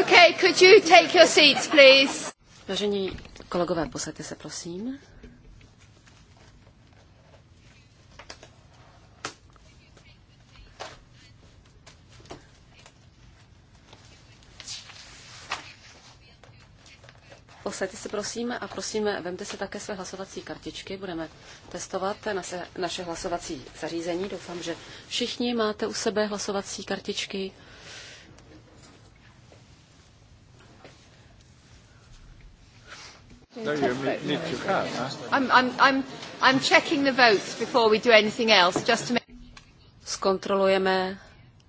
Okay, could you take your seats, please? Vážení kolegové, posaďte se, prosím. Posaďte se prosím a prosím, vemte si také své hlasovací kartičky. Budeme testovat naše, naše hlasovací zařízení. Doufám, že všichni máte u sebe hlasovací kartičky. No, I'm, checking the votes before we do anything else, just to make... Zkontrolujeme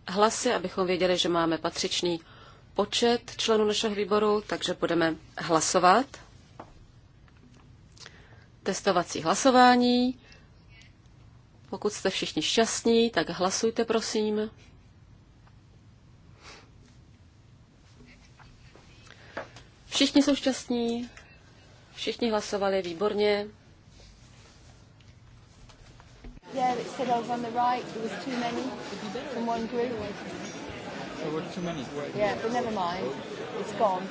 hlasy, abychom věděli, že máme patřičný počet členů našeho výboru, takže budeme hlasovat. Testovací hlasování. Pokud jste všichni šťastní, tak hlasujte, prosím. Všichni jsou šťastní. Všichni hlasovali výborně. Yeah, it said I was on the right. There was too many from one group. There were too many. Yeah, but never mind. It's gone.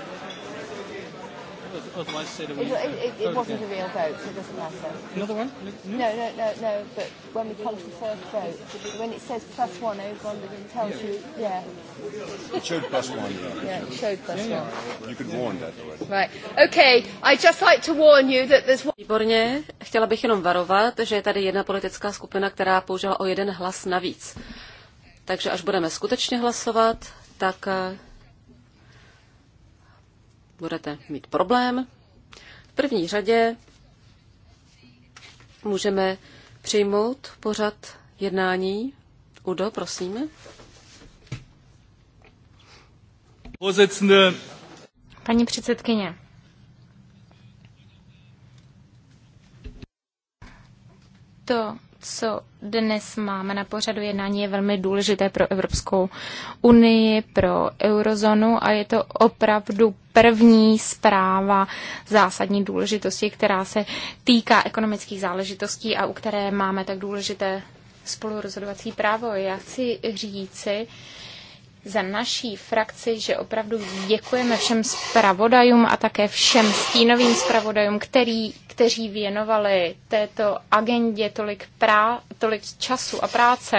Otherwise, say that we. It, it, it it wasn't again. a real vote, so it doesn't matter. Another one? No? no, no, no, But when we come to the first vote, when it says plus one over on the it tells yeah. you, yeah. It showed plus one. Yeah, yeah it showed plus yeah, yeah. one. You could warn that already. Right. Okay. I just like to warn you that there's. one. Výborně. Chtěla bych jenom varovat, že je tady jedna politická skupina, která použila o jeden hlas navíc. Takže až budeme skutečně hlasovat, tak eh, budete mít problém. V první řadě můžeme přijmout pořad jednání. Udo, prosím. Paní předsedkyně, to co dnes máme na pořadu jednání, je velmi důležité pro Evropskou unii, pro eurozónu a je to opravdu první zpráva zásadní důležitosti, která se týká ekonomických záležitostí a u které máme tak důležité spolurozhodovací právo. Já chci říci, za naší frakci, že opravdu děkujeme všem zpravodajům a také všem stínovým zpravodajům, který, kteří věnovali této agendě tolik, prá, tolik času a práce.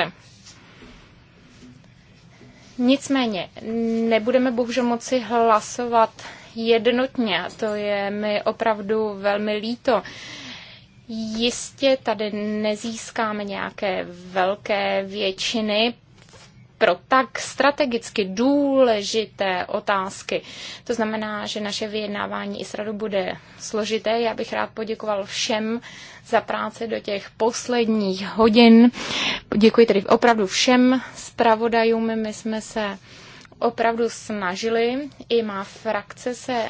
Nicméně nebudeme bohužel moci hlasovat jednotně, to je mi opravdu velmi líto. Jistě tady nezískáme nějaké velké většiny, pro tak strategicky důležité otázky. To znamená, že naše vyjednávání i s radou bude složité. Já bych rád poděkoval všem za práci do těch posledních hodin. Děkuji tedy opravdu všem zpravodajům. My jsme se opravdu snažili. I má frakce se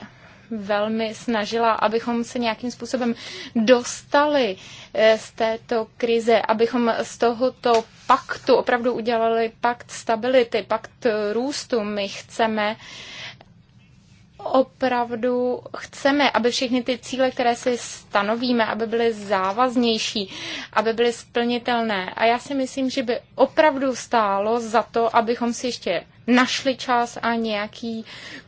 velmi snažila, abychom se nějakým způsobem dostali eh, z této krize, abychom z tohoto paktu opravdu udělali pakt stability, pakt eh, růstu. My chceme opravdu chceme, aby všechny ty cíle, které si stanovíme, aby byly závaznější, aby byly splnitelné. A já si myslím, že by opravdu stálo za to, abychom si ještě našli čas a nějaký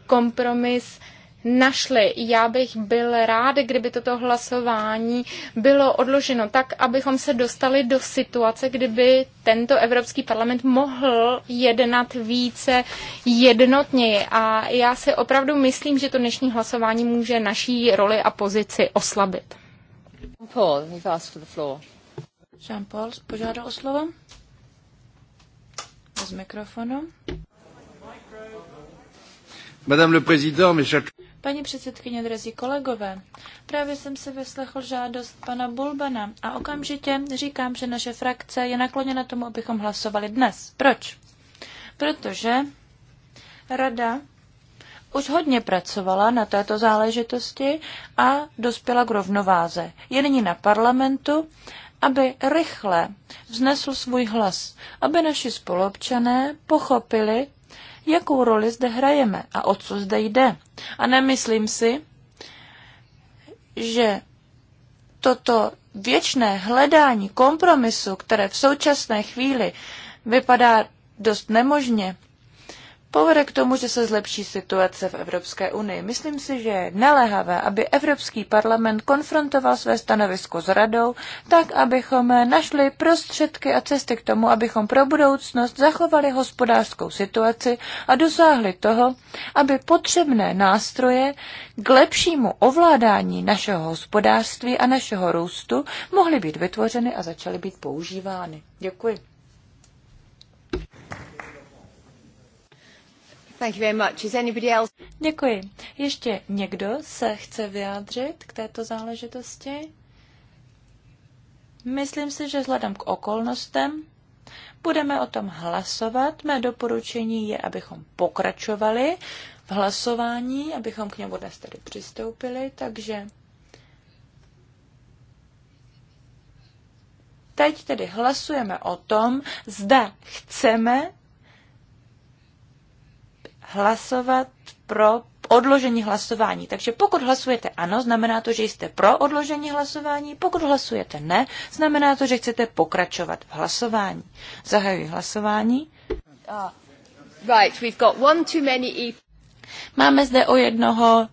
kompromis našli. Já bych byl rád, kdyby toto hlasování bylo odloženo tak, abychom se dostali do situace, kdyby tento Evropský parlament mohl jednat více jednotněji. A já si opravdu myslím, že to dnešní hlasování může naší roli a pozici oslabit. Paul, you've asked for the floor. Jean-Paul požádal o slovo. Z mikrofonu. Madame le Président, mes chers... Paní předsedkyně, drazí kolegové, právě jsem se vyslechl žádost pana Bulbana a okamžitě říkám, že naše frakce je nakloněna tomu, abychom hlasovali dnes. Proč? Protože rada už hodně pracovala na této záležitosti a dospěla k rovnováze. Je nyní na parlamentu, aby rychle vznesl svůj hlas, aby naši spolupčané pochopili, jakou roli zde hrajeme a o co zde jde. A nemyslím si, že toto věčné hledání kompromisu, které v současné chvíli vypadá dost nemožně, povede k tomu, že se zlepší situace v Evropské unii. Myslím si, že je naléhavé, aby Evropský parlament konfrontoval své stanovisko s radou, tak abychom našli prostředky a cesty k tomu, abychom pro budoucnost zachovali hospodářskou situaci a dosáhli toho, aby potřebné nástroje k lepšímu ovládání našeho hospodářství a našeho růstu mohly být vytvořeny a začaly být používány. Děkuji. Thank you very much. Is anybody else? Děkuji. Ještě někdo se chce vyjádřit k této záležitosti? Myslím si, že vzhledem k okolnostem budeme o tom hlasovat. Mé doporučení je, abychom pokračovali v hlasování, abychom k němu dnes tedy přistoupili, takže teď tedy hlasujeme o tom, zda chceme hlasovat pro odložení hlasování. Takže pokud hlasujete ano, znamená to, že jste pro odložení hlasování. Pokud hlasujete ne, znamená to, že chcete pokračovat v hlasování. Zahajuji hlasování. Uh, Right, we've got one too many e Máme zde o jednoho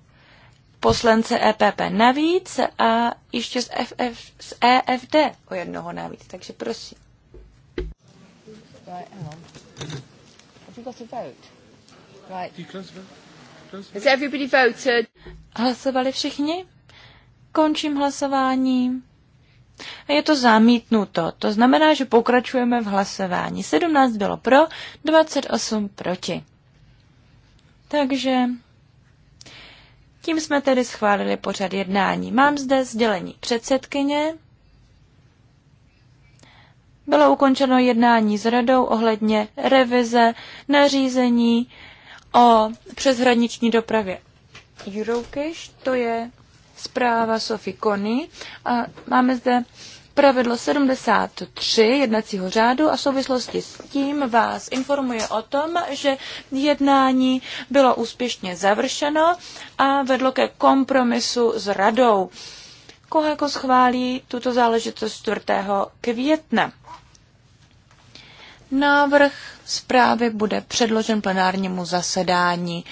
poslance EPP navíc a ještě z, FF, z EFD o jednoho navíc, takže prosím. Right, hang on. Have you got a vote? Has everybody voted? Hlasovali všichni? Končím hlasování. A je to zamítnuto. To znamená, že pokračujeme v hlasování. 17 bylo pro, 28 proti. Takže tím jsme tedy schválili pořad jednání. Mám zde sdělení předsedkyně. Bylo ukončeno jednání s radou ohledně revize nařízení o přeshraniční dopravě Eurocash, to je zpráva Sofie Kony a máme zde pravidlo 73 jednacího řádu a v souvislosti s tím vás informuje o tom, že jednání bylo úspěšně završeno a vedlo ke kompromisu s radou. Kohako schválí tuto záležitost 4. května. Návrh zprávy bude předložen plenárnímu zasedání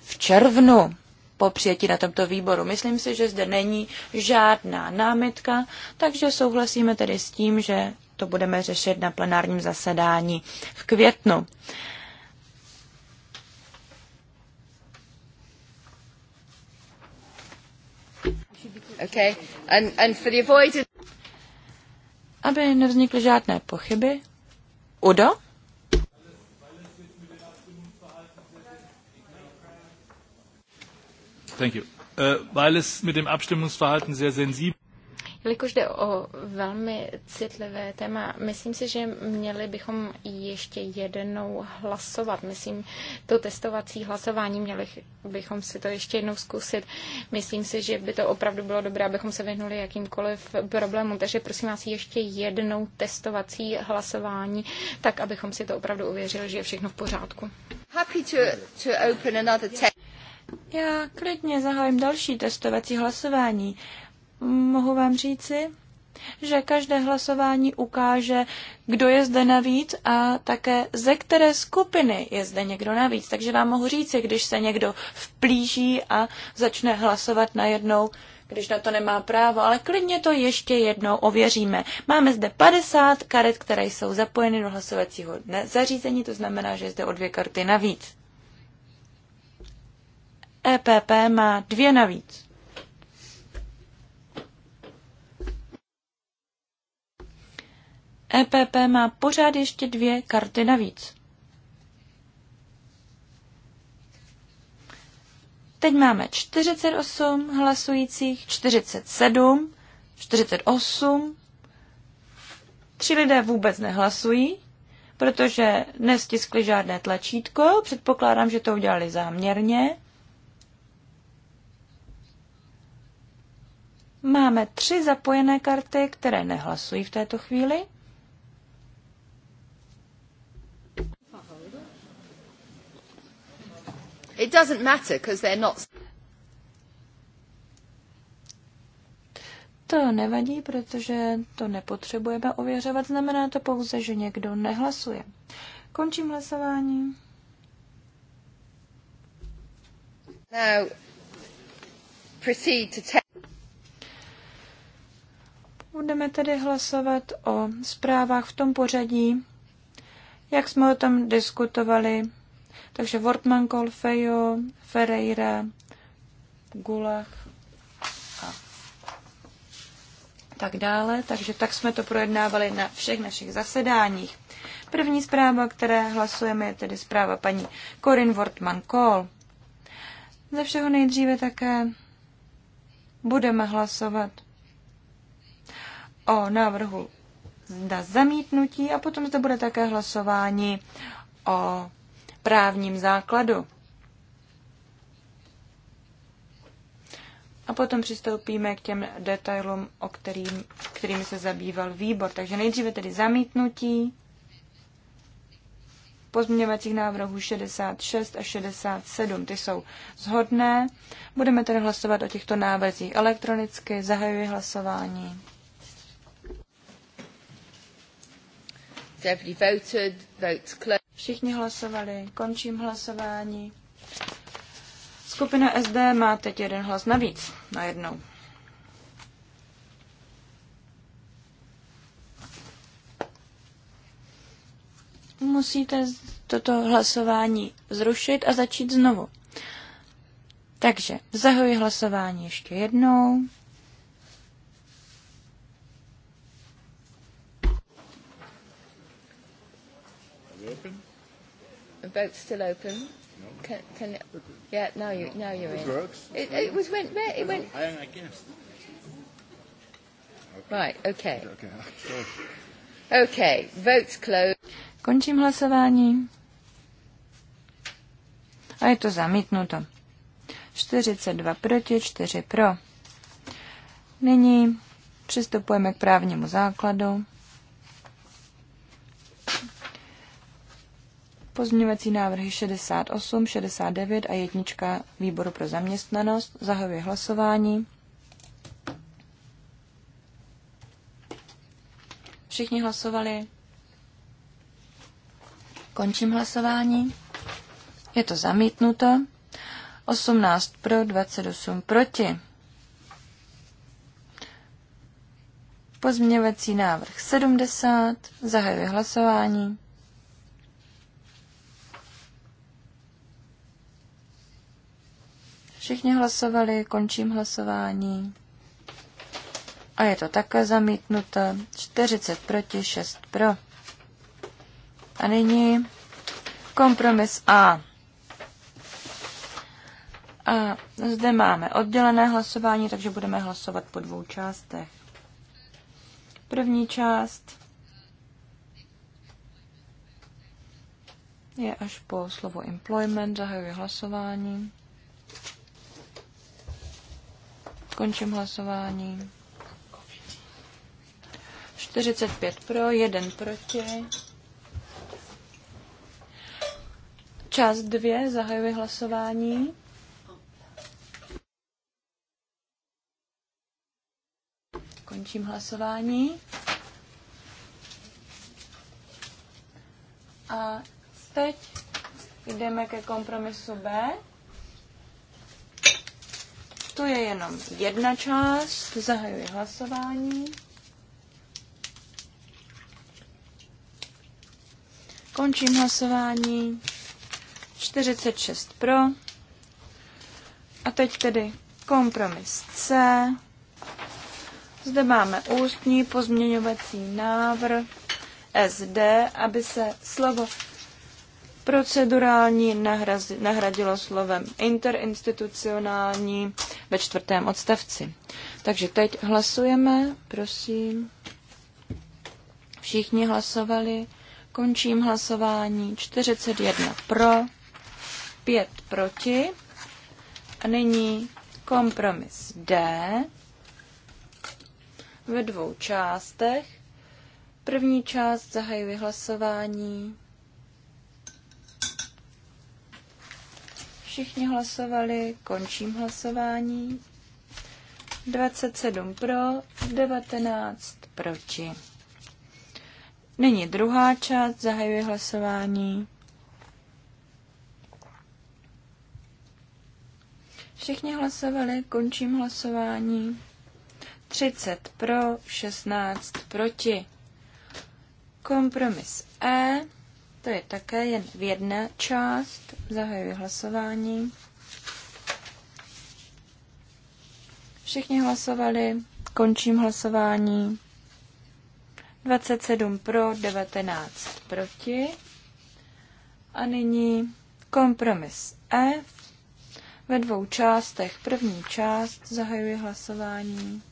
v červnu po přijetí na tomto výboru. Myslím si, že zde není žádná námitka, takže souhlasíme tedy s tím, že to budeme řešit na plenárním zasedání v květnu. Okay. And, and for the avoided... Aby nevznikly žádné pochyby, oder? Thank you. Äh, weil es mit dem Abstimmungsverhalten sehr sensibel Jelikož jde o velmi citlivé téma, myslím si, že měli bychom ještě jednou hlasovat. Myslím, to testovací hlasování měli bychom si to ještě jednou zkusit. Myslím si, že by to opravdu bylo dobré, abychom se vyhnuli jakýmkoliv problémům. Takže prosím vás ještě jednou testovací hlasování, tak abychom si to opravdu uvěřili, že je všechno v pořádku. Happy to, to open another test. Já klidně zahájím další testovací hlasování mohu vám říci, že každé hlasování ukáže, kdo je zde navíc a také ze které skupiny je zde někdo navíc. Takže vám mohu říci, když se někdo vplíží a začne hlasovat najednou, když na to nemá právo, ale klidně to ještě jednou ověříme. Máme zde 50 karet, které jsou zapojeny do hlasovacího zařízení, to znamená, že je zde o dvě karty navíc. EPP má dvě navíc. EPP má pořád ještě dvě karty navíc. Teď máme 48 hlasujících, 47, 48. Tři lidé vůbec nehlasují, protože nestiskli žádné tlačítko. Předpokládám, že to udělali záměrně. Máme tři zapojené karty, které nehlasují v této chvíli. It doesn't matter because they're not. To nevadí, protože to nepotřebujeme ověřovat, znamená to pouze, že někdo nehlasuje. Končím hlasování. Now, proceed to te- Budeme tedy hlasovat o zprávách v tom pořadí, jak jsme o tom diskutovali takže Wortmann, Colfejo, Ferreira, Gulach a tak dále. Takže tak jsme to projednávali na všech našich zasedáních. První zpráva, které hlasujeme, je tedy zpráva paní Corin wortmann kohl Ze všeho nejdříve také budeme hlasovat o návrhu na zamítnutí a potom zde bude také hlasování o právním základu. A potom přistoupíme k těm detailům, o kterým, kterými se zabýval výbor. Takže nejdříve tedy zamítnutí pozměňovacích návrhů 66 a 67. Ty jsou zhodné. Budeme tedy hlasovat o těchto návrzích elektronicky. Zahajuji hlasování. Všichni hlasovali, končím hlasování. Skupina SD má teď jeden hlas navíc, najednou. Musíte toto hlasování zrušit a začít znovu. Takže zahoji hlasování ještě jednou. vote's still open. Can, can it, yeah, now you now you're it in. Works. It It was went it went. I, I guess. Okay. Right. Okay. Okay. Votes closed. Končím hlasování. A je to zamítnuto. 42 proti, 4 pro. Nyní přistupujeme k právnímu základu. Pozměňovací návrhy 68, 69 a jednička výboru pro zaměstnanost. Zahajuji hlasování. Všichni hlasovali. Končím hlasování. Je to zamítnuto. 18 pro, 28 proti. Pozměňovací návrh 70. Zahajuji hlasování. Všichni hlasovali, končím hlasování. A je to také zamítnuté. 40 proti, 6 pro. A nyní kompromis A. A zde máme oddělené hlasování, takže budeme hlasovat po dvou částech. První část je až po slovo employment, zahajuje hlasování. Končím hlasování. 45 pro, 1 proti. Část 2, zahajuji hlasování. Končím hlasování. A teď jdeme ke kompromisu B to je jenom jedna část. Zahajuji hlasování. Končím hlasování. 46 pro. A teď tedy kompromis C. Zde máme ústní pozměňovací návrh SD, aby se slovo procedurální nahradilo slovem interinstitucionální ve čtvrtém odstavci. Takže teď hlasujeme, prosím. Všichni hlasovali. Končím hlasování. 41 pro, 5 proti. A nyní kompromis D ve dvou částech. První část zahajuji hlasování. Všichni hlasovali, končím hlasování. 27 pro, 19 proti. Nyní druhá část, zahajuje hlasování. Všichni hlasovali, končím hlasování. 30 pro, 16 proti. Kompromis E. To je také jen v jedné část. Zahajuji hlasování. Všichni hlasovali. Končím hlasování. 27 pro, 19 proti. A nyní kompromis F ve dvou částech. První část zahajuje hlasování.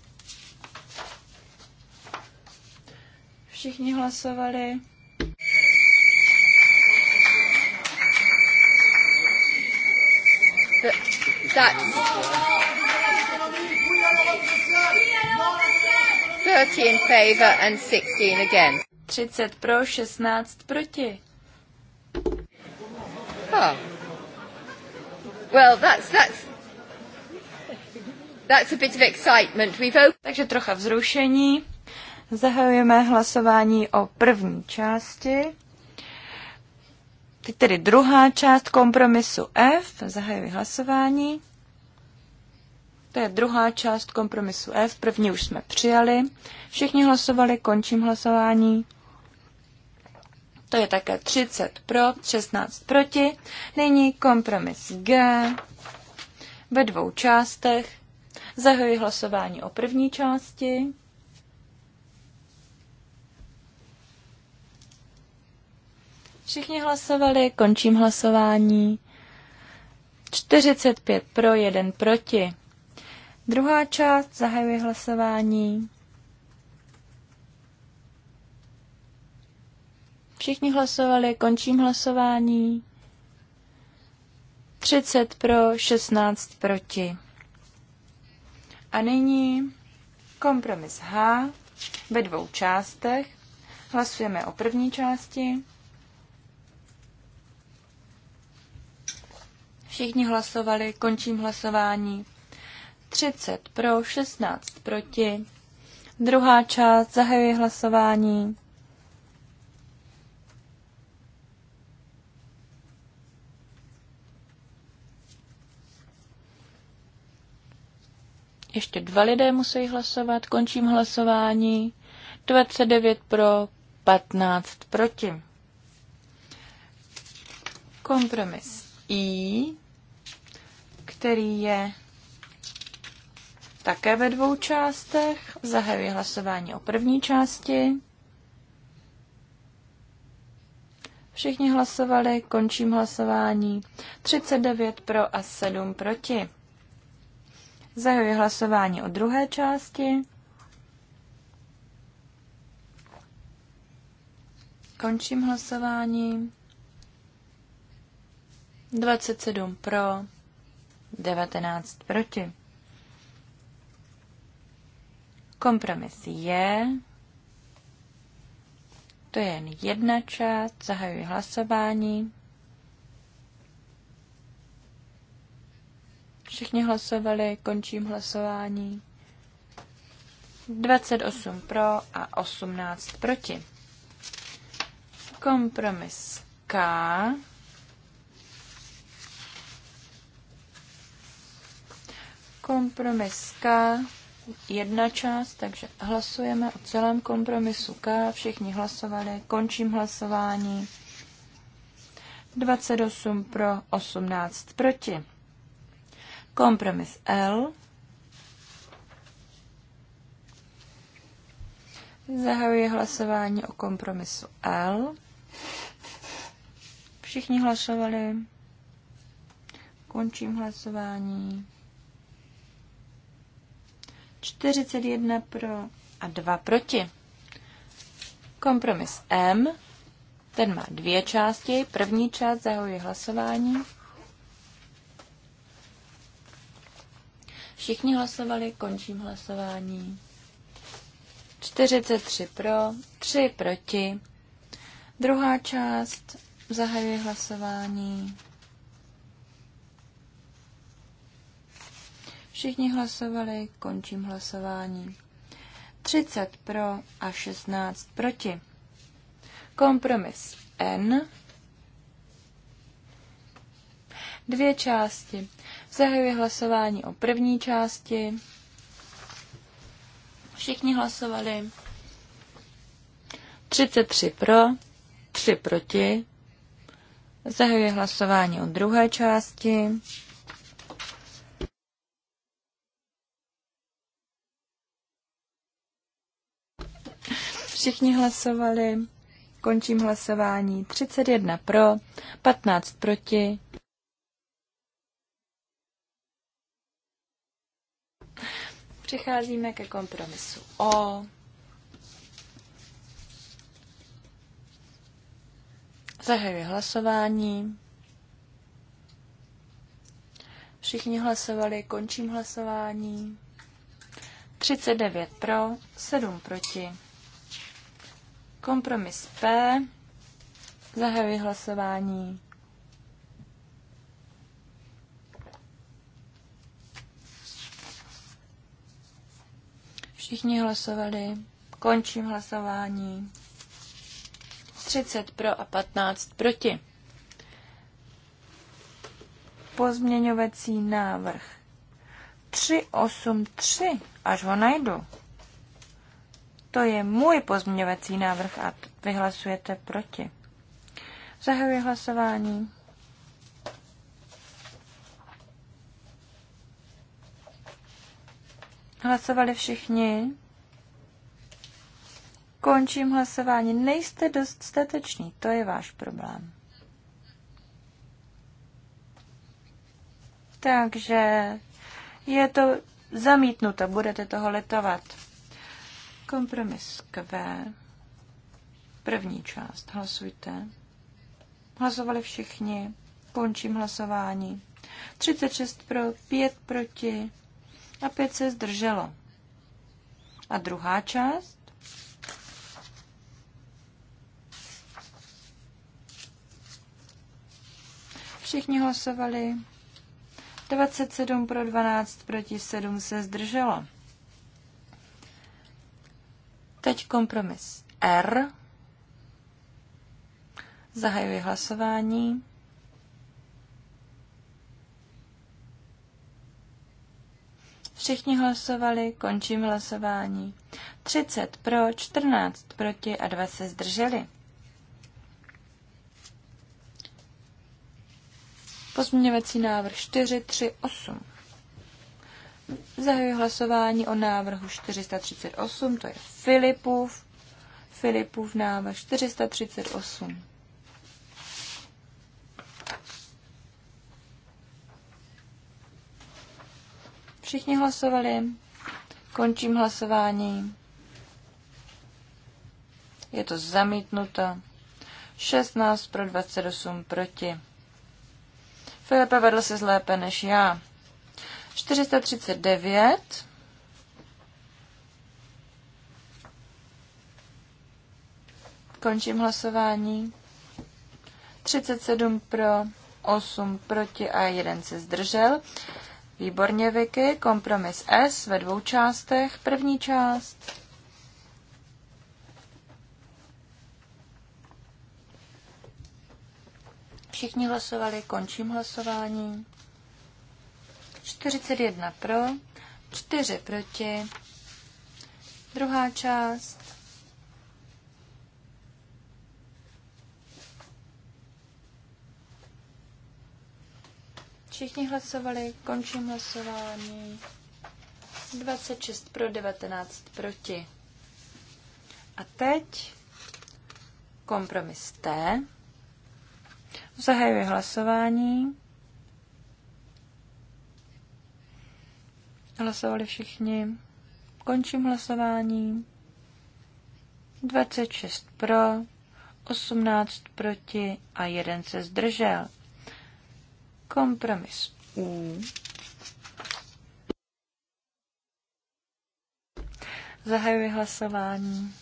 Všichni hlasovali. that, that's 30 in and 16 against. 30 pro, 16 proti. Oh. Well, that's, that's, that's a bit of excitement. We've opened... Takže trocha vzrušení. Zahajujeme hlasování o první části. Teď tedy druhá část kompromisu F. Zahajuji hlasování. To je druhá část kompromisu F. První už jsme přijali. Všichni hlasovali, končím hlasování. To je také 30 pro, 16 proti. Nyní kompromis G ve dvou částech. Zahajuji hlasování o první části. Všichni hlasovali, končím hlasování. 45 pro, 1 proti. Druhá část, zahajuji hlasování. Všichni hlasovali, končím hlasování. 30 pro, 16 proti. A nyní kompromis H ve dvou částech. Hlasujeme o první části. Všichni hlasovali, končím hlasování. 30 pro, 16 proti. Druhá část, zahajuji hlasování. Ještě dva lidé musí hlasovat, končím hlasování. 29 pro, 15 proti. Kompromis I který je také ve dvou částech. Zahajuji hlasování o první části. Všichni hlasovali, končím hlasování. 39 pro a 7 proti. Zahajuji hlasování o druhé části. Končím hlasování. 27 pro, 19 proti. Kompromis je. To je jen jedna část. Zahajuji hlasování. Všichni hlasovali, končím hlasování. 28 pro a 18 proti. Kompromis K Kompromis K, jedna část, takže hlasujeme o celém kompromisu K, všichni hlasovali, končím hlasování. 28 pro, 18 proti. Kompromis L. Zahajuji hlasování o kompromisu L. Všichni hlasovali. Končím hlasování. 41 pro a 2 proti. Kompromis M, ten má dvě části. První část zahojí hlasování. Všichni hlasovali, končím hlasování. 43 pro, 3 proti. Druhá část zahajuje hlasování. Všichni hlasovali, končím hlasování. 30 pro a 16 proti. Kompromis N. Dvě části. Zahajuji hlasování o první části. Všichni hlasovali. 33 pro, 3 proti. Zahajuji hlasování o druhé části. Všichni hlasovali. Končím hlasování. 31 pro, 15 proti. Přicházíme ke kompromisu O. Zahajuji hlasování. Všichni hlasovali, končím hlasování. 39 pro, 7 proti. Kompromis P. Zahajuji hlasování. Všichni hlasovali. Končím hlasování. 30 pro a 15 proti. Pozměňovací návrh 383, až ho najdu. To je můj pozměňovací návrh a vy hlasujete proti. Zahajuji hlasování. Hlasovali všichni. Končím hlasování. Nejste dost stateční. To je váš problém. Takže je to zamítnuto. Budete toho litovat. Kompromis Q. První část. Hlasujte. Hlasovali všichni. Končím hlasování. 36 pro, 5 proti a 5 se zdrželo. A druhá část? Všichni hlasovali. 27 pro 12 proti 7 se zdrželo. Teď kompromis R. Zahajuji hlasování. Všichni hlasovali, končím hlasování. 30 pro, 14 proti a 2 se zdrželi. Pozměňovací návrh 438. Zahajuji hlasování o návrhu 438, to je Filipův. Filipův návrh 438. Všichni hlasovali. Končím hlasování. Je to zamítnuto. 16 pro 28 proti. Filipe vedl se zlépe než já. 439. Končím hlasování. 37 pro, 8 proti a 1 se zdržel. Výborně, Vicky. Kompromis S ve dvou částech. První část. Všichni hlasovali, končím hlasování. 41 pro, 4 proti. Druhá část. Všichni hlasovali, končím hlasování. 26 pro, 19 proti. A teď kompromis T. Zahajuji hlasování. Hlasovali všichni. Končím hlasování. 26 pro, 18 proti a jeden se zdržel. Kompromis U. Zahajuji hlasování.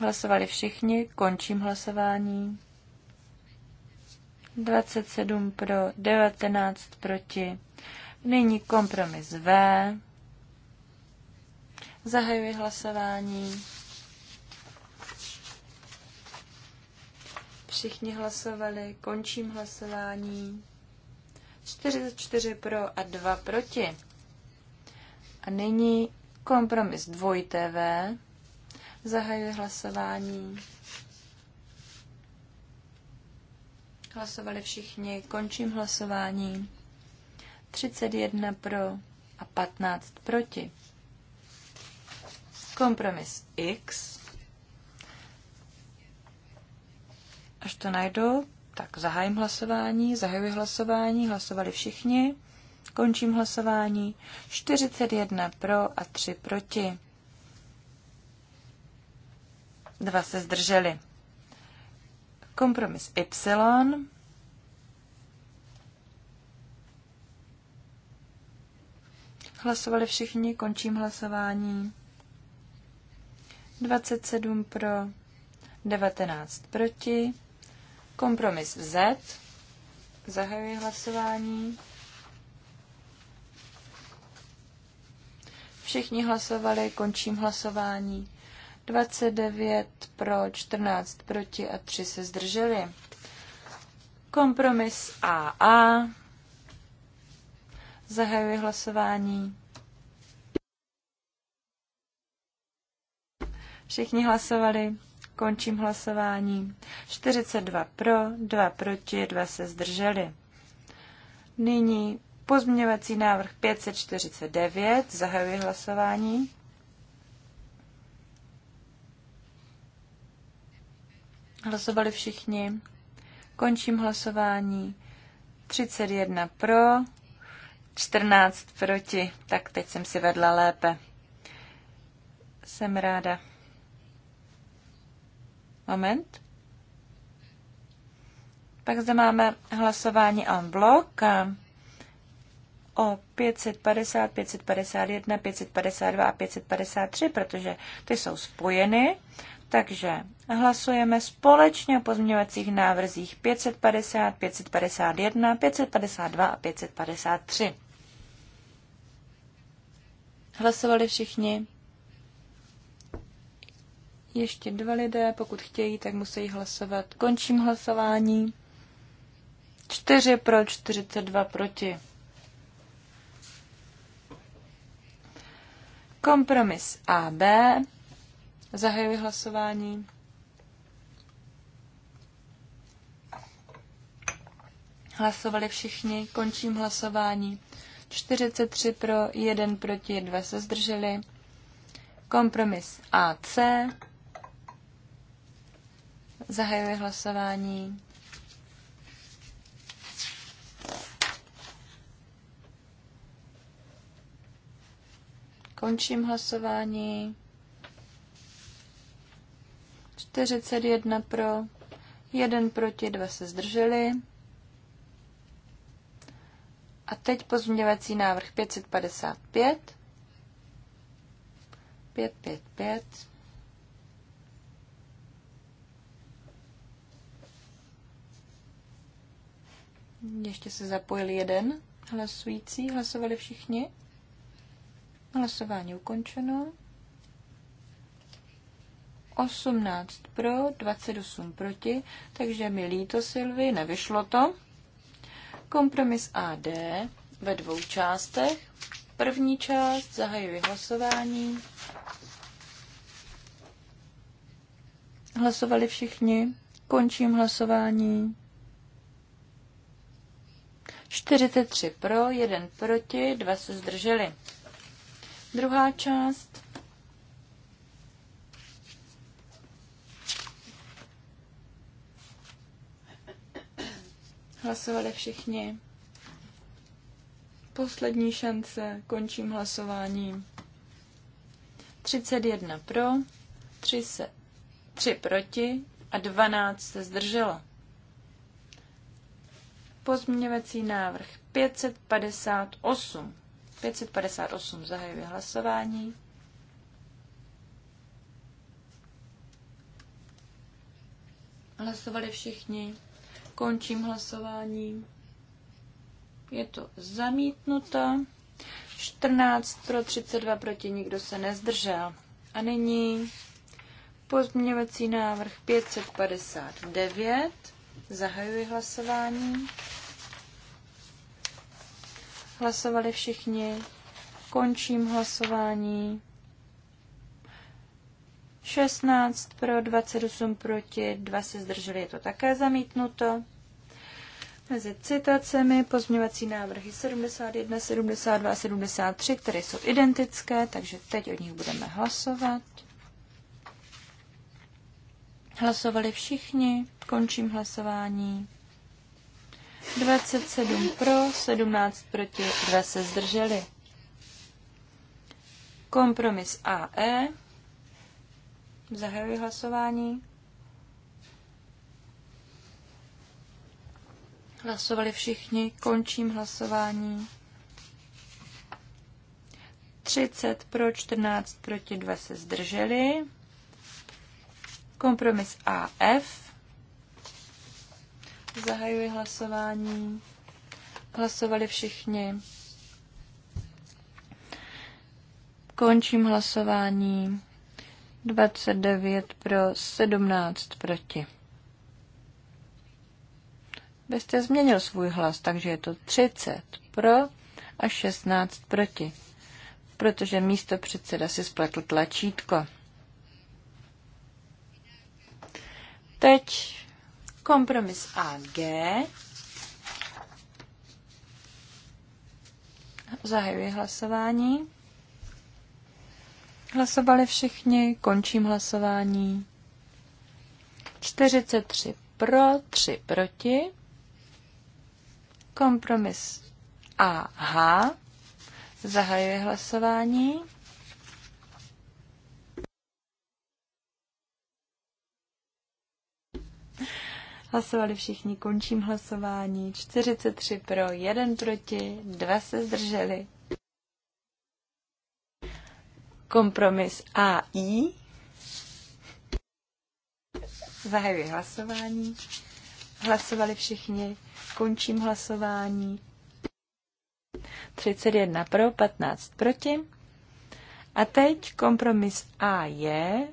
Hlasovali všichni, končím hlasování. 27 pro, 19 proti. Nyní kompromis V. Zahajuji hlasování. Všichni hlasovali, končím hlasování. 44 pro a 2 proti. A nyní kompromis dvojité V. Zahajuji hlasování. Hlasovali všichni, končím hlasování. 31 pro a 15 proti. Kompromis X. Až to najdu, tak zahájím hlasování, zahajuji hlasování, hlasovali všichni. Končím hlasování. 41 pro a 3 proti. Dva se zdrželi. Kompromis Y. Hlasovali všichni, končím hlasování. 27 pro, 19 proti. Kompromis Z. Zahajuji hlasování. Všichni hlasovali, končím hlasování. 29 pro, 14 proti a 3 se zdrželi. Kompromis AA. Zahajuji hlasování. Všichni hlasovali. Končím hlasování. 42 pro, 2 proti, 2 se zdrželi. Nyní pozměňovací návrh 549. Zahajuji hlasování. Hlasovali všichni. Končím hlasování. 31 pro, 14 proti. Tak teď jsem si vedla lépe. Jsem ráda. Moment. Pak zde máme hlasování en bloc o 550, 551, 552 a 553, protože ty jsou spojeny. Takže hlasujeme společně o pozměňovacích návrzích 550, 551, 552 a 553. Hlasovali všichni? Ještě dva lidé, pokud chtějí, tak musí hlasovat. Končím hlasování. 4 pro, 42 proti. Kompromis AB Zahajuji hlasování. Hlasovali všichni, končím hlasování. 43 pro, 1 proti, 2 se zdrželi. Kompromis AC. Zahajuji hlasování. Končím hlasování. 41 pro, 1 proti, 2 se zdrželi. A teď pozměňovací návrh 555. 555. Ještě se zapojil jeden hlasující. Hlasovali všichni. Hlasování ukončeno. 18 pro, 28 proti, takže mi líto, Silvi, nevyšlo to. Kompromis AD ve dvou částech. První část zahajuji hlasování. Hlasovali všichni. Končím hlasování. 43 pro, 1 proti, 2 se zdrželi. Druhá část. Hlasovali všichni. Poslední šance, končím hlasování. 31 pro, 3, se, 3 proti a 12 se zdrželo. Pozměňovací návrh 558. 558 zahajuje hlasování. Hlasovali všichni. Končím hlasování. Je to zamítnuto. 14 pro 32 proti, nikdo se nezdržel. A nyní pozměňovací návrh 559. Zahajuji hlasování. Hlasovali všichni. Končím hlasování. 16 pro, 28 proti, 2 se zdrželi, je to také zamítnuto mezi citacemi pozměňovací návrhy 71, 72 a 73, které jsou identické, takže teď od nich budeme hlasovat. Hlasovali všichni, končím hlasování. 27 pro, 17 proti, 2 se zdrželi. Kompromis AE. Zahajuji hlasování. Hlasovali všichni. Končím hlasování. 30 pro, 14 proti, 2 se zdrželi. Kompromis AF. Zahajuji hlasování. Hlasovali všichni. Končím hlasování. 29 pro, 17 proti. Vy jste změnil svůj hlas, takže je to 30 pro a 16 proti, protože místo předseda si spletl tlačítko. Teď kompromis AG. Zahajuji hlasování. Hlasovali všichni, končím hlasování. 43 pro, 3 proti. Kompromis A H Zahajuje hlasování. Hlasovali všichni, končím hlasování. 43 pro, 1 proti, 2 se zdrželi. Kompromis AI. Zahajuji hlasování. Hlasovali všichni, Končím hlasování. 31 pro, 15 proti. A teď kompromis A je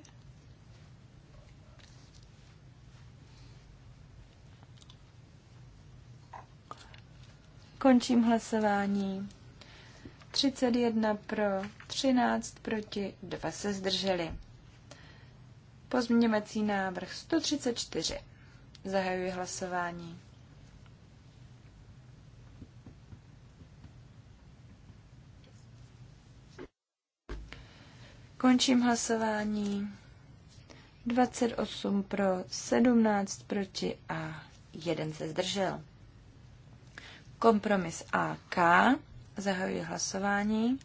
Končím hlasování. 31 pro, 13 proti, 2 se zdrželi. Pozměňovací návrh 134. Zahajuji hlasování. Končím hlasování. 28 pro, 17 proti a jeden se zdržel. Kompromis AK. Zahajuji hlasování.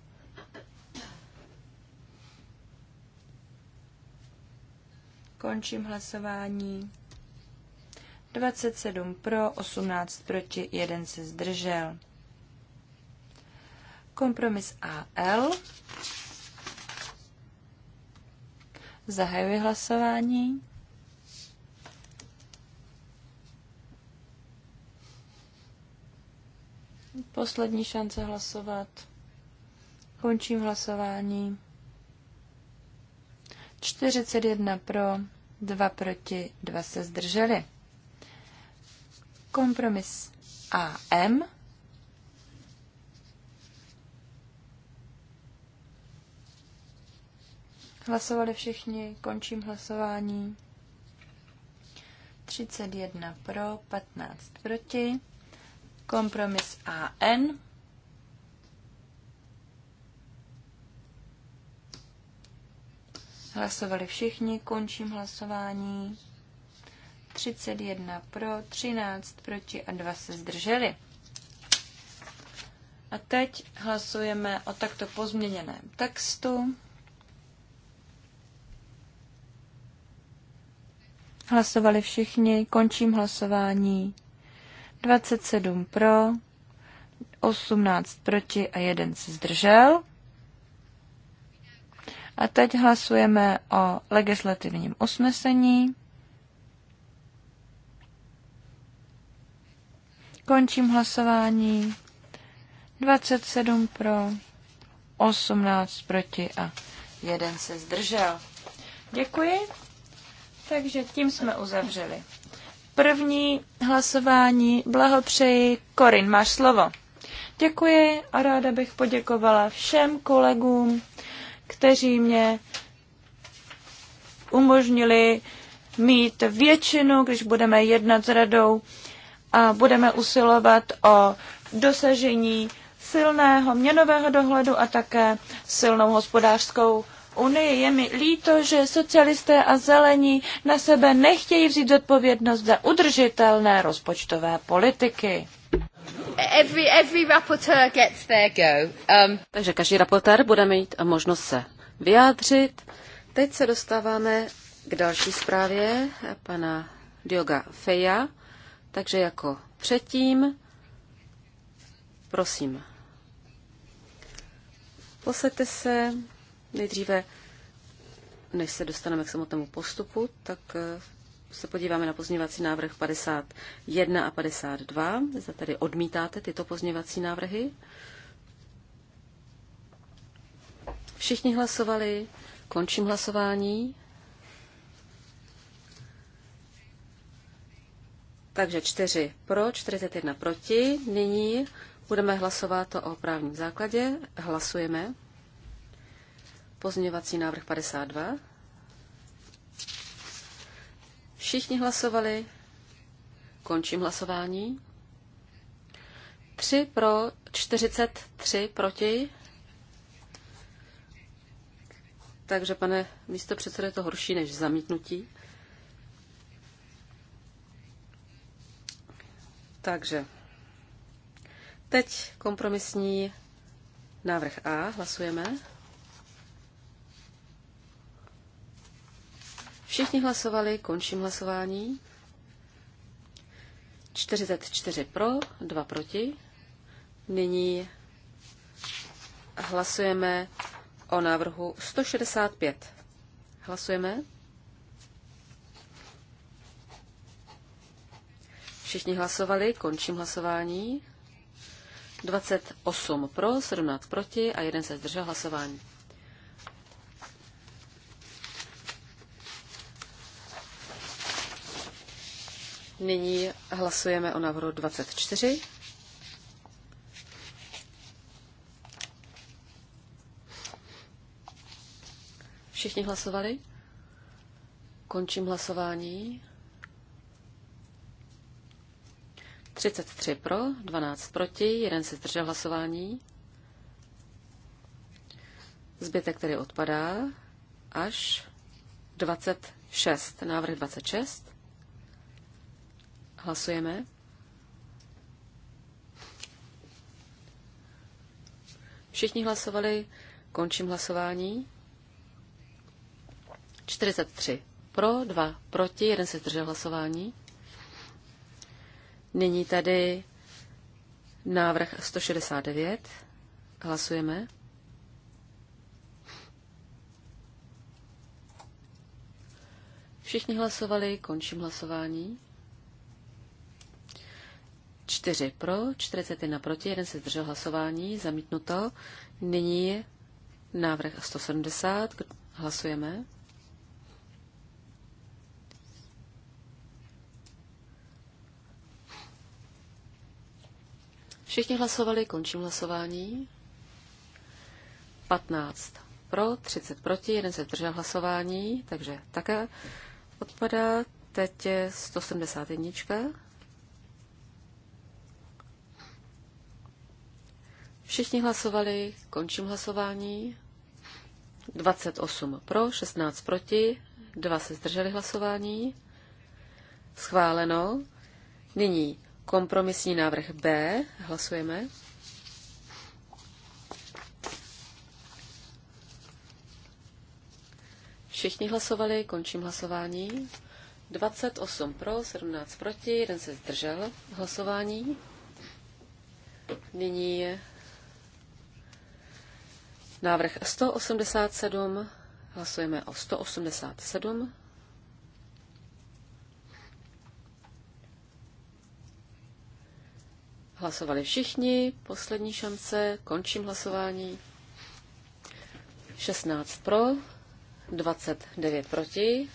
Končím hlasování. 27 pro, 18 proti, 1 se zdržel. Kompromis AL. Zahajuji hlasování. Poslední šance hlasovat. Končím hlasování. 41 pro, 2 proti, 2 se zdrželi. Kompromis AM Hlasovali všichni, končím hlasování. 31 pro, 15 proti. Kompromis AN. Hlasovali všichni, končím hlasování. 31 pro, 13 proti a 2 se zdrželi. A teď hlasujeme o takto pozměněném textu. Hlasovali všichni, končím hlasování. 27 pro, 18 proti a jeden se zdržel. A teď hlasujeme o legislativním usnesení. Končím hlasování. 27 pro, 18 proti a jeden se zdržel. Děkuji. Takže tím jsme uzavřeli. První hlasování. Blahopřeji. Korin, máš slovo. Děkuji a ráda bych poděkovala všem kolegům, kteří mě umožnili mít většinu, když budeme jednat s radou a budeme usilovat o dosažení silného měnového dohledu a také silnou hospodářskou unii. Je mi líto, že socialisté a zelení na sebe nechtějí vzít zodpovědnost za udržitelné rozpočtové politiky. Every, every rapporteur gets their go. Um... Takže každý rapportér bude mít možnost se vyjádřit. Teď se dostáváme k další zprávě pana Dioga Feja. Takže jako předtím, prosím, posaďte se, Nejdříve, než se dostaneme k samotnému postupu, tak eh, se podíváme na pozměňovací návrh 51 a 52. Zda tady odmítáte tyto pozměňovací návrhy. Všichni hlasovali, končím hlasování. Takže 4 pro, 41 proti. Nyní budeme hlasovat o právním základě. Hlasujeme. Pozměňovací návrh 52. Všichni hlasovali. Končím hlasování. 3 pro, 43 proti. Takže, pane místo předsedo, je to horší než zamítnutí. Takže teď kompromisní návrh A. Hlasujeme. Všichni hlasovali, končím hlasování. 44 pro, 2 proti. Nyní hlasujeme o návrhu 165. Hlasujeme. Všichni hlasovali, končím hlasování. 28 pro, 17 proti a jeden se zdržel hlasování. Nyní hlasujeme o návrhu 24. Všichni hlasovali? Končím hlasování. 33 pro, 12 proti, jeden se zdržel hlasování. Zbytek tedy odpadá až 26. Návrh 26. Hlasujeme. Všichni hlasovali, končím hlasování. 43 pro, 2 proti, jeden se zdržel hlasování. Nyní tady návrh 169. Hlasujeme. Všichni hlasovali, končím hlasování. 4 pro, 41 proti, jeden se zdržel hlasování, zamítnuto. Nyní návrh 170, hlasujeme. Všichni hlasovali, končím hlasování. 15 pro, 30 proti, jeden se zdržel hlasování, takže také odpadá. Teď je 171. Všichni hlasovali, končím hlasování. 28 pro, 16 proti, 2 se zdrželi hlasování. Schváleno. Nyní kompromisní návrh B. Hlasujeme. Všichni hlasovali, končím hlasování. 28 pro, 17 proti, jeden se zdržel hlasování. Nyní je Návrh 187. Hlasujeme o 187. Hlasovali všichni. Poslední šance. Končím hlasování. 16 pro, 29 proti.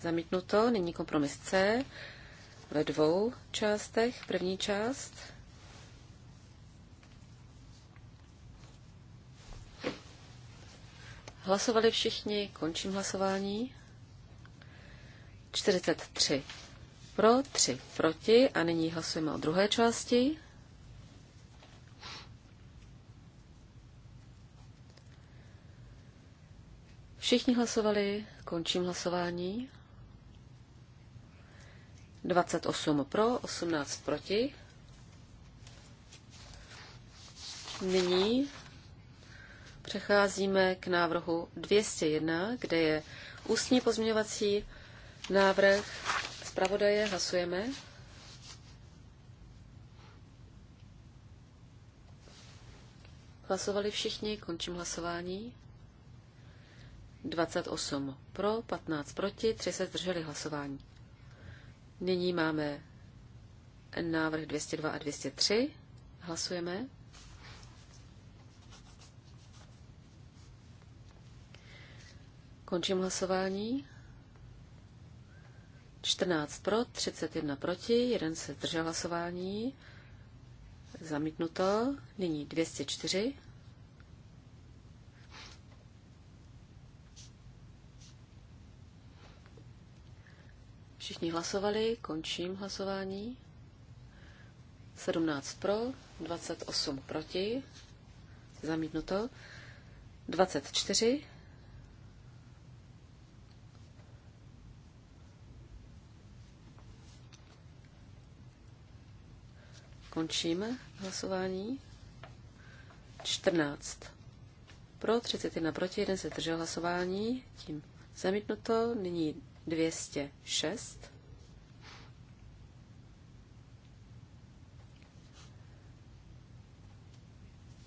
Zamítnuto. Nyní kompromis C ve dvou částech. První část Hlasovali všichni, končím hlasování. 43 pro, 3 proti a nyní hlasujeme o druhé části. Všichni hlasovali, končím hlasování. 28 pro, 18 proti. Nyní Přecházíme k návrhu 201, kde je ústní pozměňovací návrh zpravodaje. Hlasujeme. Hlasovali všichni, končím hlasování. 28 pro, 15 proti, 3 se zdrželi hlasování. Nyní máme návrh 202 a 203. Hlasujeme. Končím hlasování. 14 pro, 31 proti, jeden se zdržel hlasování. Zamítnuto. Nyní 204. Všichni hlasovali, končím hlasování. 17 pro, 28 proti, zamítnuto. 24. Končím hlasování. 14. Pro, 31 proti, 1 se držel hlasování, tím zamítnuto, nyní 206.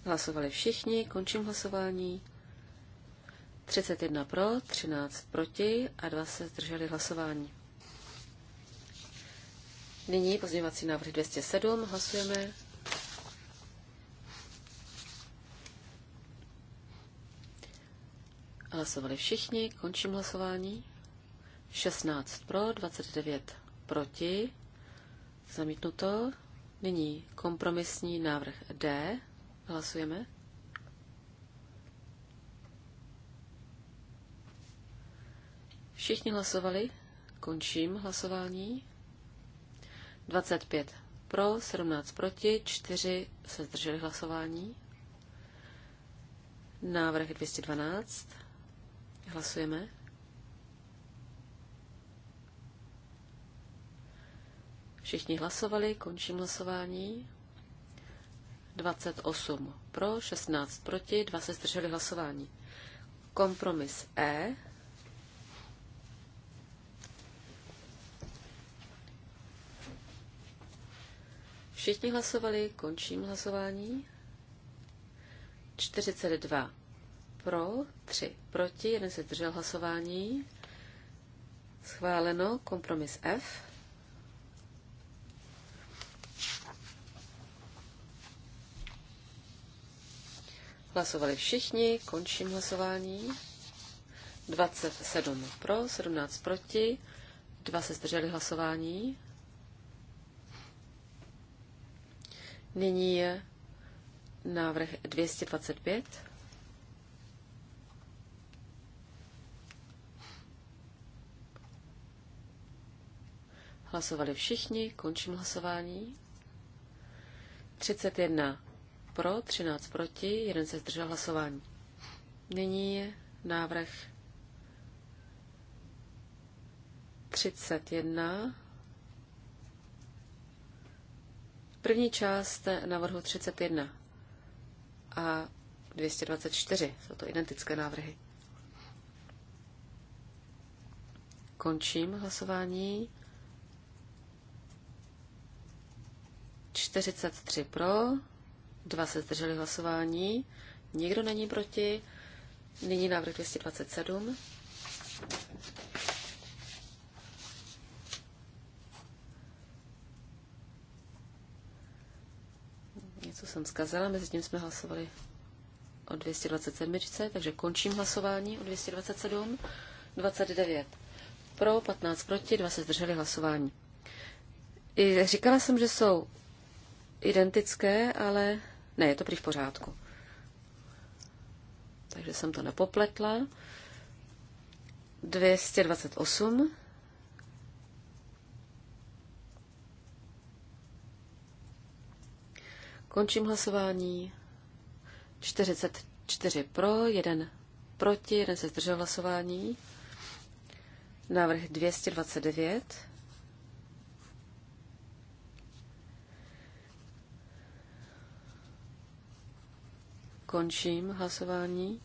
Hlasovali všichni, končím hlasování. 31 pro, 13 proti a 2 se zdrželi hlasování. Nyní pozměňovací návrh 207. Hlasujeme. Hlasovali všichni. Končím hlasování. 16 pro, 29 proti. Zamítnuto. Nyní kompromisní návrh D. Hlasujeme. Všichni hlasovali. Končím hlasování. 25 pro, 17 proti, 4 se zdrželi hlasování. Návrh 212. Hlasujeme. Všichni hlasovali, končím hlasování. 28 pro, 16 proti, 2 se zdrželi hlasování. Kompromis E. Všichni hlasovali, končím hlasování. 42 pro, 3 proti, jeden se zdržel hlasování. Schváleno, kompromis F. Hlasovali všichni, končím hlasování. 27 pro, 17 proti, Dva se zdrželi hlasování. Nyní je návrh 225. Hlasovali všichni, končím hlasování. 31 pro, 13 proti, jeden se zdržel hlasování. Nyní je návrh 31. První část návrhu 31 a 224 jsou to identické návrhy. Končím hlasování. 43 pro, dva se zdrželi hlasování, nikdo není proti. Nyní návrh 227. jsem zkazila, mezi tím jsme hlasovali o 227, takže končím hlasování o 227. 29 pro, 15 proti, 2 se zdrželi hlasování. I říkala jsem, že jsou identické, ale ne, je to prý v pořádku. Takže jsem to nepopletla. 228 Končím hlasování. 44 pro, 1 proti, 1 se zdržel hlasování. Návrh 229. Končím hlasování.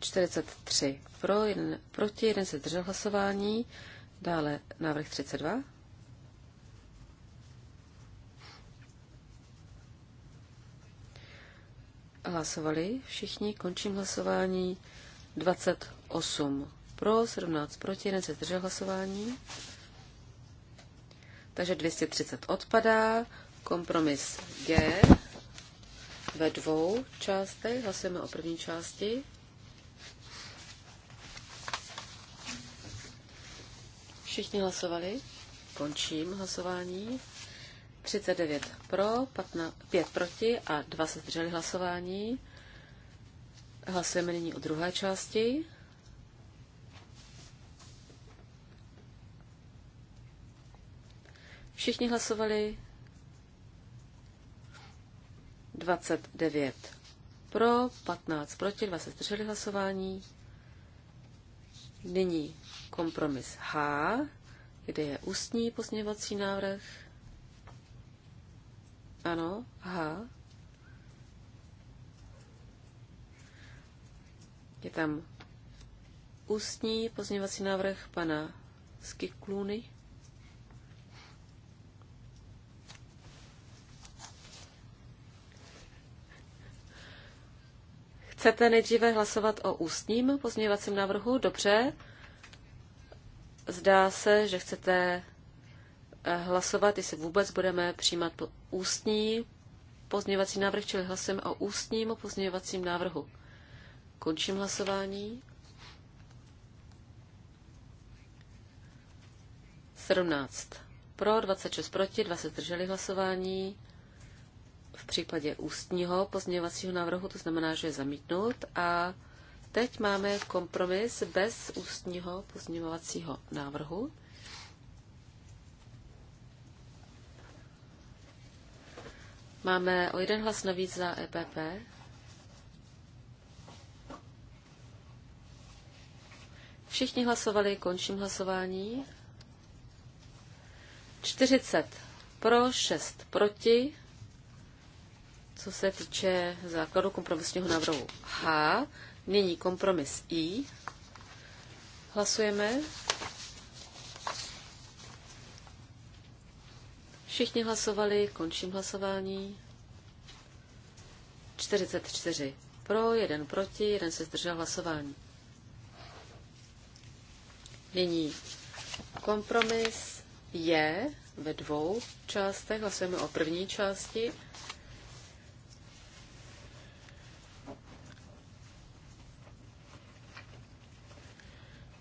43 pro, 1 proti, 1 se zdržel hlasování. Dále návrh 32. Hlasovali všichni, končím hlasování. 28 pro, 17 proti, 1 se zdržel hlasování. Takže 230 odpadá. Kompromis G ve dvou částech. Hlasujeme o první části. Všichni hlasovali. Končím hlasování. 39 pro, 15, 5 proti a 2 se zdrželi hlasování. Hlasujeme nyní o druhé části. Všichni hlasovali 29 pro, 15 proti, 2 se zdrželi hlasování. Nyní kompromis H, kde je ústní pozměňovací návrh. Ano, H. Je tam ústní pozměňovací návrh pana Skiklůny. Chcete nejdříve hlasovat o ústním pozměňovacím návrhu? Dobře. Zdá se, že chcete hlasovat, jestli vůbec budeme přijímat ústní pozměňovací návrh, čili hlasem o ústním pozměňovacím návrhu. Končím hlasování. 17 pro, 26 proti, 2 se zdrželi hlasování. V případě ústního pozměňovacího návrhu to znamená, že je zamítnut. A teď máme kompromis bez ústního pozměňovacího návrhu. Máme o jeden hlas navíc za EPP. Všichni hlasovali, končím hlasování. 40 pro, 6 proti. Co se týče základu kompromisního návrhu H, nyní kompromis I. Hlasujeme. Všichni hlasovali, končím hlasování. 44 pro, jeden proti, jeden se zdržel hlasování. Nyní kompromis je ve dvou částech. Hlasujeme o první části.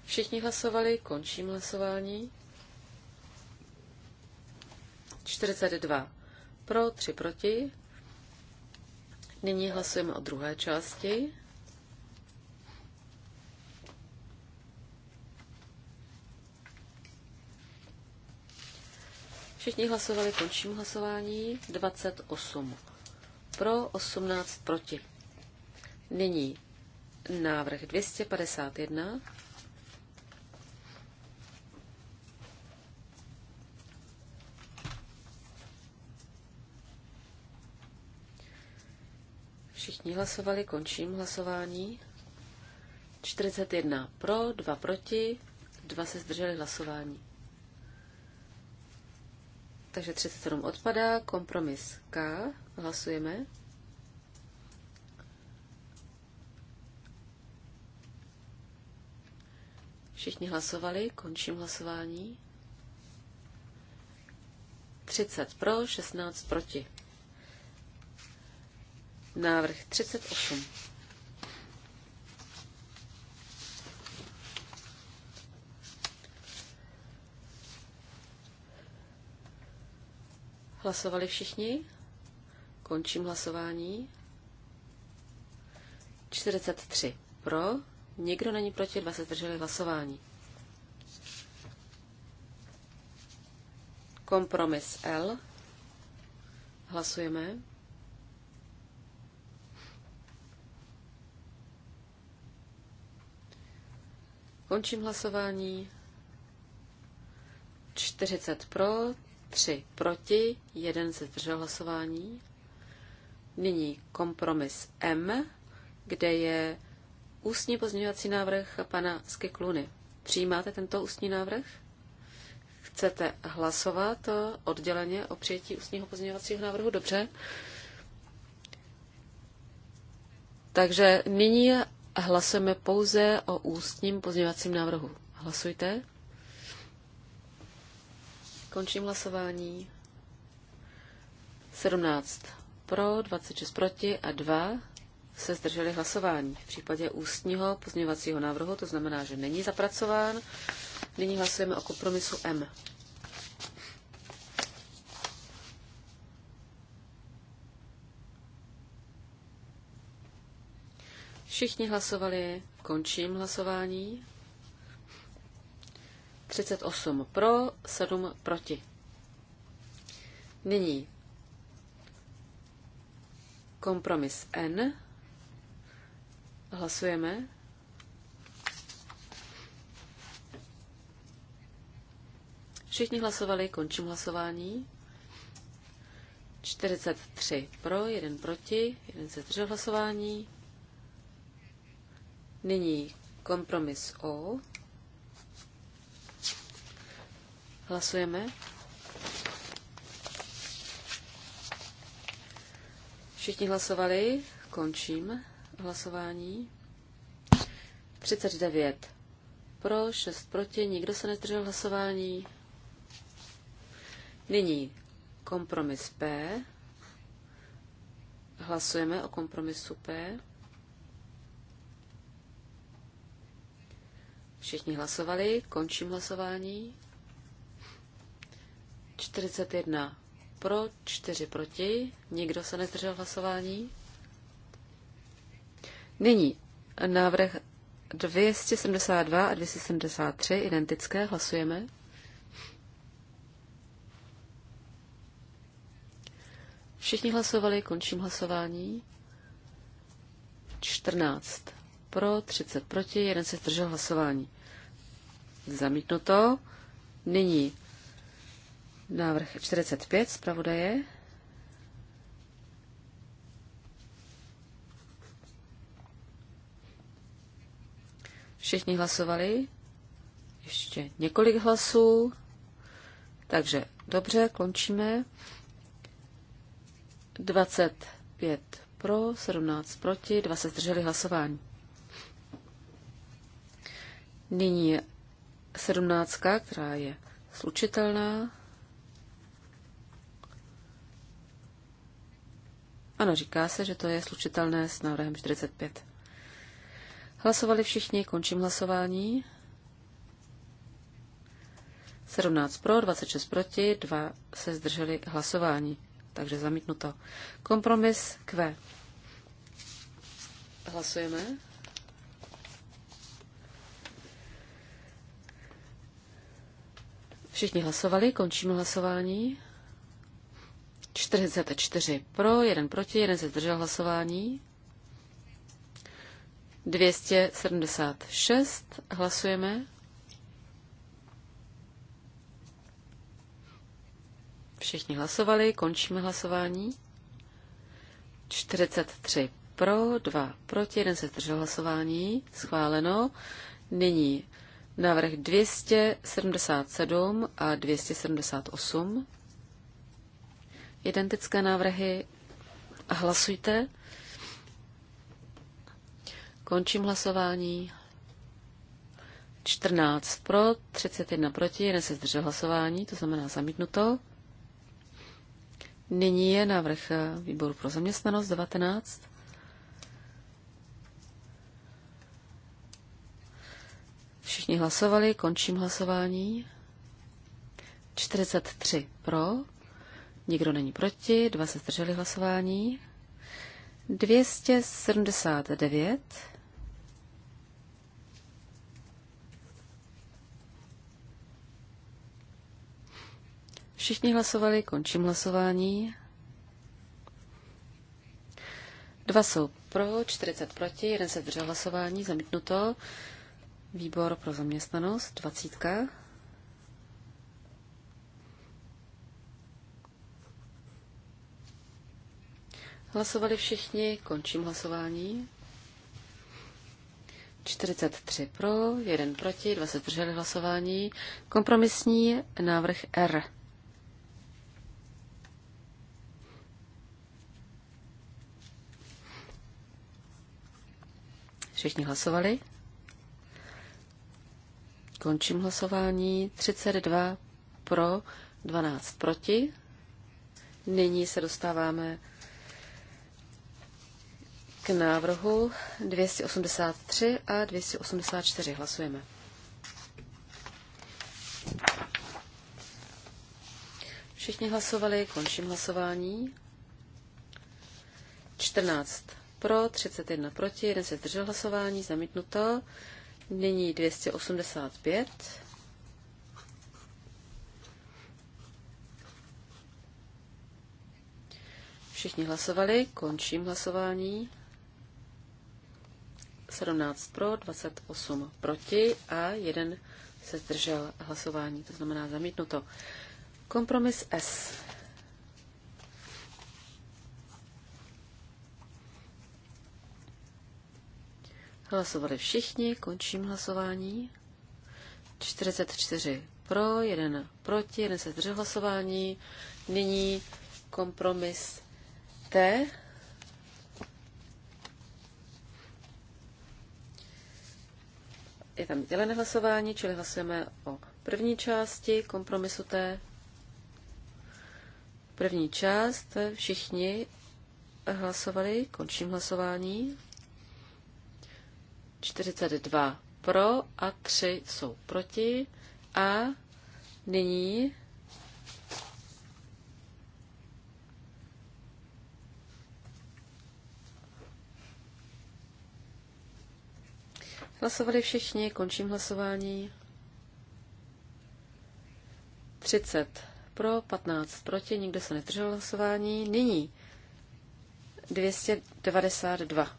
Všichni hlasovali, končím hlasování. 42 pro, 3 proti. Nyní hlasujeme o druhé části. Všichni hlasovali, končím hlasování. 28 pro, 18 proti. Nyní návrh 251. Všichni hlasovali, končím hlasování. 41 pro, 2 proti, 2 se zdrželi hlasování. Takže 37 odpadá, kompromis K, hlasujeme. Všichni hlasovali, končím hlasování. 30 pro, 16 proti. Návrh 38. Hlasovali všichni? Končím hlasování. 43 pro, nikdo není proti, dva se drželi hlasování. Kompromis L. Hlasujeme. Končím hlasování. 40 pro, 3 proti, 1 se zdržel hlasování. Nyní kompromis M, kde je ústní pozměňovací návrh pana Skikluny. Přijímáte tento ústní návrh? Chcete hlasovat odděleně o přijetí ústního pozměňovacího návrhu? Dobře. Takže nyní hlasujeme pouze o ústním pozměňovacím návrhu. Hlasujte. Končím hlasování. 17 pro, 26 proti a 2 se zdrželi hlasování. V případě ústního pozměňovacího návrhu to znamená, že není zapracován. Nyní hlasujeme o kompromisu M. Všichni hlasovali, končím hlasování. 38 pro, 7 proti. Nyní kompromis N. Hlasujeme. Všichni hlasovali, končím hlasování. 43 pro, 1 proti, 1 se držel hlasování. Nyní kompromis O. Hlasujeme. Všichni hlasovali. Končím hlasování. 39 pro, 6 proti, nikdo se nezdržel hlasování. Nyní kompromis P. Hlasujeme o kompromisu P. Všichni hlasovali, končím hlasování. 41 pro, 4 proti, nikdo se nezdržel hlasování. Nyní návrh 272 a 273 identické, hlasujeme. Všichni hlasovali, končím hlasování. 14 pro, 30 proti, jeden se zdržel hlasování. Zamítnuto. Nyní návrh 45 zpravodaje. Všichni hlasovali. Ještě několik hlasů. Takže dobře, končíme. 25 pro, 17 proti, 2 se zdrželi hlasování. Nyní sedmnáctka, která je slučitelná. Ano, říká se, že to je slučitelné s návrhem 45. Hlasovali všichni, končím hlasování. 17 pro, 26 proti, 2 se zdrželi hlasování. Takže zamítnuto. Kompromis Q. Hlasujeme. Všichni hlasovali, končím hlasování. 44 pro, 1 proti, 1 se zdržel hlasování. 276 hlasujeme. Všichni hlasovali, končíme hlasování. 43 pro, 2 proti, 1 se zdržel hlasování, schváleno. Nyní Návrh 277 a 278. Identické návrhy. Hlasujte. Končím hlasování. 14 pro, 31 proti, jeden se zdržel hlasování, to znamená zamítnuto. Nyní je návrh výboru pro zaměstnanost 19. Všichni hlasovali, končím hlasování. 43 pro, nikdo není proti, dva se zdrželi hlasování. 279 Všichni hlasovali, končím hlasování. Dva jsou pro, 40 proti, jeden se zdržel hlasování, zamítnuto. Výbor pro zaměstnanost, dvacítka. Hlasovali všichni, končím hlasování. 43 pro, 1 proti, 2 se drželi hlasování. Kompromisní návrh R. Všichni hlasovali. Končím hlasování. 32 pro, 12 proti. Nyní se dostáváme k návrhu 283 a 284. Hlasujeme. Všichni hlasovali, končím hlasování. 14 pro, 31 proti, jeden se zdržel hlasování, zamítnuto. Nyní 285. Všichni hlasovali, končím hlasování. 17 pro, 28 proti a jeden se zdržel hlasování, to znamená zamítnuto. Kompromis S. Hlasovali všichni, končím hlasování. 44 pro, 1 proti, 1 se zdržel hlasování. Nyní kompromis T. Je tam dělené hlasování, čili hlasujeme o první části kompromisu T. První část, všichni hlasovali, končím hlasování. 42 pro a 3 jsou proti. A nyní Hlasovali všichni, končím hlasování. 30 pro, 15 proti, nikdo se netržel hlasování. Nyní 292.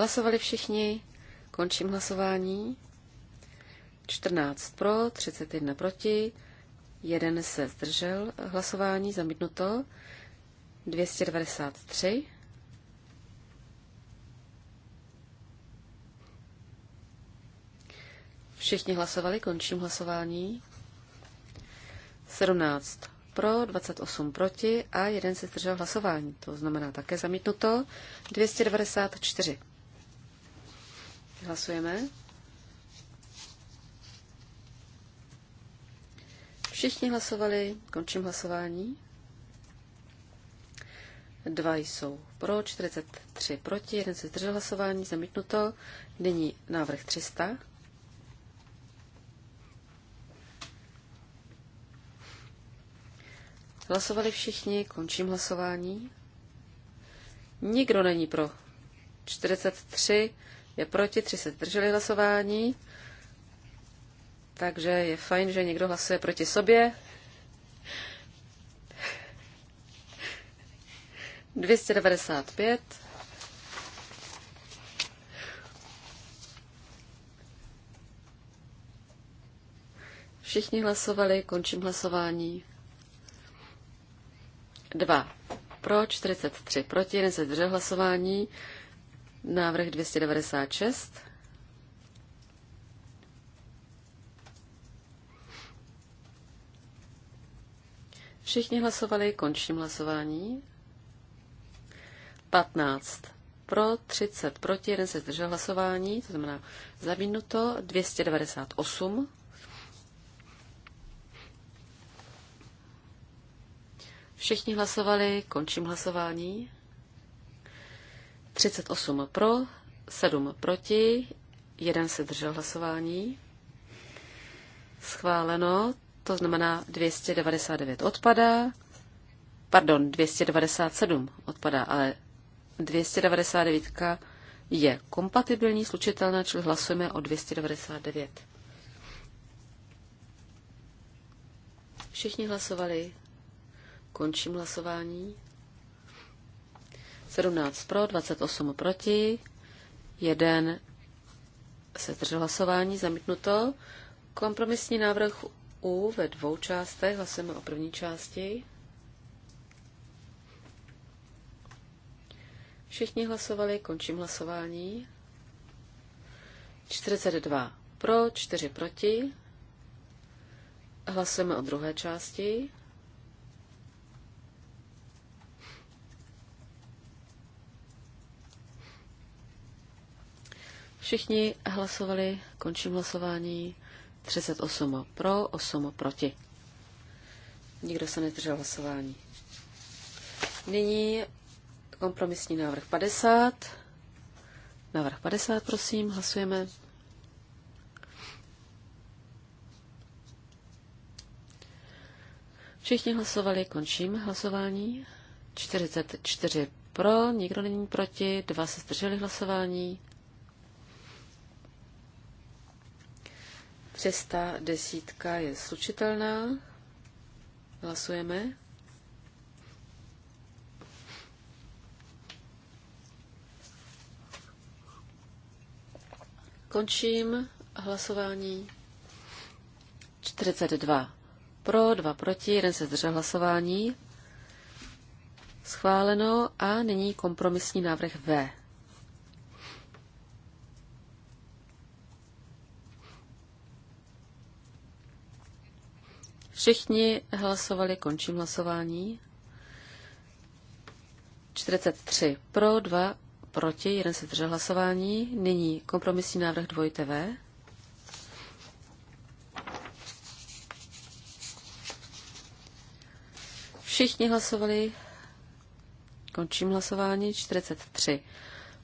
Hlasovali všichni. Končím hlasování. 14 pro, 31 proti, jeden se zdržel hlasování, zamítnuto, 293. Všichni hlasovali, končím hlasování. 17 pro, 28 proti a jeden se zdržel hlasování. To znamená také zamítnuto. 294. Hlasujeme. Všichni hlasovali, končím hlasování. Dva jsou pro, 43 proti, jeden se zdržel hlasování, zamítnuto. Nyní návrh 300. Hlasovali všichni, končím hlasování. Nikdo není pro. 43 je proti, tři se zdrželi hlasování. Takže je fajn, že někdo hlasuje proti sobě. Dvěstě Všichni hlasovali, končím hlasování. Dva pro, 43 proti, jeden se držel hlasování. Návrh 296. Všichni hlasovali, končím hlasování. 15 pro, 30 proti, jeden se zdržel hlasování, to znamená zamítnuto 298. Všichni hlasovali, končím hlasování. 38 pro, 7 proti, jeden se držel hlasování. Schváleno, to znamená 299 odpadá, pardon, 297 odpadá, ale 299 je kompatibilní, slučitelná, čili hlasujeme o 299. Všichni hlasovali. Končím hlasování. 17 pro, 28 proti, 1 se zdržel hlasování, zamítnuto. Kompromisní návrh U ve dvou částech, hlasujeme o první části. Všichni hlasovali, končím hlasování. 42 pro, 4 proti. Hlasujeme o druhé části. Všichni hlasovali, končím hlasování. 38 pro, 8 proti. Nikdo se nedržel hlasování. Nyní kompromisní návrh 50. Návrh 50, prosím, hlasujeme. Všichni hlasovali, končím hlasování. 44 pro, nikdo není proti, dva se zdrželi hlasování. 310 je slučitelná. Hlasujeme. Končím hlasování. 42 pro, 2 proti, jeden se zdržel hlasování. Schváleno a nyní kompromisní návrh V. Všichni hlasovali, končím hlasování. 43 pro, 2 proti, 1 se držel hlasování. Nyní kompromisní návrh 2 TV. Všichni hlasovali, končím hlasování, 43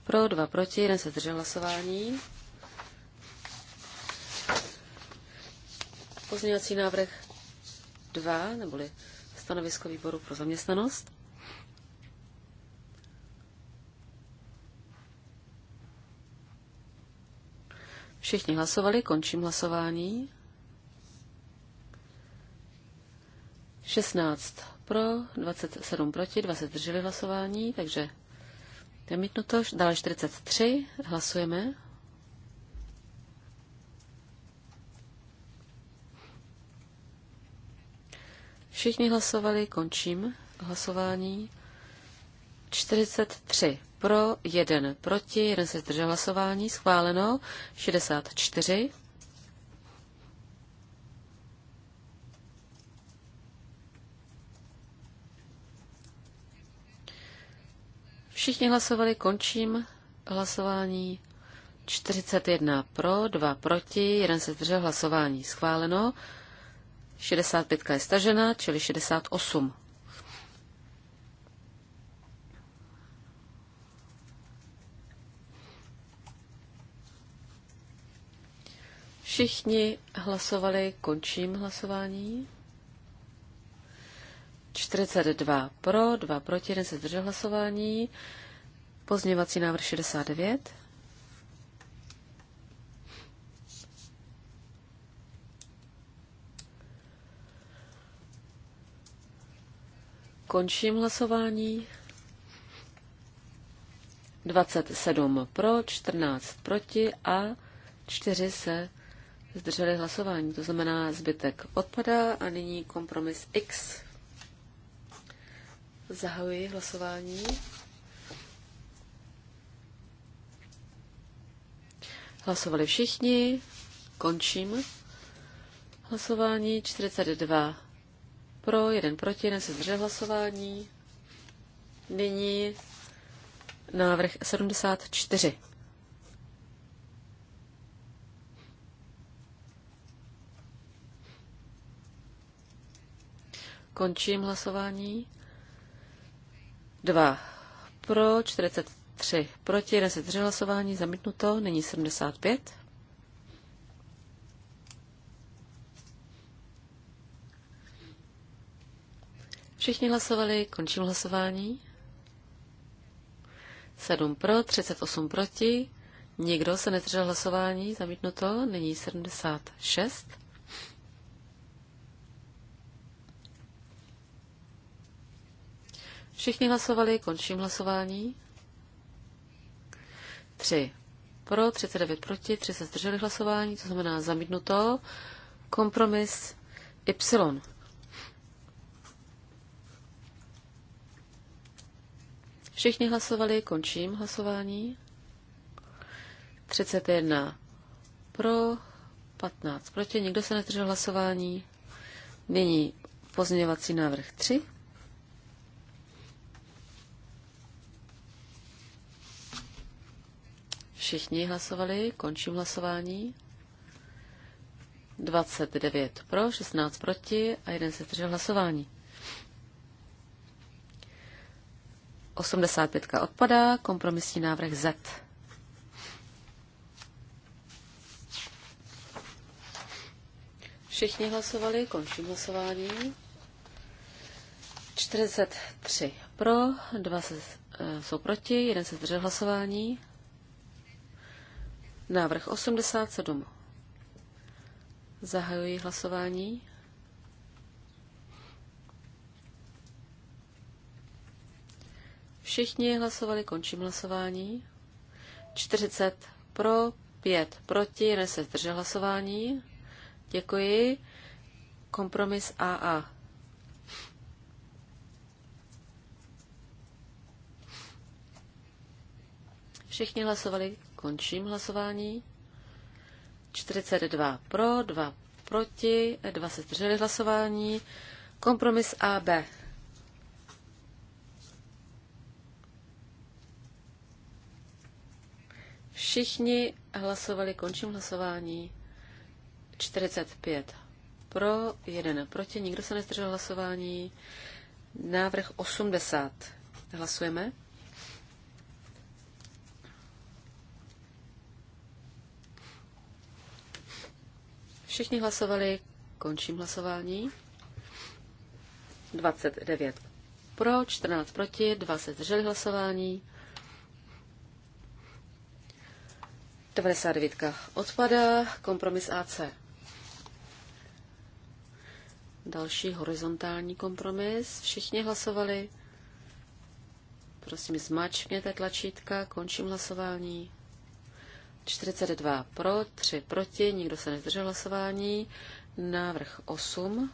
pro, 2 proti, 1 se držel hlasování. Pozměňovací návrh 2, neboli stanovisko výboru pro zaměstnanost. Všichni hlasovali, končím hlasování. 16 pro, 27 proti, 20 drželi hlasování, takže je to, Dále 43, hlasujeme. Všichni hlasovali, končím hlasování. 43 pro, 1 proti, 1 se zdržel hlasování, schváleno 64. Všichni hlasovali, končím hlasování. 41 pro, 2 proti, 1 se zdržel hlasování, schváleno 65 je stažena, čili 68. Všichni hlasovali, končím hlasování. 42 pro, 2 proti, 1 se držel hlasování. Pozměvací návrh 69. Končím hlasování. 27 pro, 14 proti a 4 se zdrželi hlasování. To znamená, zbytek odpadá a nyní kompromis X. Zahajuji hlasování. Hlasovali všichni. Končím hlasování. 42 pro, jeden proti, jeden se zdržel hlasování. Nyní návrh 74. Končím hlasování. 2 pro, 43 proti, 10 hlasování, zamítnuto, nyní 75. Všichni hlasovali, končím hlasování. 7 pro, 38 proti, nikdo se nedržel hlasování, zamítnuto, nyní 76. Všichni hlasovali, končím hlasování. 3 pro, 39 proti, 3 se zdrželi hlasování, to znamená zamítnuto. Kompromis Y. Všichni hlasovali, končím hlasování. 31 pro, 15 proti, nikdo se nezdržel hlasování. Nyní pozměňovací návrh 3. Všichni hlasovali, končím hlasování. 29 pro, 16 proti a jeden se zdržel hlasování. 85 odpadá, kompromisní návrh Z. Všichni hlasovali, končím hlasování. 43 pro, 2 se, e, jsou proti, jeden se zdržel hlasování. Návrh 87. Zahajuji hlasování. Všichni hlasovali, končím hlasování. 40 pro, 5 proti, jeden se zdržel hlasování. Děkuji. Kompromis AA. Všichni hlasovali, končím hlasování. 42 pro, 2 proti, 2 se zdrželi hlasování. Kompromis AB. Všichni hlasovali, končím hlasování. 45 pro, 1 proti, nikdo se nezdržel hlasování. Návrh 80. Hlasujeme. Všichni hlasovali, končím hlasování. 29 pro, 14 proti, 2 se zdrželi hlasování. 99 odpadá, kompromis AC. Další horizontální kompromis. Všichni hlasovali. Prosím, zmačkněte tlačítka, končím hlasování. 42 pro, 3 proti, nikdo se nezdržel hlasování. Návrh 8.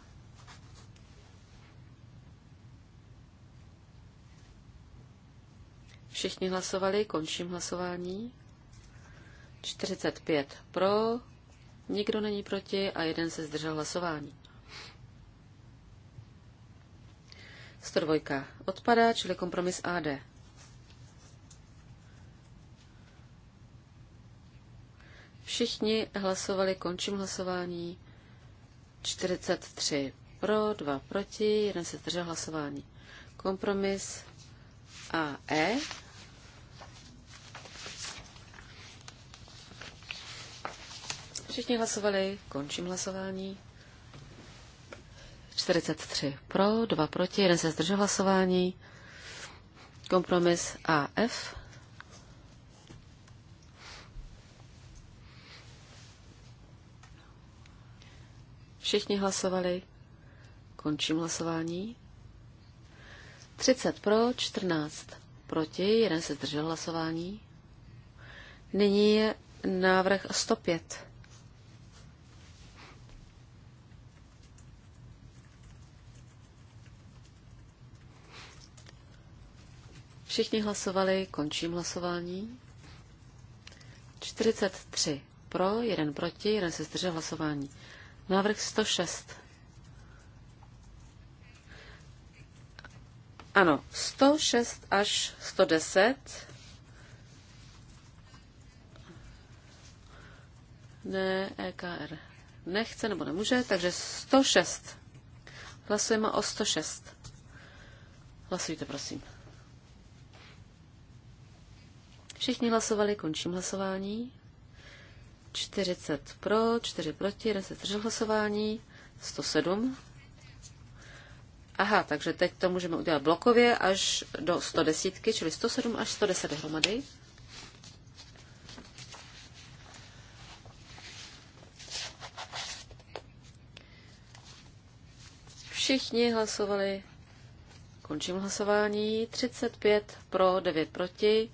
Všichni hlasovali, končím hlasování. 45 pro, nikdo není proti a jeden se zdržel hlasování. 102 odpadá, čili kompromis AD. Všichni hlasovali, končím hlasování. 43 pro, 2 proti, jeden se zdržel hlasování. Kompromis AE. Všichni hlasovali, končím hlasování. 43 pro, 2 proti, 1 se zdržel hlasování. Kompromis AF. Všichni hlasovali. Končím hlasování. 30 pro, 14 proti, 1 se zdržel hlasování. Nyní je návrh 105. Všichni hlasovali, končím hlasování. 43 pro, jeden proti, jeden se zdržel hlasování. Návrh 106. Ano, 106 až 110. Ne, EKR nechce nebo nemůže, takže 106. Hlasujeme o 106. Hlasujte, prosím. Všichni hlasovali, končím hlasování. 40 pro, 4 proti, 1 se zdržel hlasování, 107. Aha, takže teď to můžeme udělat blokově až do 110, čili 107 až 110 hromady. Všichni hlasovali. Končím hlasování. 35 pro, 9 proti.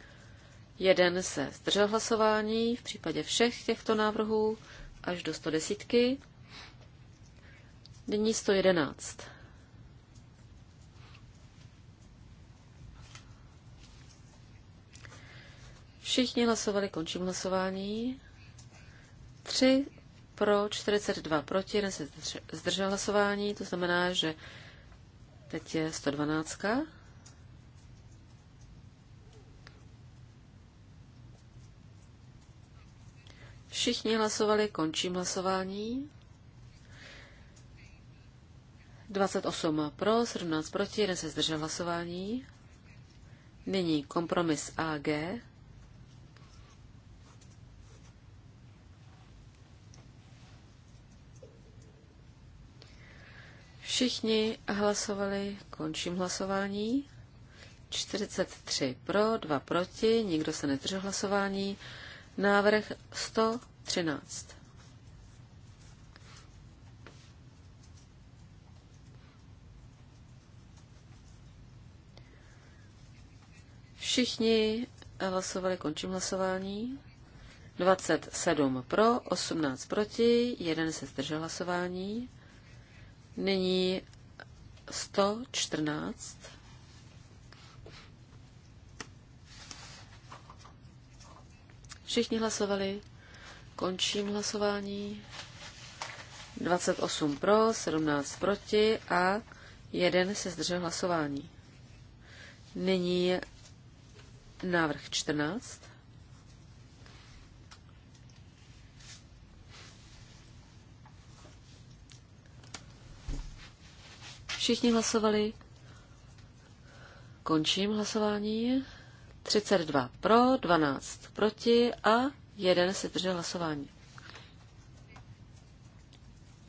Jeden se zdržel hlasování v případě všech těchto návrhů až do 110. Nyní 111. Všichni hlasovali, končím hlasování. 3 pro, 42 proti, jeden se zdržel hlasování, to znamená, že teď je 112. Všichni hlasovali, končím hlasování. 28 pro, 17 proti, 1 se zdržel hlasování. Nyní kompromis AG. Všichni hlasovali, končím hlasování. 43 pro, 2 proti, nikdo se nedržel hlasování. Návrh 113. Všichni hlasovali, končím hlasování. 27 pro, 18 proti, 1 se zdržel hlasování. Nyní 114. Všichni hlasovali. Končím hlasování. 28 pro, 17 proti a jeden se zdržel hlasování. Nyní je návrh 14. Všichni hlasovali. Končím hlasování. 32 pro, 12 proti a jeden se držel hlasování.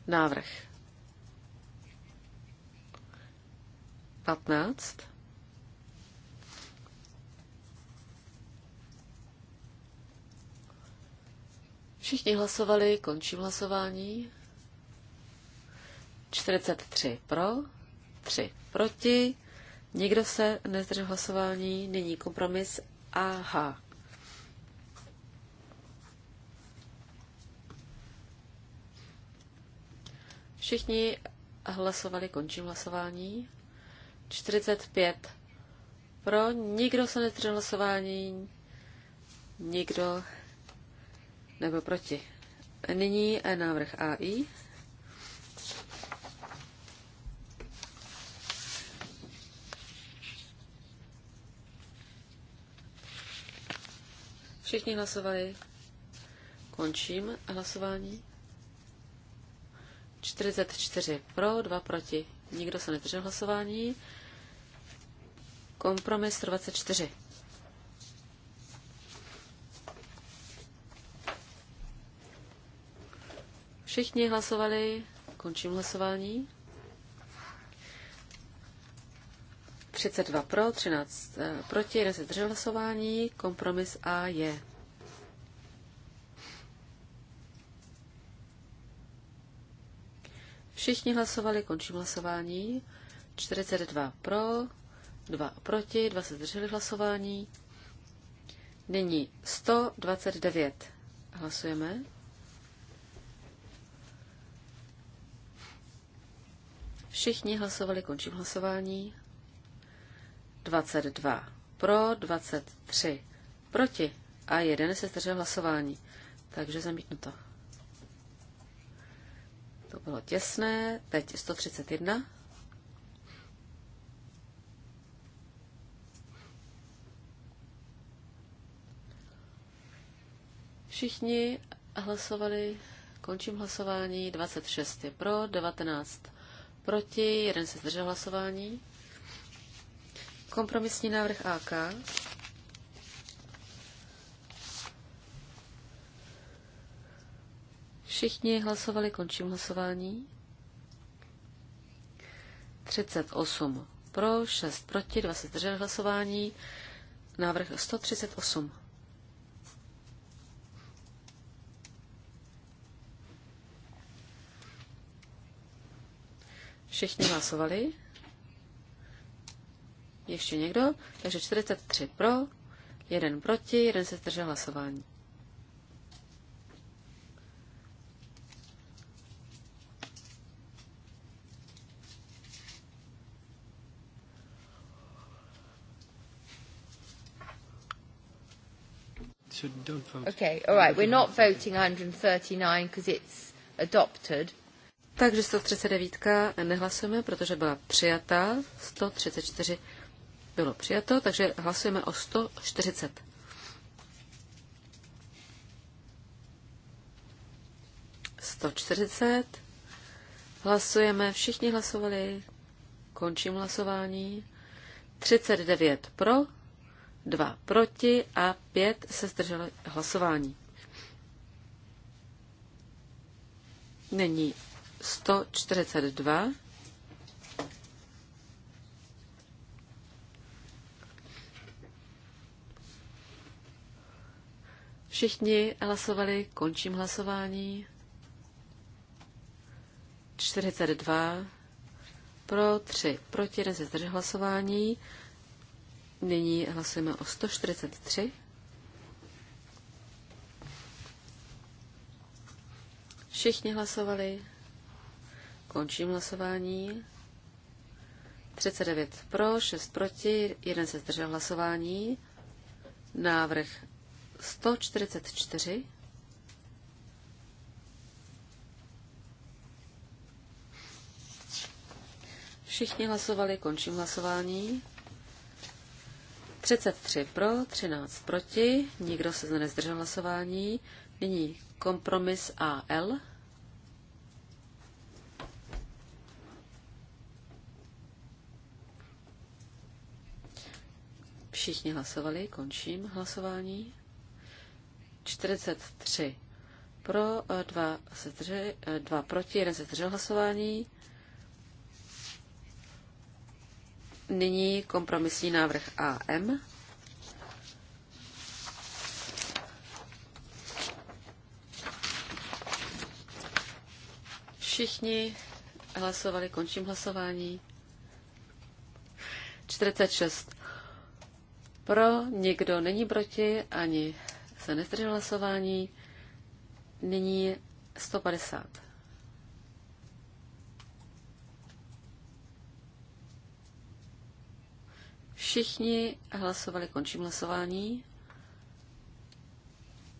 Návrh 15. Všichni hlasovali, končím hlasování. 43 pro, 3 proti. Nikdo se nezdržel hlasování, nyní kompromis Aha. Všichni hlasovali, končím hlasování. 45 pro, nikdo se nezdržel hlasování, nikdo nebyl proti. Nyní eh, návrh AI. Všichni hlasovali. Končím hlasování. 44 pro, 2 proti. Nikdo se nedržel hlasování. Kompromis 24. Všichni hlasovali. Končím hlasování. 32 pro, 13 eh, proti, jeden se hlasování, kompromis A je. Všichni hlasovali, končím hlasování. 42 pro, 2 proti, 2 se zdrželi hlasování. Nyní 129. Hlasujeme. Všichni hlasovali, končím hlasování. 22 pro, 23 proti a jeden se zdržel hlasování. Takže zamítnuto. To bylo těsné. Teď 131. Všichni hlasovali, končím hlasování, 26 je pro, 19 proti, jeden se zdržel hlasování. Kompromisní návrh AK. Všichni hlasovali, končím hlasování. 38 pro, 6 proti, 2 se zdrželi hlasování. Návrh 138. Všichni hlasovali. Ještě někdo? Takže 43 pro, jeden proti, jeden se zdržel hlasování. Okay, all right, we're not voting 139 because it's adopted. Takže 139 eh, nehlasujeme, protože byla přijata. 134 bylo přijato, takže hlasujeme o 140. čtyřicet. Hlasujeme, všichni hlasovali, končím hlasování. 39 pro, 2 proti a 5 se zdrželo hlasování. Není 142. Všichni hlasovali, končím hlasování. 42 pro, 3 proti, 1 se zdržel hlasování. Nyní hlasujeme o 143. Všichni hlasovali. Končím hlasování. 39 pro, 6 proti, 1 se zdržel hlasování. Návrh 144. Všichni hlasovali, končím hlasování. 33 pro, 13 proti, nikdo se nezdržel hlasování. Nyní kompromis AL. Všichni hlasovali, končím hlasování. 43 pro, 2, e, se zdrželi, 2 e, proti, 1 se zdržel hlasování. Nyní kompromisní návrh AM. Všichni hlasovali, končím hlasování. 46 pro, nikdo není proti, ani se nezdržel hlasování. Nyní 150. Všichni hlasovali, končím hlasování.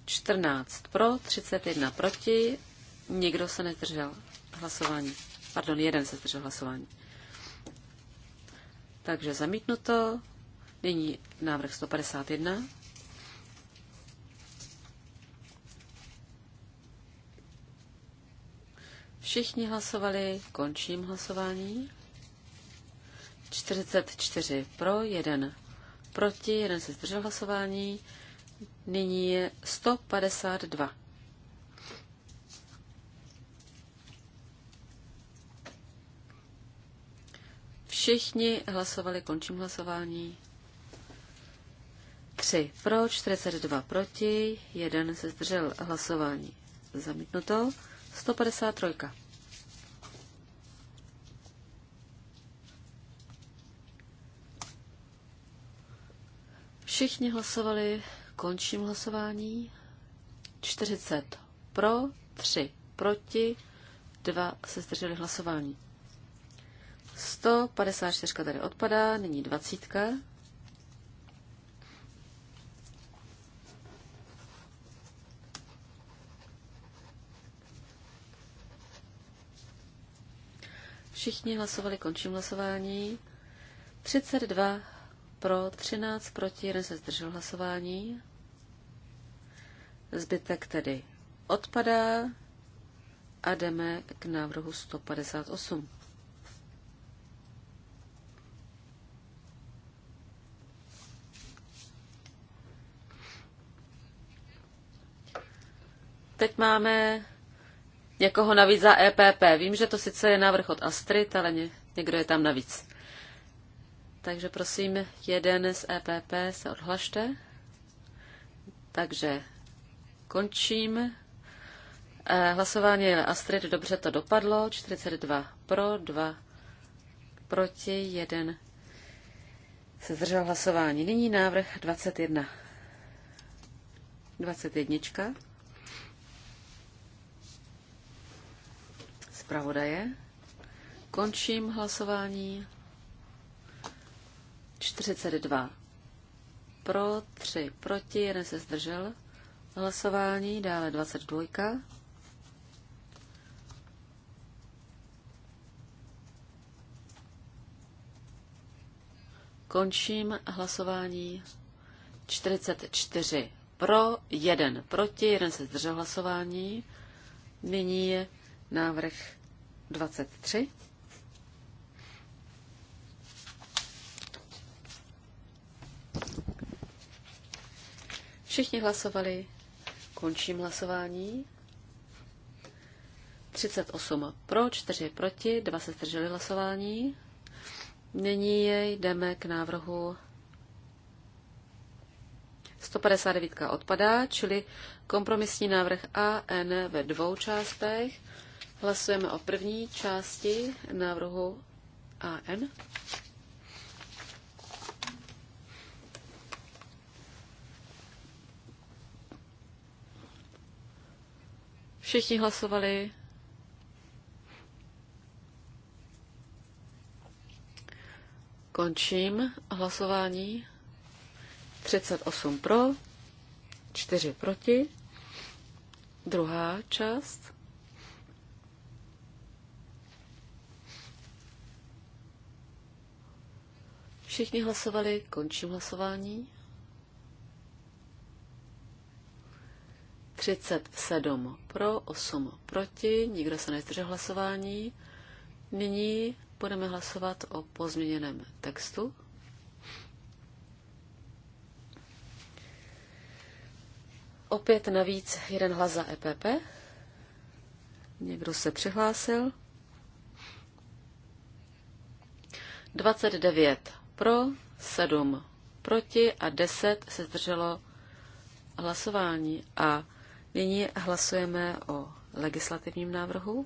14 pro, 31 proti, nikdo se nezdržel hlasování. Pardon, jeden se zdržel hlasování. Takže zamítnuto. Nyní návrh 151. Všichni hlasovali, končím hlasování. 44 pro, 1 proti, 1 se zdržel hlasování. Nyní je 152. Všichni hlasovali, končím hlasování. 3 pro, 42 proti, 1 se zdržel hlasování. Zamítnuto. 153. Všichni hlasovali, končím hlasování. 40 pro, 3 proti, 2 se zdrželi hlasování. 154 tady odpadá, nyní 20. Všichni hlasovali, končím hlasování. 32 pro, 13 proti, 1 se zdržel hlasování. Zbytek tedy odpadá a jdeme k návrhu 158. Teď máme někoho navíc za EPP. Vím, že to sice je návrh od Astrid, ale někdo je tam navíc. Takže prosím, jeden z EPP se odhlašte. Takže končím. E, hlasování Astrid, dobře to dopadlo. 42 pro, 2 proti, 1 se zdržel hlasování. Nyní návrh 21. 21. Zpravodaje. Končím hlasování. 42 pro, 3 proti, 1 se zdržel hlasování, dále 22. Končím hlasování 44 pro, 1 proti, 1 se zdržel hlasování. Nyní je návrh 23. Všichni hlasovali. Končím hlasování. 38 pro, 4 proti, 2 se zdrželi hlasování. Nyní jdeme k návrhu 159 odpadá, čili kompromisní návrh A, N ve dvou částech. Hlasujeme o první části návrhu AN. N. Všichni hlasovali. Končím hlasování. 38 pro, 4 proti. Druhá část. Všichni hlasovali, končím hlasování. 37 pro, 8 proti, nikdo se nezdržel hlasování. Nyní budeme hlasovat o pozměněném textu. Opět navíc jeden hlas za EPP. Někdo se přihlásil. 29 pro, 7 proti a 10 se zdrželo hlasování. A Nyní hlasujeme o legislativním návrhu.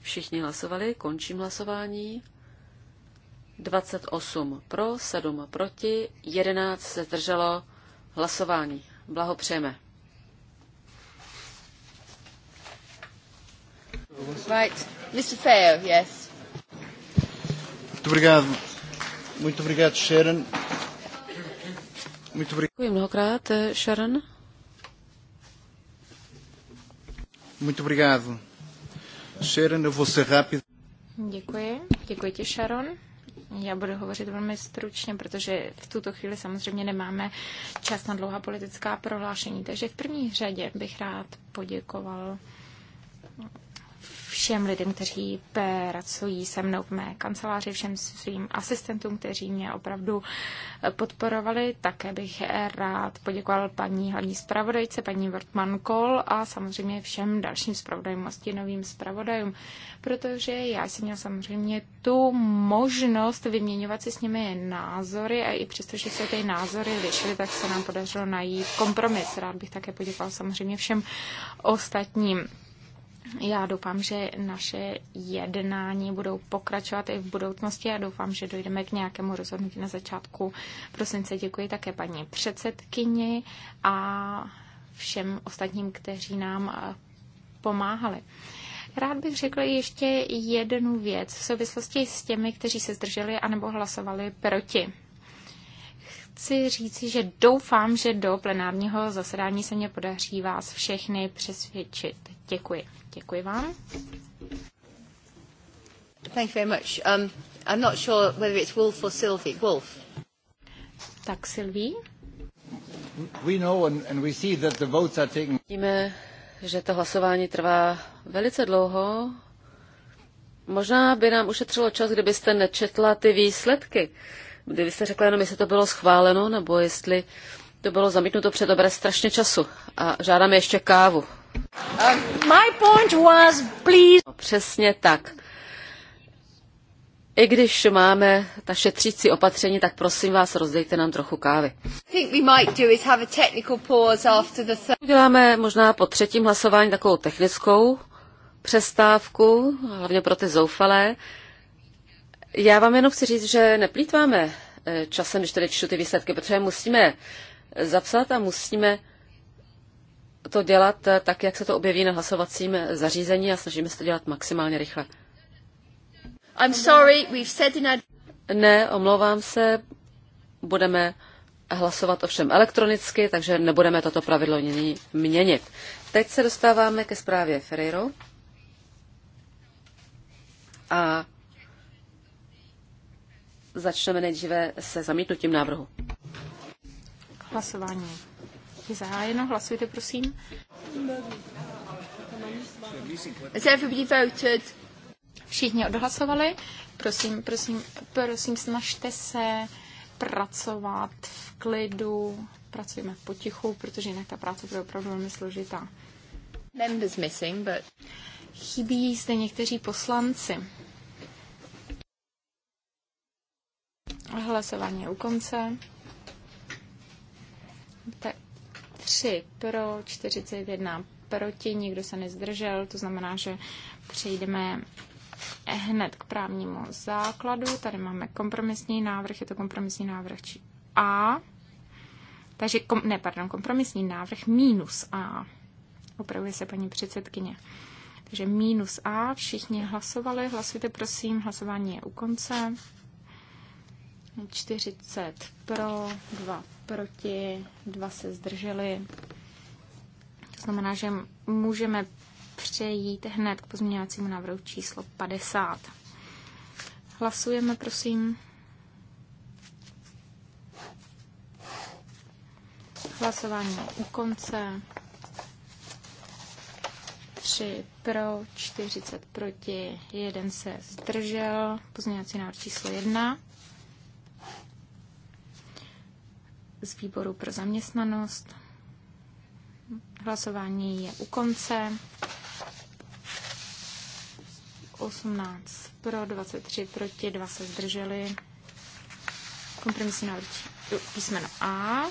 Všichni hlasovali, končím hlasování. 28 pro, 7 proti, 11 se zdrželo hlasování. Blahopřejeme. Right. Mr. Fair, yes. Muito obrigado. Muito obrigado, Sharon. Děkuji mnohokrát, Sharon. Muito obrigado. Sharon, eu vou ser rápido. Děkuji. Děkuji ti, Sharon. Já budu hovořit velmi stručně, protože v tuto chvíli samozřejmě nemáme čas na dlouhá politická prohlášení. Takže v první řadě bych rád poděkoval všem lidem, kteří pracují se mnou v mé kanceláři, všem svým asistentům, kteří mě opravdu podporovali. Také bych rád poděkoval paní hlavní zpravodajce, paní Wortmann Kohl a samozřejmě všem dalším zpravodajům a stínovým zpravodajům, protože já jsem měl samozřejmě tu možnost vyměňovat si s nimi názory a i přesto, že se ty názory lišily, tak se nám podařilo najít kompromis. Rád bych také poděkoval samozřejmě všem ostatním. Já doufám, že naše jednání budou pokračovat i v budoucnosti a doufám, že dojdeme k nějakému rozhodnutí na začátku prosince. Děkuji také paní předsedkyni a všem ostatním, kteří nám eh, pomáhali. Rád bych řekl ještě jednu věc v souvislosti s těmi, kteří se zdrželi anebo hlasovali proti chci říci, že doufám, že do plenárního zasedání se mě podaří vás všechny přesvědčit. Děkuji. Děkuji vám. Thank you very much. Um, I'm not sure whether it's Wolf or Sylvie. Wolf. Tak Sylvie. We know and, and we see that the votes are taken. Víme, že to hlasování trvá velice dlouho. Možná by nám ušetřilo čas, kdybyste nečetla ty výsledky. Uh, Kdybyste řekla jenom, jestli to bylo schváleno, nebo jestli to bylo zamítnuto před dobré strašně času. A žádám ještě kávu. Uh, my point was, please. No, přesně tak. I když máme ta šetřící opatření, tak prosím vás, rozdejte nám trochu kávy. Uděláme možná po třetím hlasování takovou technickou přestávku, hlavně pro ty zoufalé. Já vám jenom chci říct, že neplýtváme eh, časem, když tady čtu ty výsledky, protože musíme zapsat a musíme to dělat eh, tak, jak se to objeví na hlasovacím eh, zařízení a snažíme se to dělat maximálně rychle. I'm sorry, we've said in our... Ne, omlouvám se, budeme hlasovat ovšem elektronicky, takže nebudeme toto pravidlo nyní měnit. Teď se dostáváme ke zprávě Ferreiro. A začneme nejdříve se zamítnutím návrhu. Hlasování je zahájeno. Hlasujte, prosím. Všichni odhlasovali. Prosím, prosím, prosím, snažte se pracovat v klidu, pracujeme potichu, protože jinak ta práce bude opravdu velmi složitá. Members missing, but... Chybí zde někteří poslanci. Hlasování je u konce. Tak 3 pro, 41 proti, nikdo se nezdržel, to znamená, že přejdeme hned k právnímu základu. Tady máme kompromisní návrh, je to kompromisní návrh či A. Takže, kom, ne, pardon, kompromisní návrh minus A. Opravuje se paní předsedkyně. Takže minus A, všichni hlasovali, hlasujte prosím, hlasování je u konce. 40 pro, 2 proti, 2 se zdrželi. To znamená, že můžeme přejít hned k pozměňovacímu návrhu číslo 50. Hlasujeme, prosím. Hlasování u konce. 3 pro, 40 proti, 1 se zdržel. Pozměňovací návrh číslo 1. z výboru pro zaměstnanost. Hlasování je u konce. 18 pro, 23 proti, 2 se zdrželi. Kompromisní návrh písmeno A.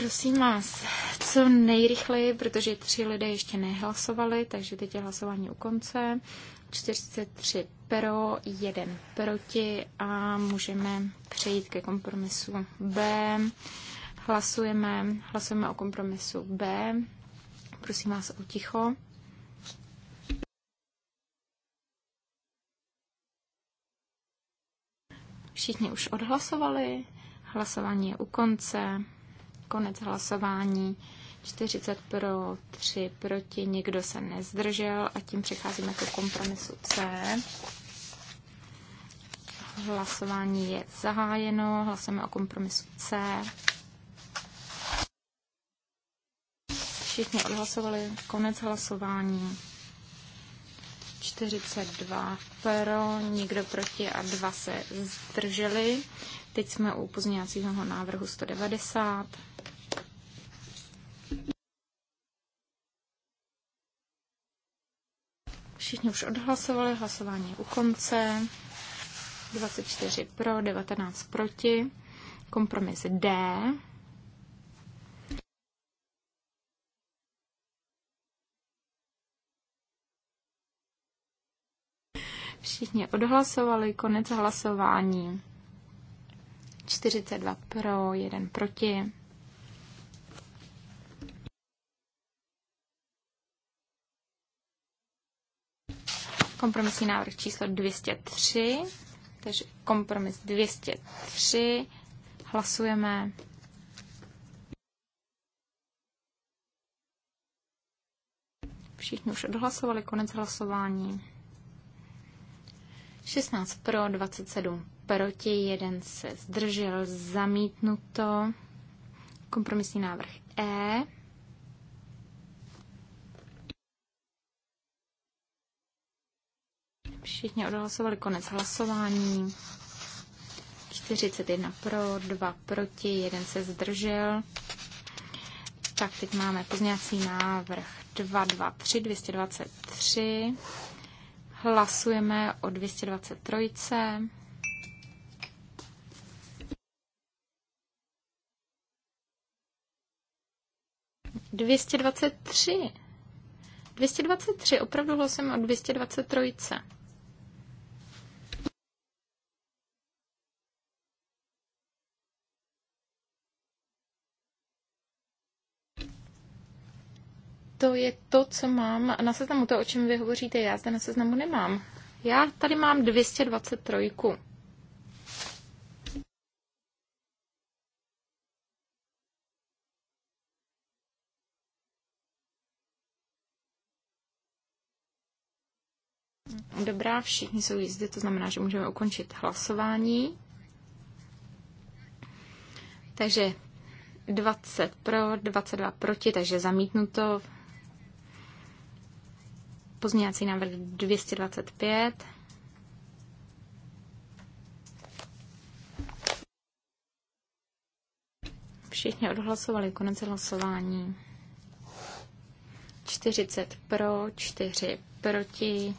Prosím vás, co nejrychleji, protože tři lidé ještě nehlasovali, takže teď je hlasování u konce. 43 pro, jeden proti a můžeme přejít ke kompromisu B. Hlasujeme, hlasujeme o kompromisu B. Prosím vás o ticho. Všichni už odhlasovali. Hlasování je u konce. Konec hlasování. 40 pro, 3 proti, nikdo se nezdržel a tím přecházíme ke kompromisu C. Hlasování je zahájeno, hlasujeme o kompromisu C. Všichni odhlasovali konec hlasování. 42 pro, nikdo proti a dva se zdrželi. Teď jsme u pozměňovacího návrhu 190. Všichni už odhlasovali, hlasování u konce. 24 pro, 19 proti. Kompromis D. Všichni odhlasovali, konec hlasování. 42 pro, 1 proti. Kompromisní návrh číslo 203, takže kompromis 203. Hlasujeme. Všichni už odhlasovali konec hlasování. 16 pro, 27 proti, jeden se zdržel, zamítnuto. Kompromisní návrh E. Všichni odhlasovali konec hlasování. 41 pro, 2 proti, 1 se zdržel. Tak teď máme pozněcí návrh 223, 223. Hlasujeme o 223. Dvěstě dvacet tři. Dvěstě dvacet tři. Opravdu hlasujeme o dvěstě dvacet trojce. to je to, co mám na seznamu. To, o čem vy hovoříte, já zde na seznamu nemám. Já tady mám 223. Dobrá, všichni jsou jízdy, to znamená, že můžeme ukončit hlasování. Takže 20 pro, 22 proti, takže zamítnuto. Pozměňovací návrh 225. Všichni odhlasovali konec hlasování. 40 pro, 4 proti,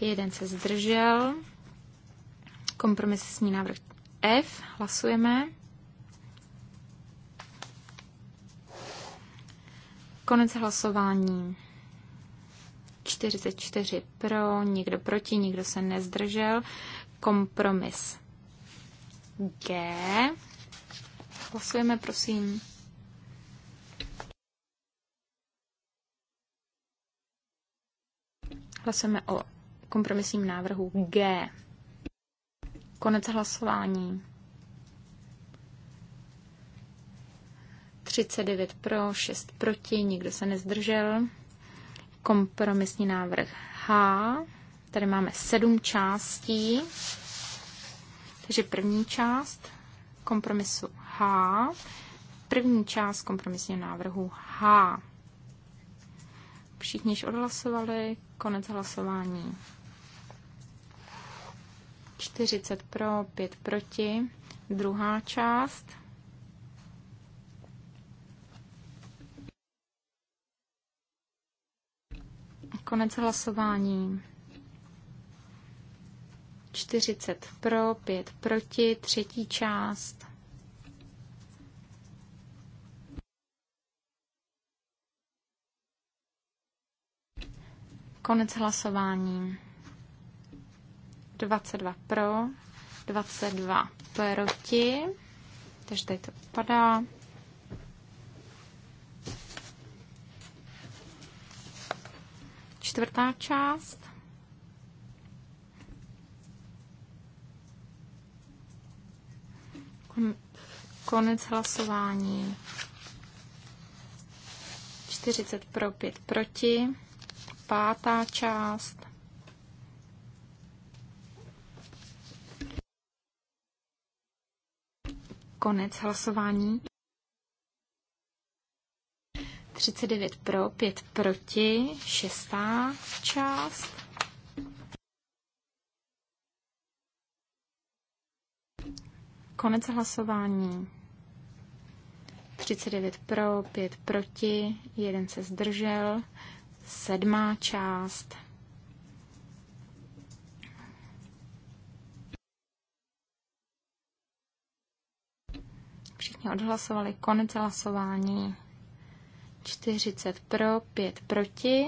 jeden se zdržel. Kompromisní návrh F. Hlasujeme. Konec hlasování. 44 pro, nikdo proti, nikdo se nezdržel. Kompromis G. Hlasujeme, prosím. Hlasujeme o kompromisním návrhu G. Konec hlasování. 39 pro, 6 proti, nikdo se nezdržel. Kompromisní návrh H. Tady máme sedm částí. Takže první část kompromisu H. První část kompromisního návrhu H. Všichni již odhlasovali. Konec hlasování. 40 pro, 5 proti. Druhá část. Konec hlasování. 40 pro, 5 proti, třetí část. Konec hlasování. 22 pro, 22 proti, takže tady to upadá. čtvrtá část. Konec hlasování. 40 pro, 5 proti. Pátá část. Konec hlasování. 39 pro, 5 proti, šestá část. Konec hlasování. 39 pro, 5 proti, jeden se zdržel. Sedmá část. Všichni odhlasovali konec hlasování. 40 pro, 5 proti.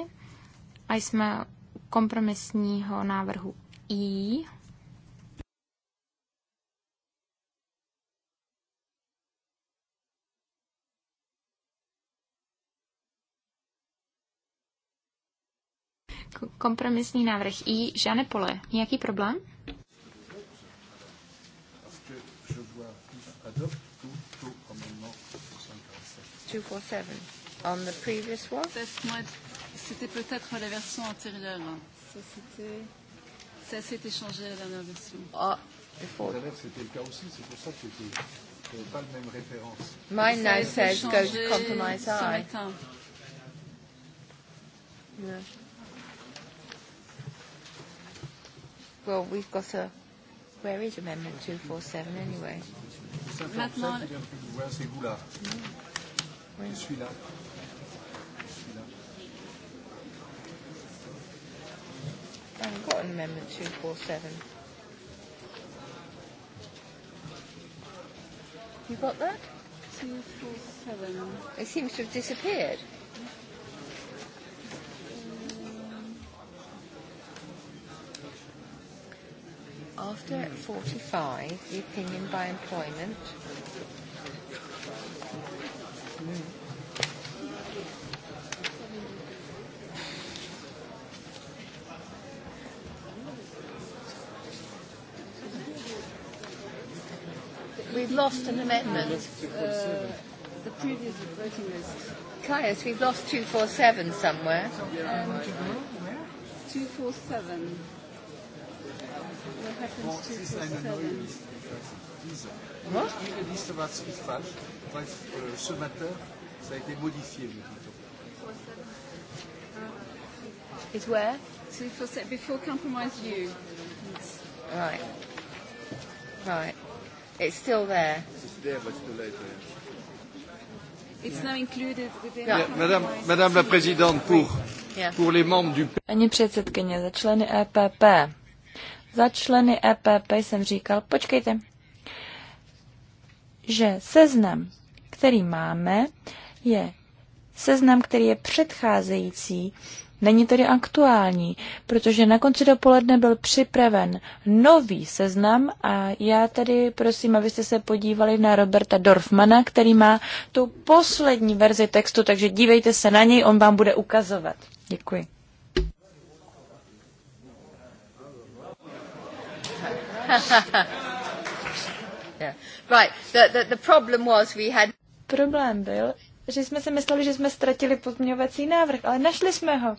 A jsme kompromisního návrhu I. kompromisní návrh I. Žane Pole, nějaký problém? Two four seven on the previous one? C'était peut-être la version antérieure. Ça, c'était... Ça s'est échangé la dernière version. Ah, il faut... Tout à l'heure, c'était le cas aussi, c'est pour ça que n'avais pas la même référence. Mine now says go to compromise I. Yeah. Well, we've got a... Where is Amendment 247 anyway? Maintenant... Where is Goulard? Oui. Celui-là. I haven't got an amendment 247. You got that? 247. It seems to have disappeared. After 45, the opinion by employment. lost an amendment. Uh, the previous voting list. Caius, we've lost 247 somewhere. 247. What happens to 247? What? Ihre Liste war ziemlich falsch, weil euh, ce matin, ça a été modifié. Is where? 247, before compromise you. Right. Right. It's still there. It's there, but it's too late. It's now included within yeah. la Présidente, pour, yeah. pour les membres du... Paní předsedkyně, za členy EPP. Za členy EPP jsem říkal, počkejte, že seznam, který máme, je seznam, který je předcházející uh, není tedy aktuální, protože na konci dopoledne byl připraven nový seznam a já tedy prosím, abyste se podívali na Roberta Dorfmana, který má tu poslední verzi textu, takže dívejte se na něj, on vám bude ukazovat. Děkuji. yeah. Right. The, the, the problem was we had... Problém byl, že jsme si mysleli, že jsme ztratili pozměňovací návrh, ale našli jsme ho.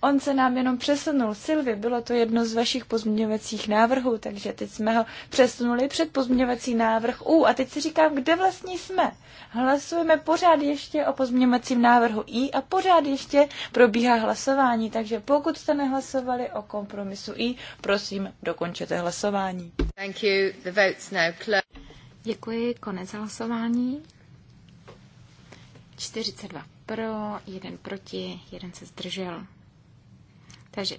On se nám jenom přesunul. Silvi, bylo to jedno z vašich pozměňovacích návrhů, takže teď jsme ho přesunuli před pozměňovací návrh U. A teď si říkám, kde vlastně jsme. Hlasujeme pořád ještě o pozměňovacím návrhu I a pořád ještě probíhá hlasování, takže pokud jste nehlasovali o kompromisu I, prosím, dokončete hlasování. Thank you. The vote's now Děkuji, konec hlasování. 42 pro, jeden proti, jeden se zdržel. Takže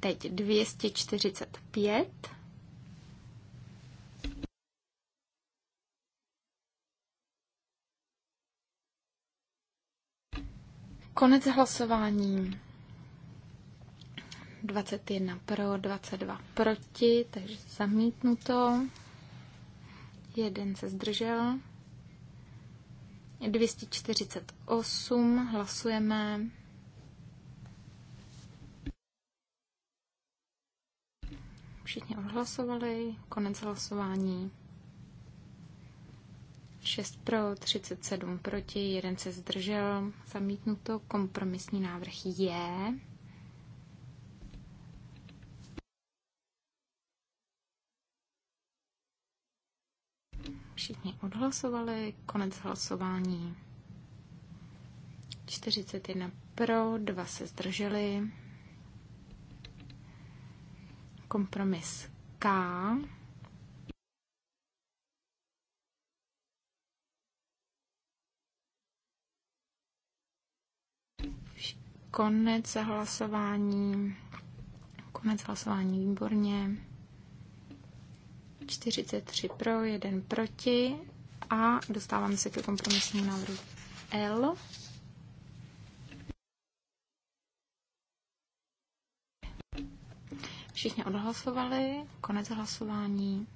teď 245. Konec hlasování. 21 pro, 22 proti, takže zamítnuto. Jeden se zdržel. 248 hlasujeme. Všichni odhlasovali, konec hlasování. 6 pro, 37 proti, jeden se zdržel, zamítnuto, kompromisní návrh je. Všichni odhlasovali, konec hlasování. 41 pro, 2 se zdrželi. Kompromis K. Konec hlasování. Konec hlasování výborně. 43 pro, 1 proti a dostáváme se ke kompromisnímu návrhu L. Všichni odhlasovali, konec hlasování.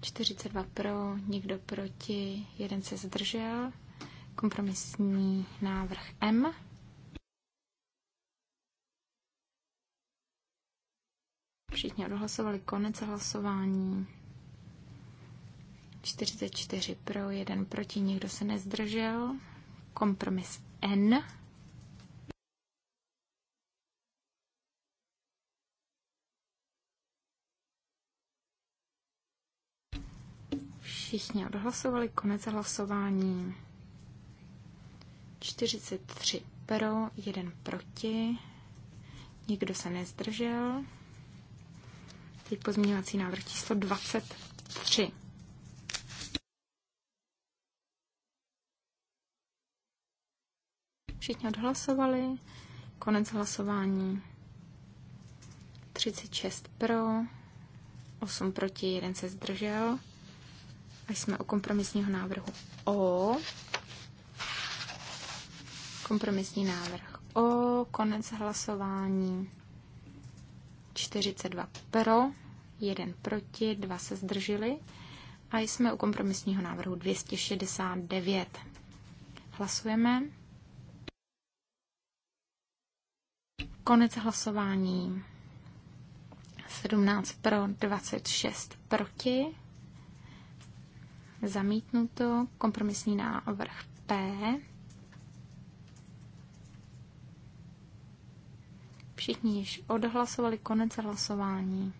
42 pro, nikdo proti, jeden se zdržel. Kompromisní návrh M. Všichni odhlasovali konec hlasování. 44 pro, 1 proti, nikdo se nezdržel. Kompromis N. Všichni odhlasovali konec hlasování. 43 pro, 1 proti, nikdo se nezdržel. Teď pozměňovací návrh číslo 23. Všichni odhlasovali. Konec hlasování. 36 pro, 8 proti, 1 se zdržel. A jsme u kompromisního návrhu O. Kompromisní návrh O, konec hlasování. 42 pro, 1 proti, 2 se zdrželi a jsme u kompromisního návrhu 269. Hlasujeme. Konec hlasování. 17 pro, 26 proti. Zamítnuto. Kompromisní návrh P. Všichni již odhlasovali konec hlasování.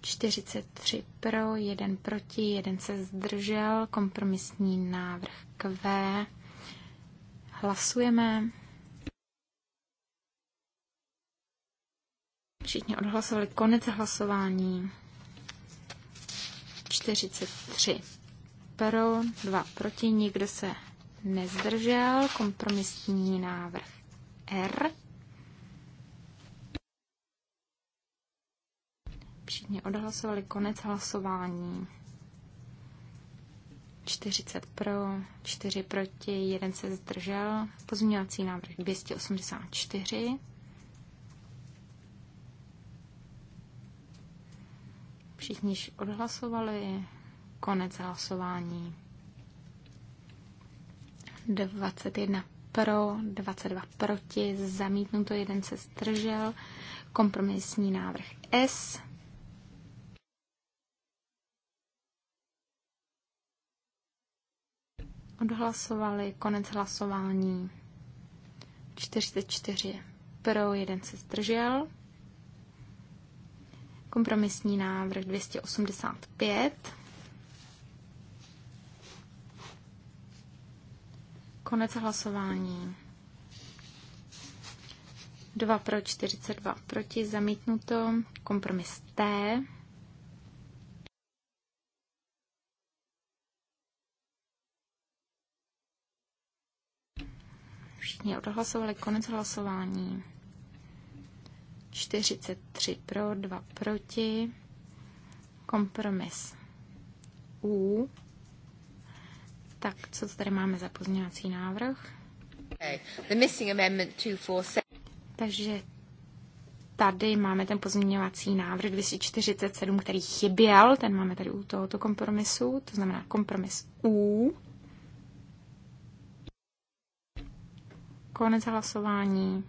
43 pro, 1 proti, 1 se zdržel. Kompromisní návrh Q. Hlasujeme. Všichni odhlasovali konec hlasování. 43 pro, 2 proti, nikdo se nezdržel. Kompromisní návrh R. Všichni odhlasovali konec hlasování. 40 pro, 4 proti, 1 se zdržel. Pozměňovací návrh 284. Všichni již odhlasovali. Konec hlasování. 21 pro, 22 proti, zamítnuto, jeden se zdržel. Kompromisní návrh S. odhlasovali. Konec hlasování. 44 pro, jeden se zdržel. Kompromisní návrh 285. Konec hlasování. 2 pro 42 proti, zamítnuto. Kompromis T. všichni odhlasovali konec hlasování. 43 pro, 2 proti. Kompromis U. Tak, co tady máme za pozměňovací návrh? The missing amendment 247. Takže tady máme ten pozměňovací návrh 247, který chyběl, ten máme tady u tohoto kompromisu, to znamená kompromis U. Konec hlasování.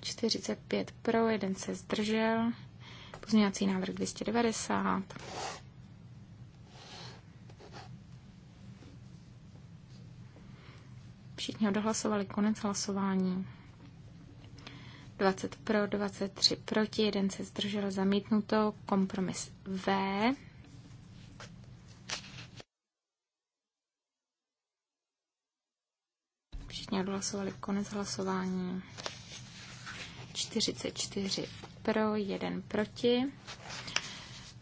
45 pro, jeden se zdržel. Pozměňovací návrh 290. Všichni odhlasovali konec hlasování. 20 pro, 23 proti, jeden se zdržel zamítnuto, kompromis V. Všichni odhlasovali konec hlasování. 44 pro, 1 proti.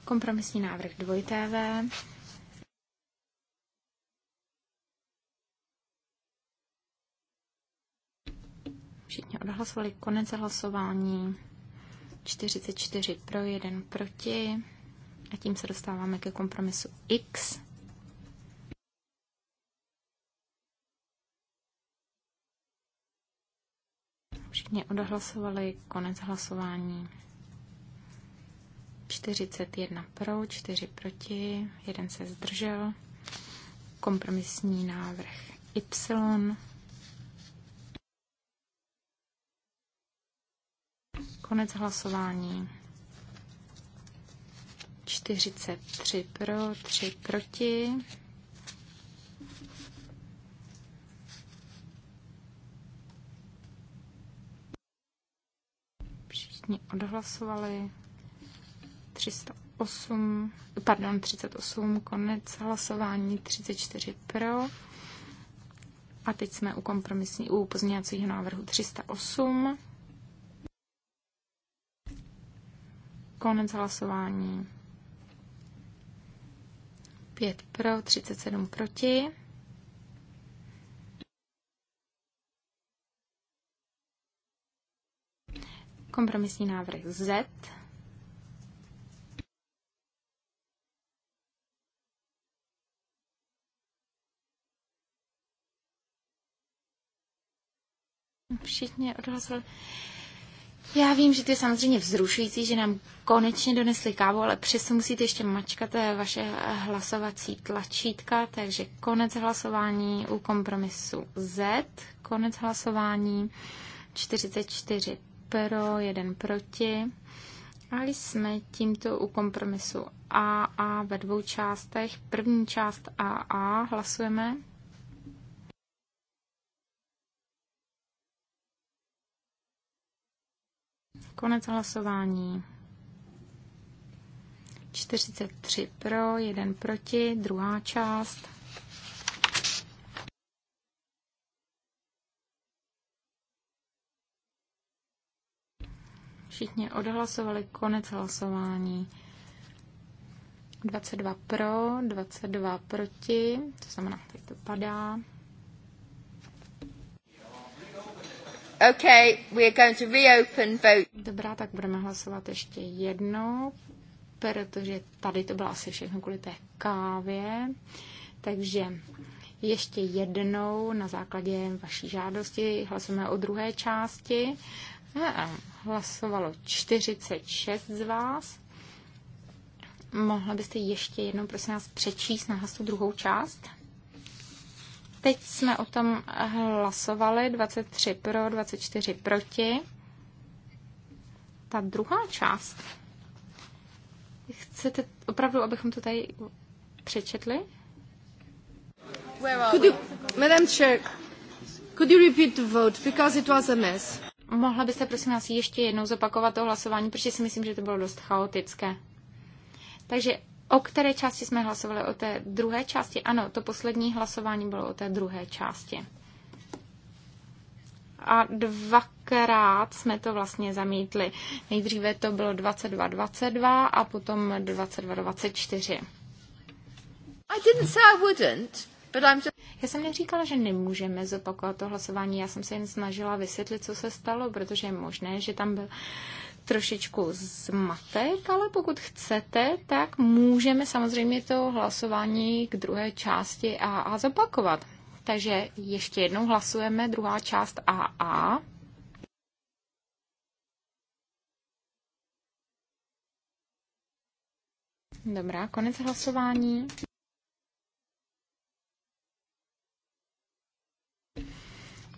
Kompromisní návrh 2 TV. Všichni odhlasovali konec hlasování. 44 pro, 1 proti. A tím se dostáváme ke kompromisu X. Všichni odhlasovali konec hlasování. 41 pro, 4 proti, jeden se zdržel. Kompromisní návrh Y. Konec hlasování. 43 pro, 3 proti. všichni odhlasovali. 308, pardon, 38, konec hlasování, 34 pro. A teď jsme u kompromisní, u pozměňovacího návrhu 308. Konec hlasování. 5 pro, 37 proti. Kompromisní návrh Z. Všichni odhlasovali. Já vím, že to je samozřejmě vzrušující, že nám konečně donesli kávu, ale přesto musíte ještě mačkat vaše hlasovací tlačítka, takže konec hlasování u kompromisu Z, konec hlasování 44 pro, jeden proti. A jsme tímto u kompromisu AA ve dvou částech. První část AA hlasujeme. Konec hlasování. 43 pro, 1 proti, druhá část. Všichni odhlasovali konec hlasování. 22 pro, 22 proti, to znamená, tak to padá. Okay, we are going to reopen vote. Dobrá, tak budeme hlasovat ještě jednou, protože tady to bylo asi všechno kvůli té kávě. Takže ještě jednou na základě vaší žádosti hlasujeme o druhé části. Hlasovalo 46 z vás. Mohla byste ještě jednou, prosím vás, přečíst na hlasu druhou část? Teď jsme o tom hlasovali 23 pro, 24 proti. Ta druhá část. Chcete opravdu, abychom to tady přečetli? Could you, Madam Chair, could you repeat the vote because it was a mess? Mohla byste prosím nás ještě jednou zopakovat to hlasování, protože si myslím, že to bylo dost chaotické. Takže o které části jsme hlasovali? O té druhé části? Ano, to poslední hlasování bylo o té druhé části. A dvakrát jsme to vlastně zamítli. Nejdříve to bylo 22-22 a potom 22-24. I didn't say I wouldn't, but I'm just... Já jsem neříkala, že nemůžeme zopakovat to hlasování, já jsem se jen snažila vysvětlit, co se stalo, protože je možné, že tam byl trošičku zmatek, ale pokud chcete, tak můžeme samozřejmě to hlasování k druhé části a a zopakovat. Takže ještě jednou hlasujeme druhá část AA. Dobrá, konec hlasování.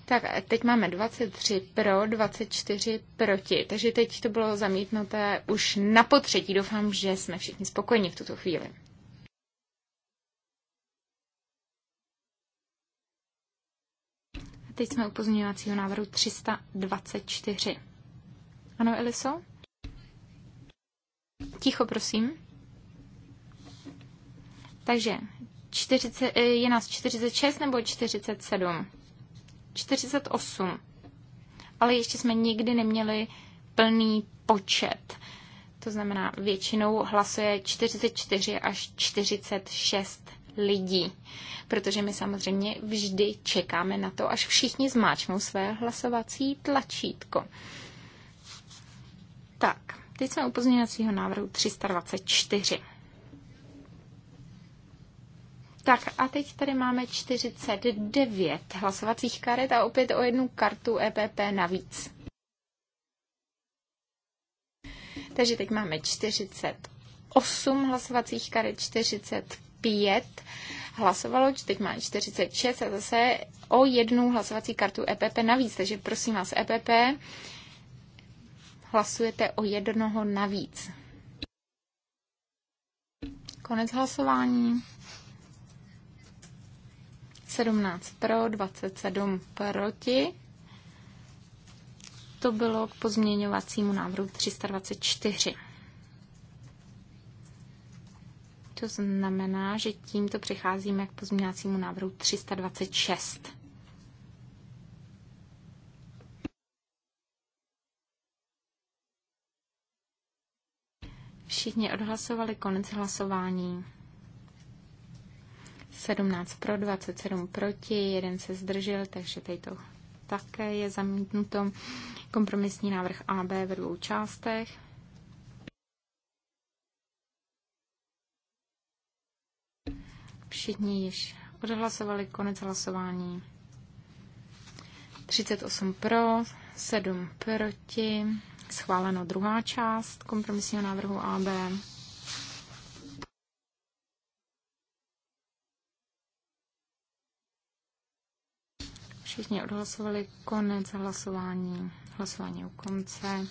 Tak teď máme 23 pro, 24 proti, takže teď to bylo zamítnuté už na potřetí. Doufám, že jsme všichni spokojeni v tuto chvíli. A teď jsme u pozměňovacího návrhu 324. Ano, Eliso? Ticho, prosím. Takže 40, je nás 46 nebo 47? 48. Ale ještě jsme nikdy neměli plný počet. To znamená, většinou hlasuje 44 až 46 lidí. Protože my samozřejmě vždy čekáme na to, až všichni zmáčnou své hlasovací tlačítko. Tak, teď jsme u pozměňovacího návrhu 324. Tak a teď tady máme 49 hlasovacích karet a opět o jednu kartu EPP navíc. Takže teď máme 48 hlasovacích karet, 45 hlasovalo, teď má 46 a zase o jednu hlasovací kartu EPP navíc. Takže prosím vás, EPP, hlasujete o jednoho navíc. Konec hlasování. 17 pro, 27 proti. To bylo k pozměňovacímu návrhu 324. To znamená, že tímto přicházíme k pozměňovacímu návrhu 326. Všichni odhlasovali konec hlasování. 17 pro, 27 proti, jeden se zdržel, takže tady to také je zamítnuto. Kompromisní návrh AB ve dvou částech. Všichni již odhlasovali konec hlasování. 38 pro, 7 proti. Schváleno druhá část kompromisního návrhu AB. Všichni odhlasovali konec hlasování. Hlasování u konce.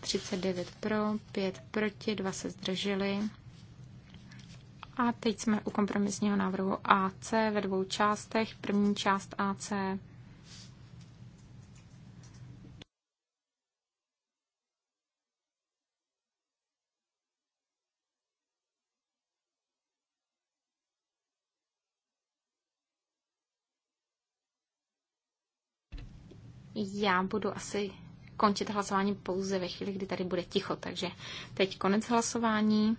39 pro, 5 proti, 2 se zdrželi. A teď jsme u kompromisního návrhu AC ve dvou částech. První část AC já budu asi končit hlasování pouze ve chvíli, kdy tady bude ticho. Takže teď konec hlasování.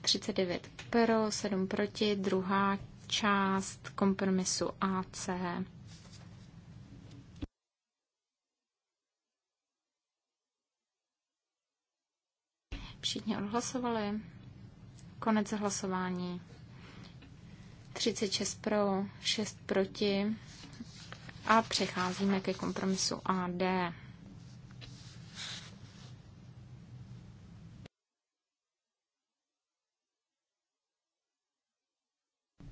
39 pro, 7 proti, druhá část kompromisu AC. Všichni odhlasovali. Konec hlasování. 36 pro, 6 proti, a přecházíme ke kompromisu AD.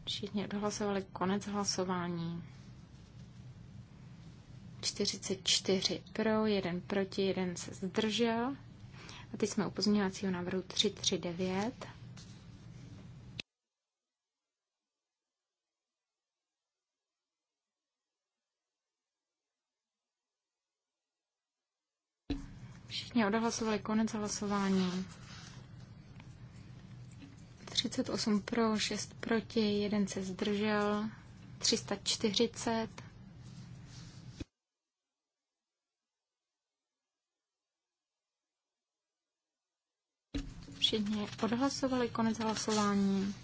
Všichni odhlasovali konec hlasování. 44 pro, 1 proti, 1 se zdržel. A teď jsme u pozměňovacího návrhu 339. Všichni odhlasovali konec hlasování. 38 pro, 6 proti, 1 se zdržel, 340. Všichni odhlasovali konec hlasování.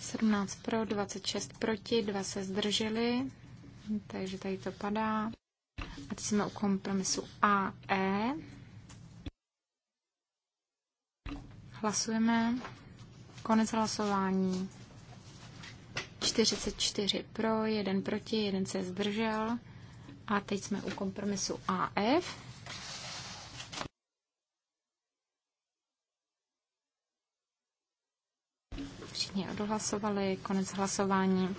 17 pro, 26 proti, 2 se zdrželi, takže tady to padá. A teď jsme u kompromisu AE. Hlasujeme. Konec hlasování. 44 pro, 1 proti, 1 se zdržel. A teď jsme u kompromisu AF. Všichni odhlasovali, konec hlasování.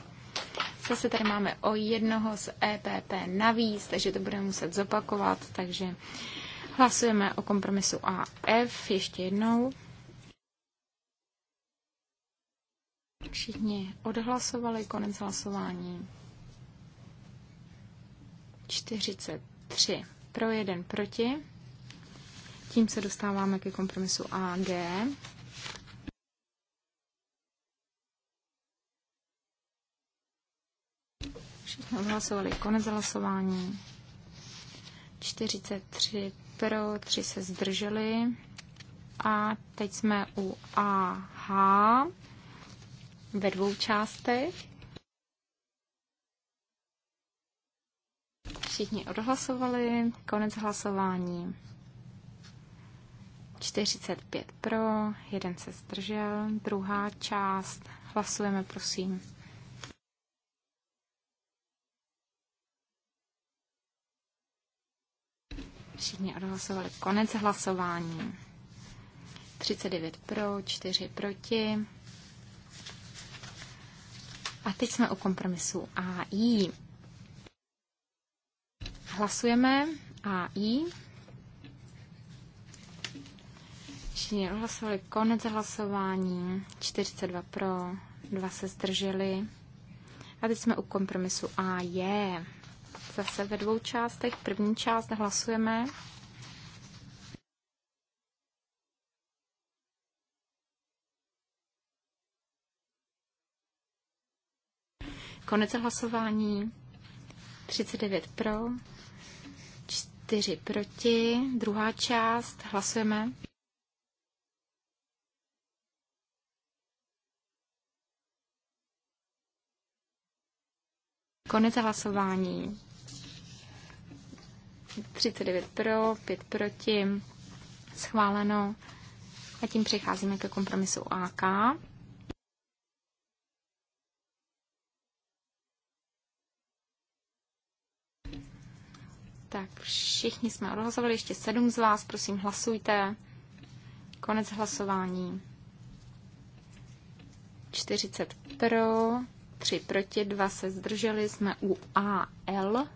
Zase tady máme o jednoho z EPP navíc, takže to budeme muset zopakovat, takže hlasujeme o kompromisu AF ještě jednou. Všichni odhlasovali konec hlasování. 43 pro, jeden proti. Tím se dostáváme ke kompromisu AG. Všichni odhlasovali konec hlasování. 43 pro, 3 se zdrželi. A teď jsme u AH ve dvou částech. Všichni odhlasovali, konec hlasování. 45 pro, jeden se zdržel, druhá část. Hlasujeme, prosím. Všichni odhlasovali konec hlasování. 39 pro, 4 proti. A teď jsme u kompromisu AI. Hlasujeme AI. Všichni odhlasovali konec hlasování. 42 pro, 2 se zdrželi. A teď jsme u kompromisu A je zase ve dvou částech. První část hlasujeme. Konec hlasování. 39 pro, 4 proti. Druhá část. Hlasujeme. Konec hlasování. 39 pro, 5 proti, schváleno. A tím přecházíme ke kompromisu AK. Tak všichni jsme odhlasovali, ještě sedm z vás, prosím hlasujte. Konec hlasování. 40 pro, 3 proti, 2 se zdrželi, jsme u AL.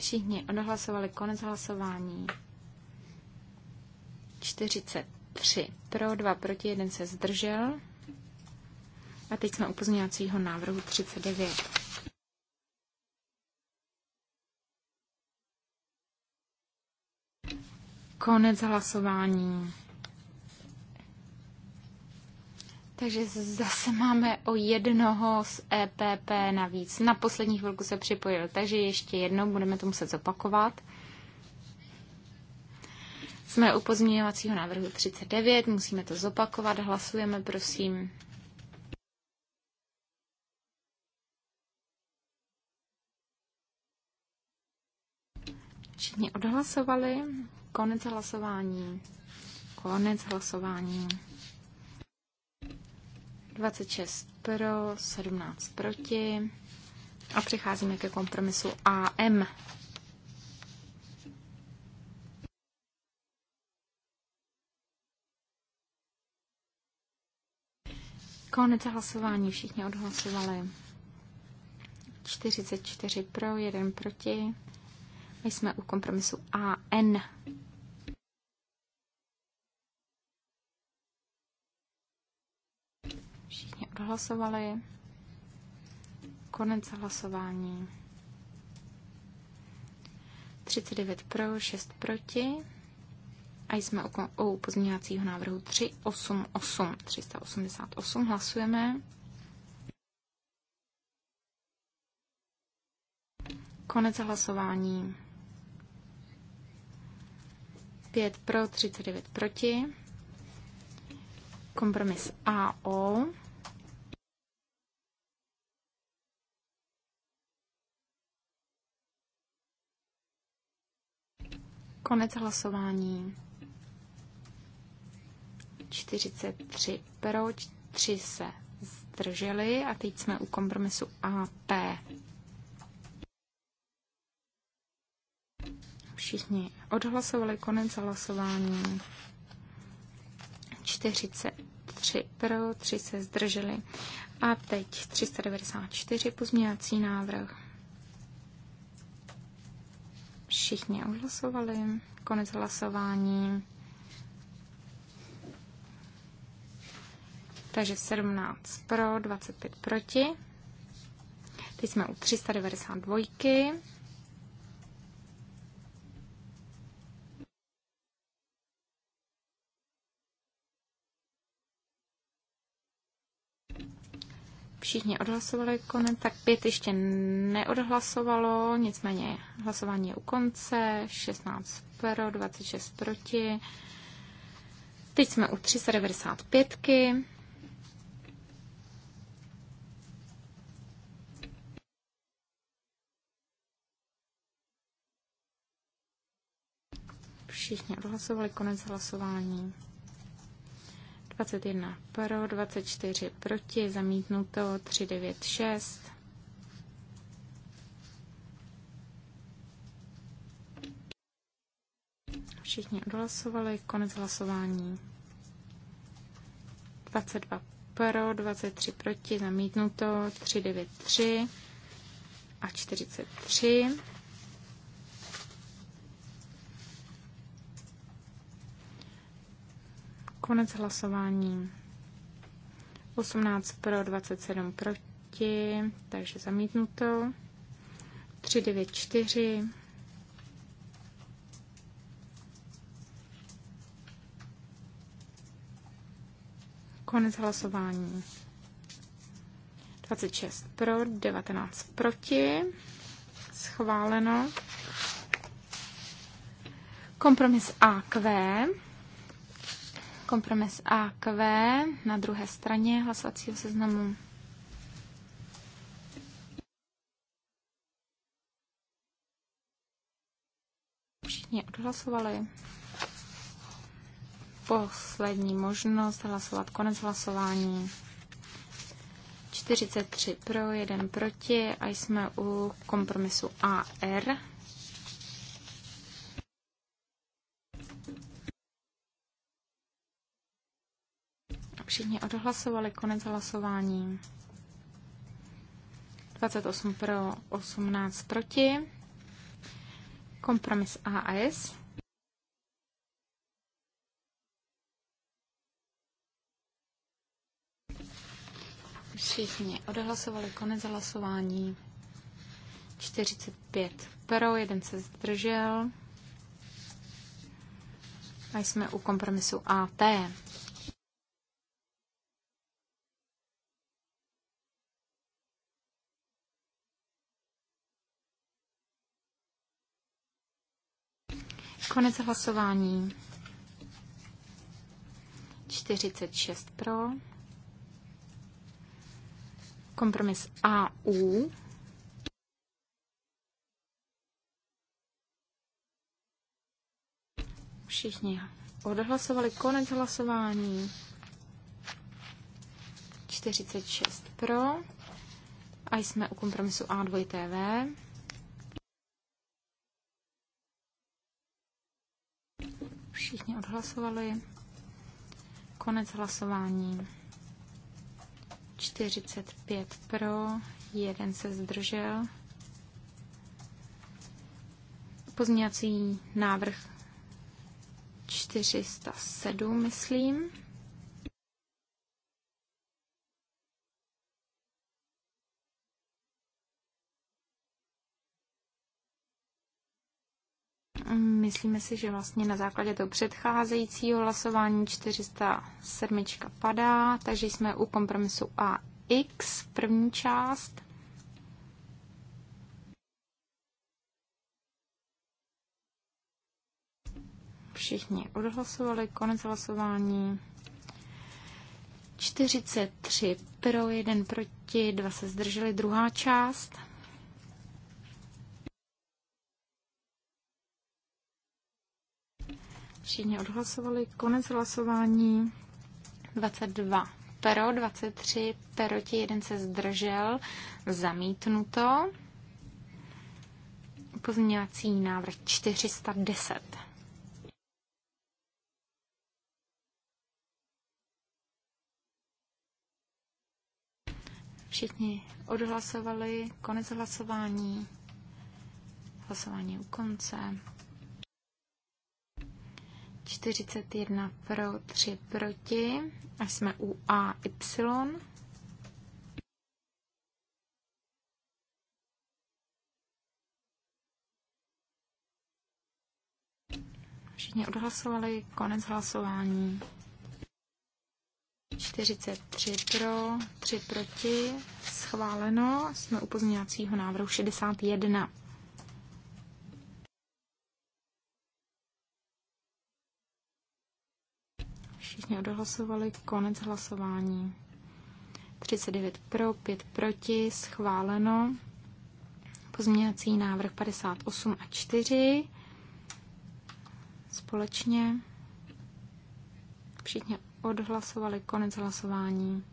Všichni odhlasovali konec hlasování. 43 pro, 2 proti, 1 se zdržel. A teď jsme u pozměňovacího návrhu 39. Konec hlasování. Takže zase máme o jednoho z EPP navíc. Na poslední chvilku se připojil, takže ještě jednou budeme to muset zopakovat. Jsme u pozměňovacího návrhu 39, musíme to zopakovat, hlasujeme, prosím. Všichni odhlasovali. Konec hlasování. Konec hlasování. 26 pro, 17 proti. A přecházíme ke kompromisu AM. Konec hlasování, všichni odhlasovali. 44 pro, 1 proti. My jsme u kompromisu AN. odhlasovali. Konec hlasování. 39 pro, 6 proti. A jsme u, pozměňovacího návrhu 388. 388 hlasujeme. Konec hlasování. 5 pro, 39 proti. Kompromis AO. Konec hlasování. 43 pro, 3 se zdrželi a teď jsme u kompromisu AP. Všichni odhlasovali konec hlasování. 43 pro, 3 se zdrželi. A teď 394 pozměňovací návrh. Všichni odhlasovali. Konec hlasování. Takže 17 pro, 25 proti. Teď jsme u 392. Všichni odhlasovali konec, tak pět ještě neodhlasovalo, nicméně hlasování je u konce, 16 pro, 26 proti. Teď jsme u 395. -ky. Všichni odhlasovali konec hlasování. 21 pro, 24 proti, zamítnuto 396. Všichni odhlasovali, konec hlasování. 22 pro, 23 proti, zamítnuto 393 a 43. Konec hlasování. 18 pro, 27 proti, takže zamítnuto. 4. Konec hlasování. 26 pro, 19 proti. Schváleno. Kompromis AQ. Kompromis AQ na druhé straně hlasovacího seznamu. Všichni odhlasovali. Poslední možnost hlasovat konec hlasování. 43 pro, 1 proti a jsme u kompromisu AR Všichni odhlasovali konec hlasování. 28 pro, 18 proti. Kompromis AS. Všichni odhlasovali konec hlasování. 45 pro, jeden se zdržel. A jsme u kompromisu AT. Konec hlasování. 46 pro. Kompromis AU. Všichni odhlasovali konec hlasování. 46 pro. A jsme u kompromisu A2TV. Všichni odhlasovali. Konec hlasování. 45 pro, jeden se zdržel. Pozměňovací návrh 407, myslím. myslíme si, že vlastně na základě toho předcházejícího hlasování 407 padá, takže jsme u kompromisu AX, první část. Všichni odhlasovali, konec hlasování. 43 pro, 1 proti, 2 se zdrželi, druhá část. Všichni odhlasovali. Konec hlasování. 22 pero, 23 proti, jeden se zdržel. Zamítnuto. Pozměňovací návrh 410. Všichni odhlasovali. Konec hlasování. Hlasování u konce. 41 pro, 3 proti. A jsme u A, Y. Všichni odhlasovali, konec hlasování. 43 pro, 3 proti, schváleno. Jsme u pozměňovacího návrhu 61. Všichni odhlasovali. Konec hlasování. 39 pro, 5 proti, schváleno. Pozměňovací návrh 58 a 4. Společně. Všichni odhlasovali. Konec hlasování.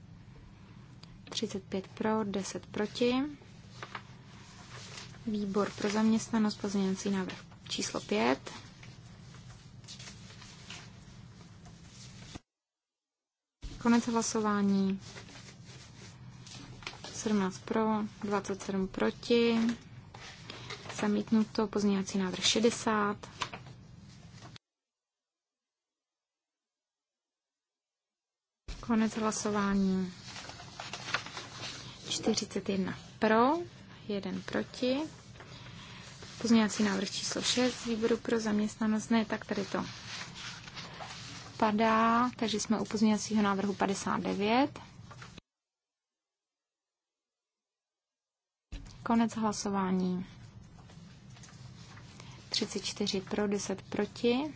35 pro, 10 proti. Výbor pro zaměstnanost, pozměňovací návrh číslo 5. Konec hlasování. 17 pro, 27 proti. Zamítnuto pozměňovací návrh 60. Konec hlasování. 41 pro, 1 proti. Pozměňovací návrh číslo 6 výboru pro zaměstnanost. Ne, tak tady to odpadá, takže jsme u pozměňovacího návrhu 59. Konec hlasování. 34 pro, 10 proti.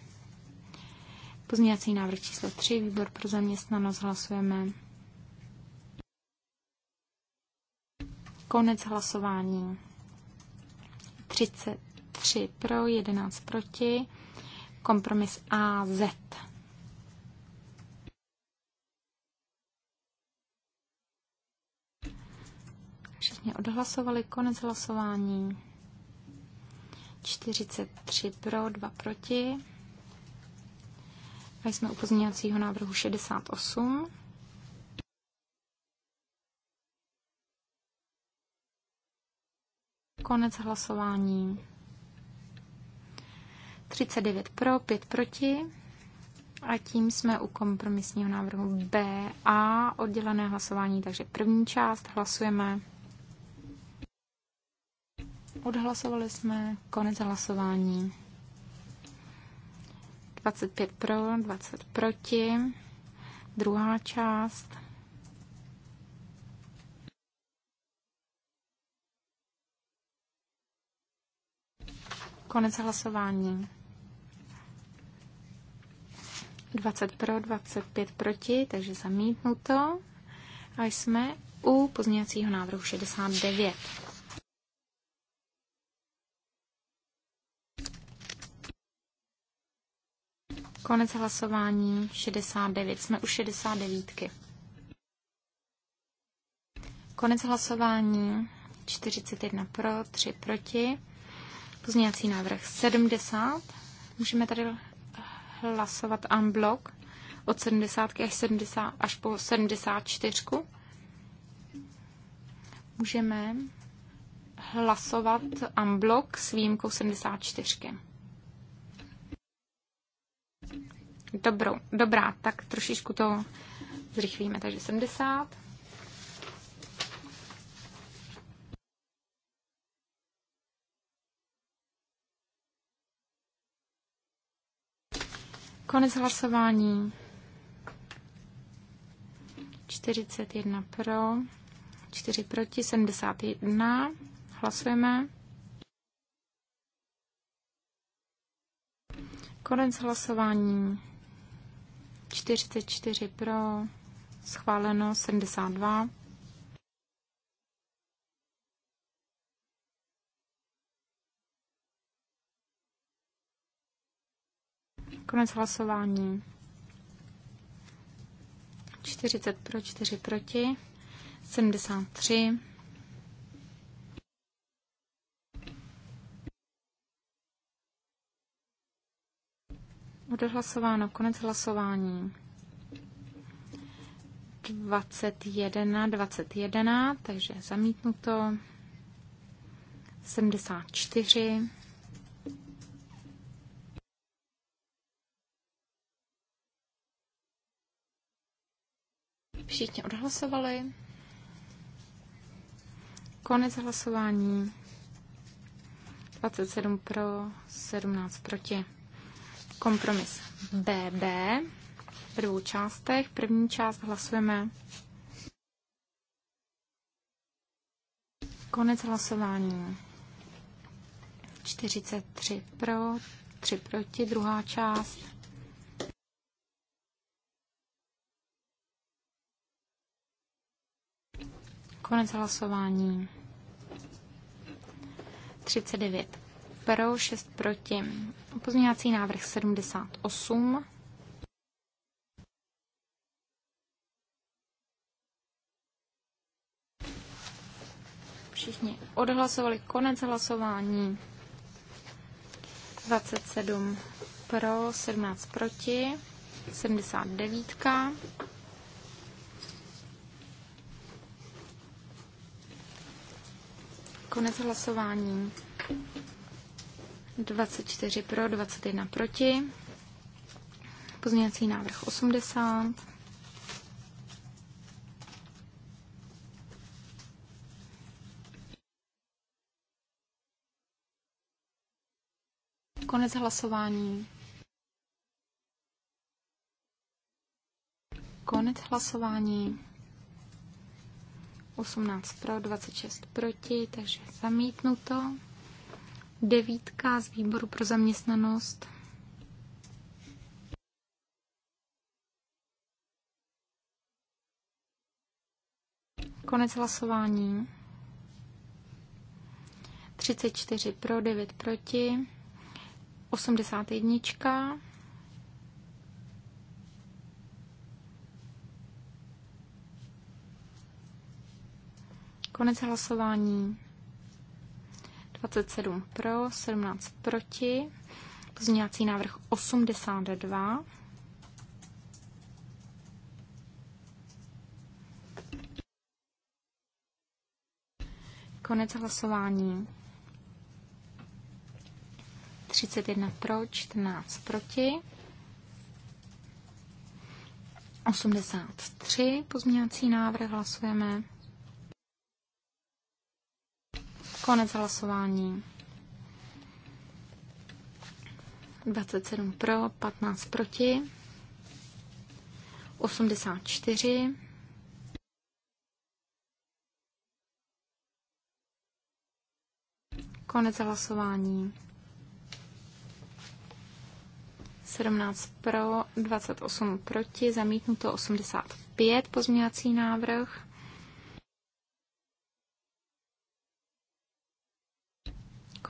Pozměňovací návrh číslo 3, výbor pro zaměstnanost, hlasujeme. Konec hlasování. 33 pro, 11 proti. Kompromis AZ. vlastně odhlasovali. Konec hlasování. 43 pro, 2 proti. A jsme u pozměňovacího návrhu 68. Konec hlasování. 39 pro, 5 proti. A tím jsme u kompromisního návrhu B a oddělené hlasování, takže první část hlasujeme. Odhlasovali jsme konec hlasování. 25 pro, 20 proti. Druhá část. Konec hlasování. 20 pro, 25 proti, takže zamítnuto. A jsme u pozměňovacího návrhu 69. Konec hlasování 69. Jsme u 69. Konec hlasování 41 pro, 3 proti. Pozměňovací návrh 70. Můžeme tady hlasovat en bloc od 70 až, 70 až po 74. Můžeme hlasovat en bloc s výjimkou 74. Dobrou, dobrá, tak trošičku to zrychlíme, takže 70. Konec hlasování. 41 pro, 4 proti, 71. Hlasujeme. Konec hlasování. 44 pro, schváleno 72. Konec hlasování. 40 pro, 4 proti, 73. odhlasováno. Konec hlasování. 21 21, takže zamítnuto. 74. Všichni odhlasovali. Konec hlasování. 27 pro, 17 proti. Kompromis BB v dvou částech. První část hlasujeme. Konec hlasování. 43 pro, 3 proti, druhá část. Konec hlasování. 39 pro, 6 proti. Pozměňovací návrh 78. Všichni odhlasovali konec hlasování. 27 pro, 17 proti, 79. Konec hlasování. 24 pro, 21 proti. Pozměňovací návrh 80. Konec hlasování. Konec hlasování. 18 pro, 26 proti, takže zamítnuto. Devítka z výboru pro zaměstnanost. Konec hlasování. 34 pro, 9 proti. 81. Konec hlasování. 27 pro, 17 proti. Pozměňovací návrh 82. Konec hlasování. 31 pro, 14 proti. 83 pozměňovací návrh hlasujeme. Konec hlasování. 27 pro, 15 proti. 84. Konec hlasování. 17 pro, 28 proti, zamítnuto 85 pozměňovací návrh.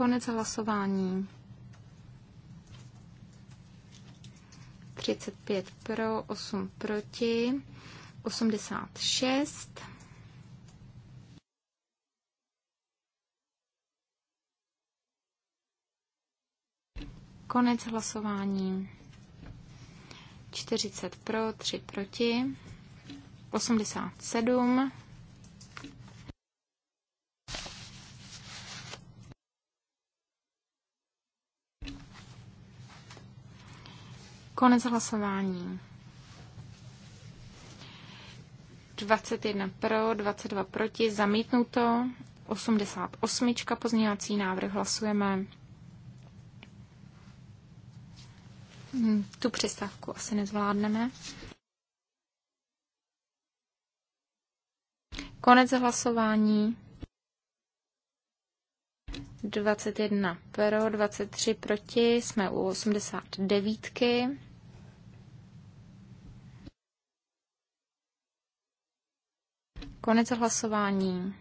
Konec hlasování. 35 pro, 8 proti, 86. Konec hlasování. 40 pro, 3 proti, 87. Konec hlasování. 21 pro, 22 proti, zamítnuto. 88. pozměňovací návrh hlasujeme. Hm, tu přestávku asi nezvládneme. Konec hlasování. 21 pro, 23 proti, jsme u 89. Konec hlasování.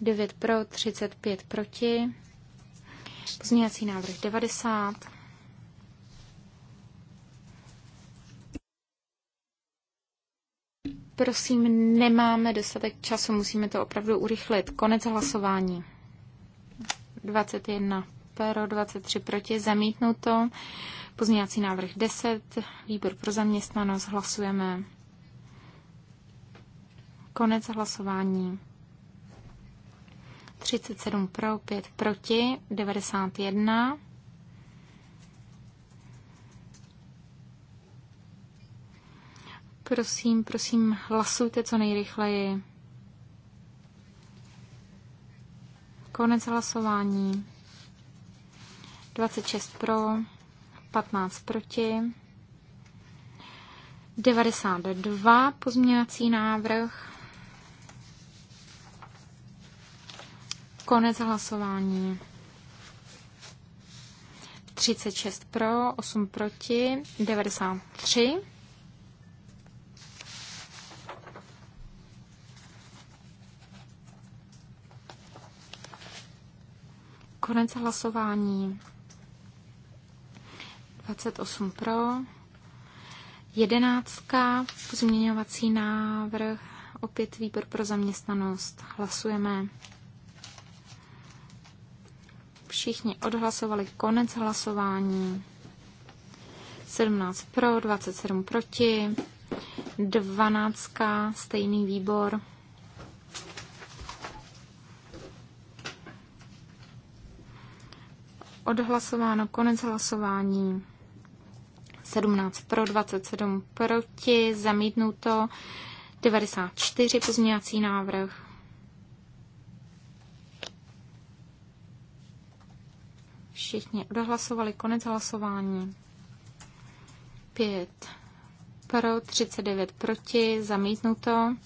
9 pro, 35 proti. Pozměňovací návrh 90. Prosím, nemáme dostatek času, musíme to opravdu urychlit. Konec hlasování. 21 pro, 23 proti, zamítnuto. Pozměňovací návrh 10, výbor pro zaměstnanost, hlasujeme. Konec hlasování. 37 pro, 5 proti, 91. Prosím, prosím, hlasujte co nejrychleji. Konec hlasování. 26 pro, 15 proti. 92 pozměňovací návrh. Konec hlasování. 36 pro, 8 proti, 93. Konec hlasování. 28 pro. 11. pozměňovací návrh, opět výbor pro zaměstnanost. Hlasujeme. Všichni odhlasovali konec hlasování. 17 pro, 27 proti, 12 stejný výbor. Odhlasováno konec hlasování. 17 pro, 27 proti, zamítnuto 94 pozměňovací návrh. Všichni odhlasovali konec hlasování. 5 pro, 39 proti, zamítnuto.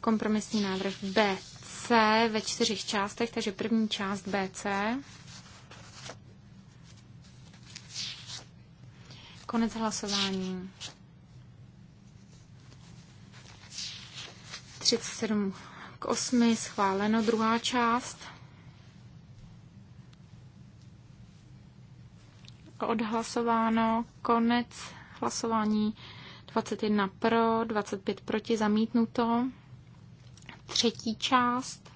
Kompromisní návrh BC ve čtyřech částech, takže první část BC. Konec hlasování. 37 k 8 schváleno druhá část. Jako odhlasováno, konec hlasování 21 pro, 25 proti, zamítnuto. Třetí část.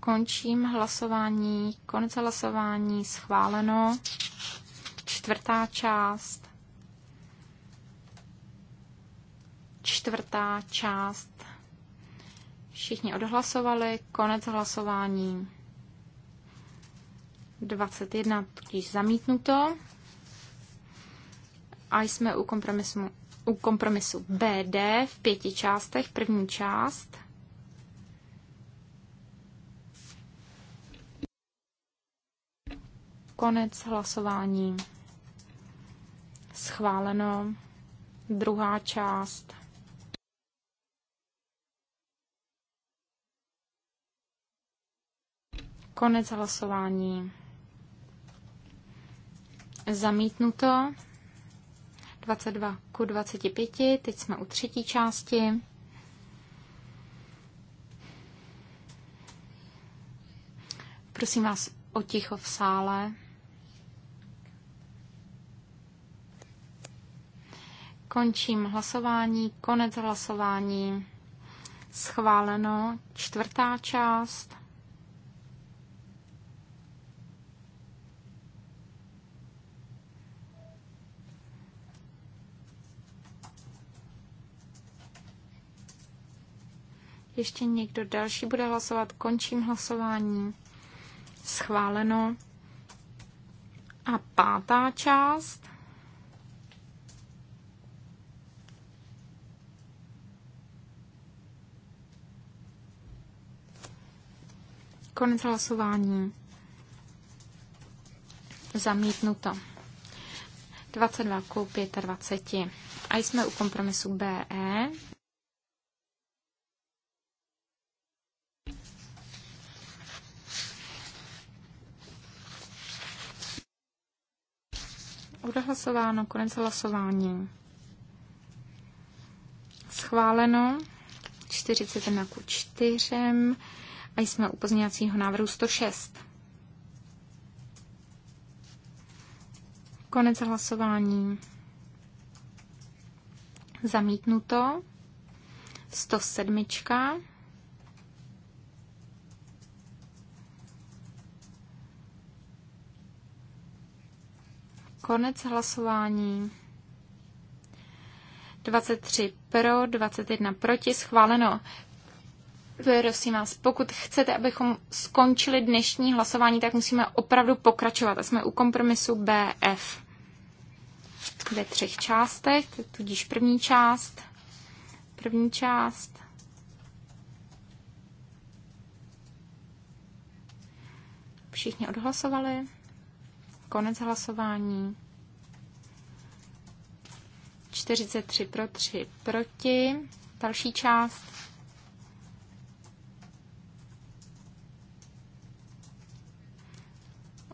Končím hlasování, konec hlasování, schváleno. Čtvrtá část. Čtvrtá část Všichni odhlasovali, konec hlasování. 21 tudíž zamítnuto. A jsme u kompromisu, u kompromisu BD v pěti částech. První část. Konec hlasování. Schváleno. Druhá část. Konec hlasování. Zamítnuto. 22 ku 25. Teď jsme u třetí části. Prosím vás o ticho v sále. Končím hlasování, konec hlasování. Schváleno čtvrtá část. Ještě někdo další bude hlasovat. Končím hlasování. Schváleno. A pátá část. Konec hlasování. Zamítnuto. 22 k 25. A jsme u kompromisu BE. Odhlasováno, konec hlasování. Schváleno 41 ku 4 a jsme u pozměňovacího návrhu 106. Konec hlasování. Zamítnuto. 107. Konec hlasování. 23 pro, 21 proti, schváleno. Prosím vás, pokud chcete, abychom skončili dnešní hlasování, tak musíme opravdu pokračovat. A jsme u kompromisu BF ve třech částech, tudíž první část, první část, všichni odhlasovali. Konec hlasování. 43 pro 3 proti. Další část.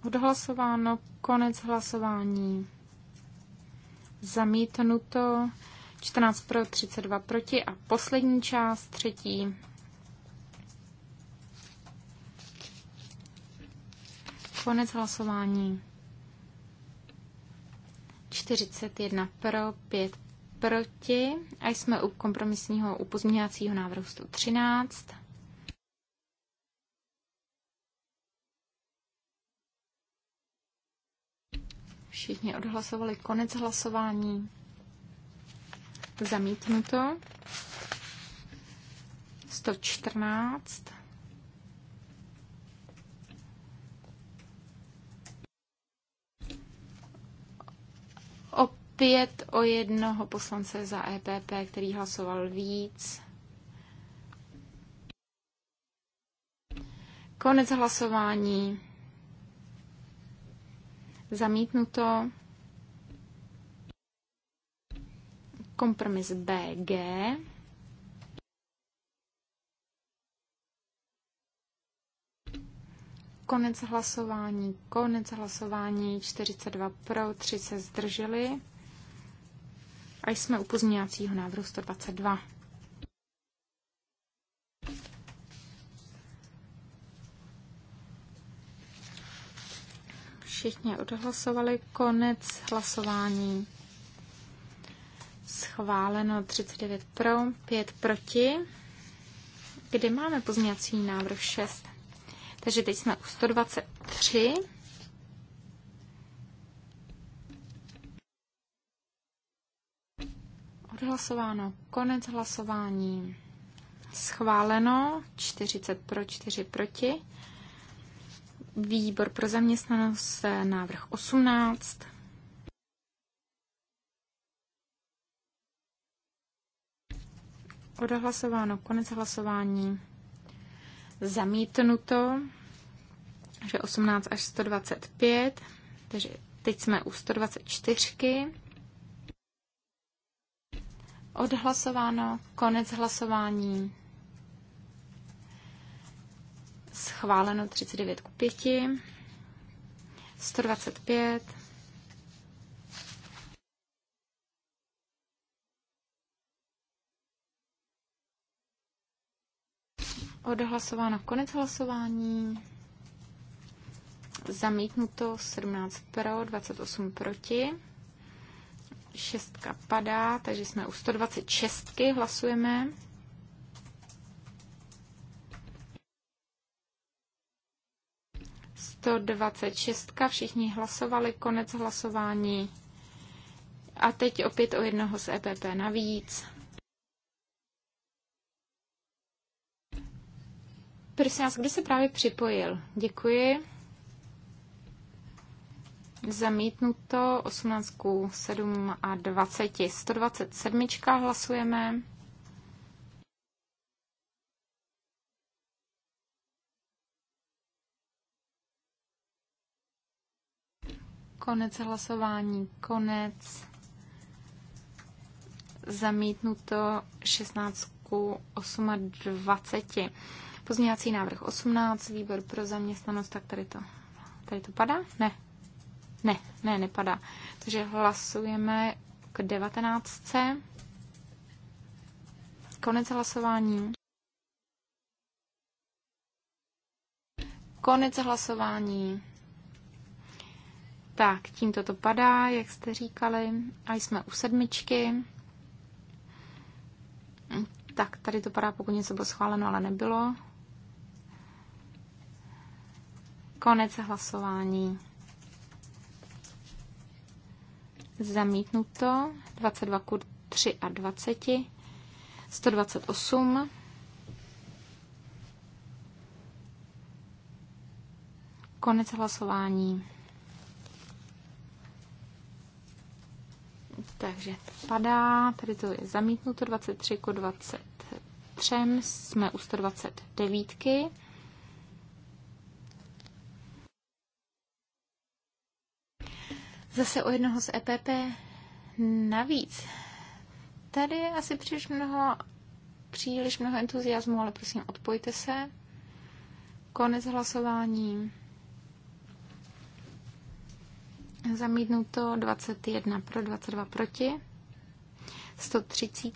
Odhlasováno. Konec hlasování. Zamítnuto. 14 pro, 32 proti a poslední část, třetí. Konec hlasování. 41 pro, 5 proti a jsme u kompromisního, u pozměňovacího návrhu 113. Všichni odhlasovali konec hlasování. Zamítnuto. 114. pět o jednoho poslance za EPP, který hlasoval víc. Konec hlasování. Zamítnuto. Kompromis BG. Konec hlasování, konec hlasování, 42 pro, 3 se zdrželi. A jsme u pozměňovacího návrhu 122. Všichni odhlasovali konec hlasování. Schváleno 39 pro, 5 proti. Kdy máme pozměňovací návrh 6? Takže teď jsme u 123. Odhlasováno. Konec hlasování. Schváleno. 40 pro, 4 proti. Výbor pro zaměstnanost návrh 18. Odhlasováno. Konec hlasování. Zamítnuto. Takže 18 až 125. Takže teď jsme u 124. Odhlasováno. Konec hlasování. Schváleno 39 k 5. 125. Odhlasováno konec hlasování. Zamítnuto 17 pro, 28 proti šestka padá, takže jsme u 126 hlasujeme. To 26. Všichni hlasovali, konec hlasování. A teď opět o jednoho z EPP navíc. Prosím vás, kdo se právě připojil? Děkuji zamítnuto 18 k 7 a 20. 127 hlasujeme. Konec hlasování, konec. Zamítnuto 16 k 8 a 20. Pozměňovací návrh 18, výbor pro zaměstnanost, tak tady to, tady to padá? Ne, ne, ne, nepadá. Takže hlasujeme k 19. Konec hlasování. Konec hlasování. Tak, tímto to padá, jak jste říkali. A jsme u sedmičky. Tak, tady to padá, pokud něco bylo schváleno, ale nebylo. Konec hlasování zamítnuto, 22 ku 3 a 23, 128, konec hlasování. Takže padá, tady to je zamítnuto 23 ku 23, jsme u 129. zase o jednoho z EPP navíc. Tady je asi příliš mnoho, příliš mnoho entuziasmu, ale prosím, odpojte se. Konec hlasování. Zamítnuto 21 pro 22 proti. 130.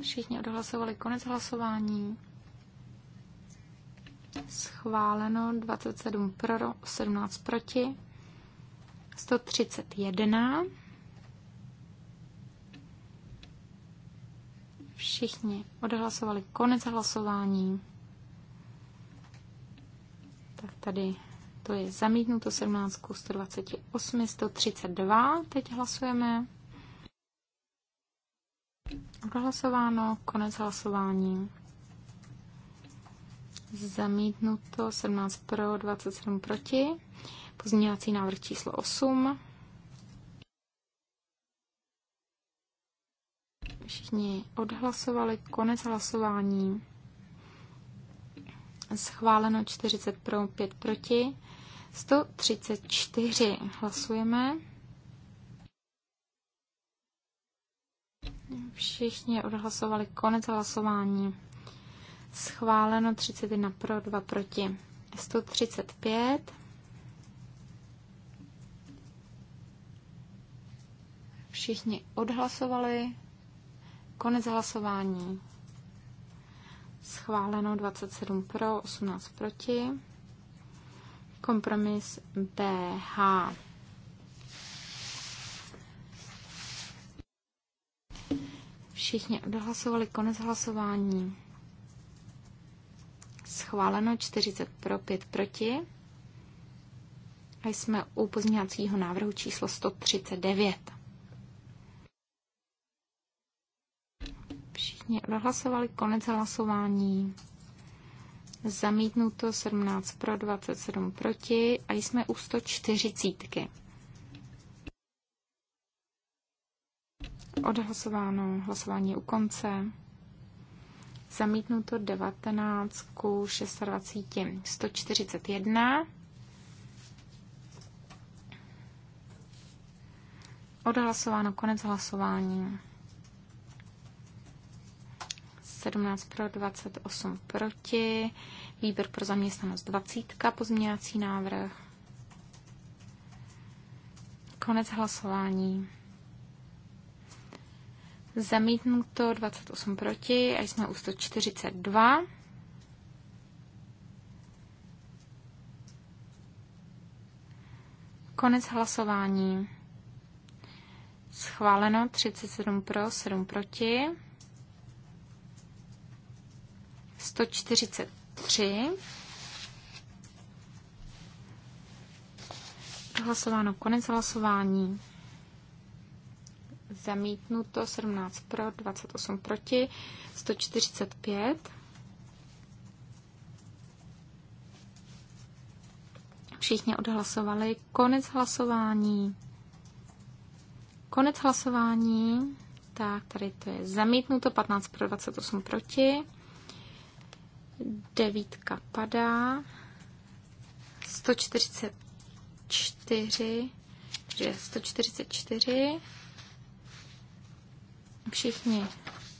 Všichni odhlasovali konec hlasování schváleno 27 pro, 17 proti, 131. Všichni odhlasovali konec hlasování. Tak tady to je zamítnuto 17 128, 132. Teď hlasujeme. Odhlasováno, konec hlasování. Zamítnuto 17 pro, 27 proti. Pozměňovací návrh číslo 8. Všichni odhlasovali konec hlasování. Schváleno 40 pro, 5 proti. 134 hlasujeme. Všichni odhlasovali konec hlasování Schváleno 31 pro, 2 proti. 135. Všichni odhlasovali. Konec hlasování. Schváleno 27 pro, 18 proti. Kompromis BH. Všichni odhlasovali konec hlasování schváleno 40 pro, 5 proti. A jsme u pozměňovacího návrhu číslo 139. Všichni odhlasovali konec hlasování. Zamítnuto 17 pro, 27 proti a jsme u 140. Odhlasováno, hlasování je u konce. Zamítnuto 19 ku 26. 141. Odhlasováno, konec hlasování. 17 pro, 28 proti. Výbor pro zaměstnanost 20, pozměňovací návrh. Konec hlasování. Zamítnuto 28 proti a jsme u 142. Konec hlasování. Schváleno 37 pro, 7 proti. 143. Hlasováno konec hlasování zamítnuto, 17 pro, 28 proti, 145. Všichni odhlasovali. Konec hlasování. Konec hlasování. Tak, tady to je zamítnuto, 15 pro, 28 proti. Devítka padá. 144, takže 144 Všichni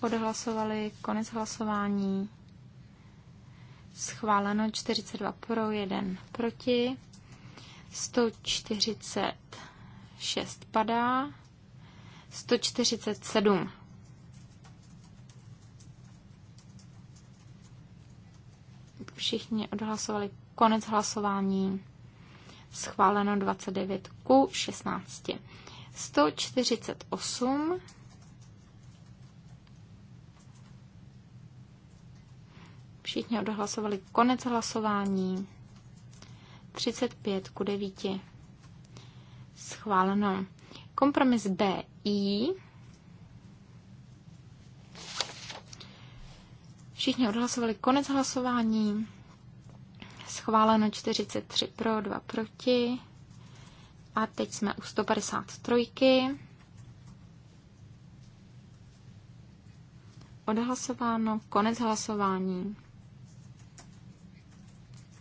odhlasovali konec hlasování. Schváleno 42 pro, 1 proti. 146 padá. 147 všichni odhlasovali konec hlasování. Schváleno 29 ku 16. 148 Všichni odhlasovali konec hlasování. 35 ku 9. Schváleno. Kompromis BI. Všichni odhlasovali konec hlasování. Schváleno 43 pro, 2 proti. A teď jsme u 153. Odhlasováno, konec hlasování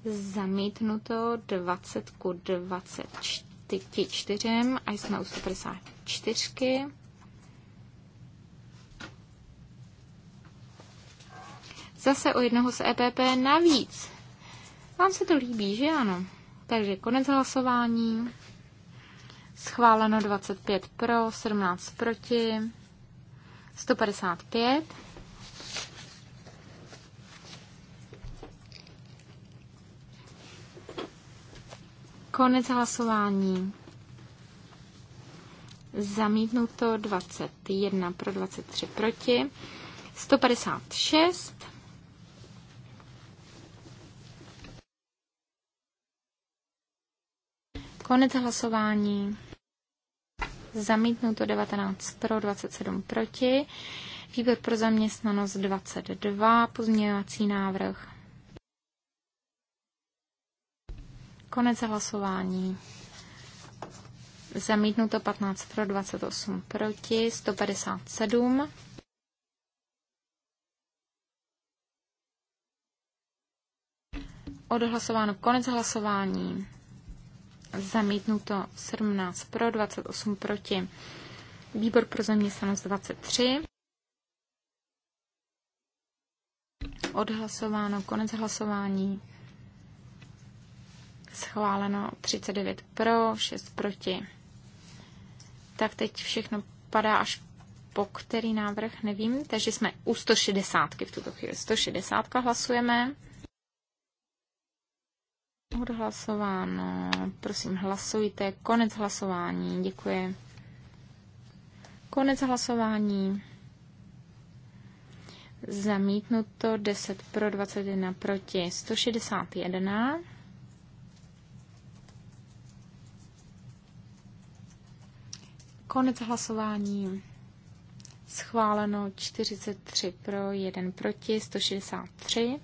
zamítnuto 20 ku 24 a jsme u 154. Zase o jednoho z EPP navíc. Vám se to líbí, že ano? Takže konec hlasování. Schváleno 25 pro, 17 proti, 155. Konec hlasování. Zamítnuto 21 pro 23 proti. 156. Konec hlasování. Zamítnuto 19 pro, 27 proti. Výbor pro zaměstnanost 22, pozměňovací návrh Konec hlasování. Zamítnuto 15 pro 28 proti 157. Odhlasováno konec hlasování. Zamítnuto 17 pro 28 proti. Výbor pro zaměstnanost 23. Odhlasováno konec hlasování schváleno 39 pro, 6 proti. Tak teď všechno padá až po který návrh, nevím. Takže jsme u 160 v tuto chvíli. 160 hlasujeme. Odhlasováno. Prosím, hlasujte. Konec hlasování. Děkuji. Konec hlasování. Zamítnuto 10 pro 21 proti 161. Konec hlasování. Schváleno 43 pro, 1 proti, 163.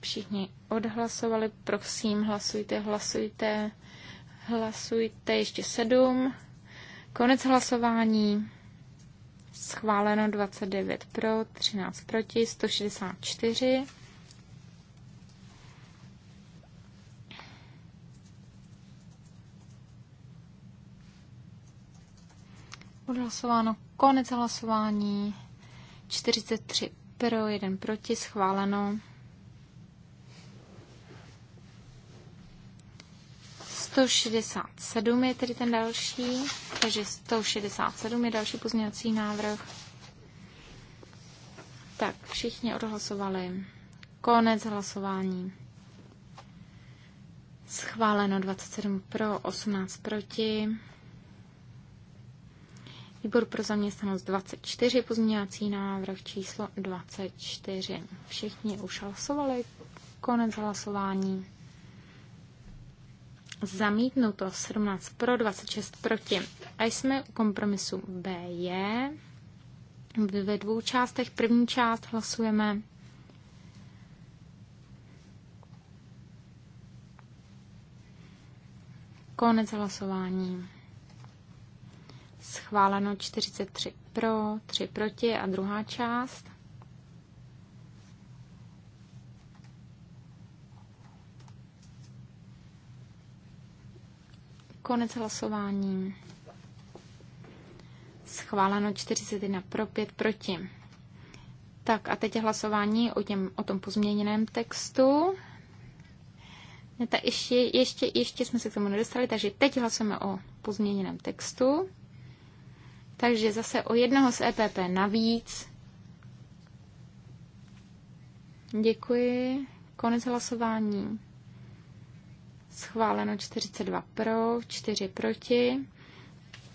Všichni odhlasovali, prosím, hlasujte, hlasujte, hlasujte, ještě 7. Konec hlasování. Schváleno 29 pro, 13 proti, 164. Odhlasováno. Konec hlasování. 43 pro, 1 proti. Schváleno. 167 je tedy ten další, takže 167 je další pozměňovací návrh. Tak, všichni odhlasovali. Konec hlasování. Schváleno 27 pro, 18 proti. Výbor pro zaměstnanost 24, pozměňovací návrh číslo 24. Všichni už hlasovali. Konec hlasování. Zamítnuto 17 pro, 26 proti. A jsme u kompromisu BJ. Ve dvou částech. První část hlasujeme konec hlasování schváleno 43 pro, 3 proti a druhá část. Konec hlasování. Schváleno 41 pro, 5 proti. Tak a teď hlasování o, těm, o tom pozměněném textu. Ta ještě, ještě, ještě jsme se k tomu nedostali, takže teď hlasujeme o pozměněném textu. Takže zase o jednoho z EPP navíc. Děkuji. Konec hlasování. Schváleno 42 pro, 4 proti.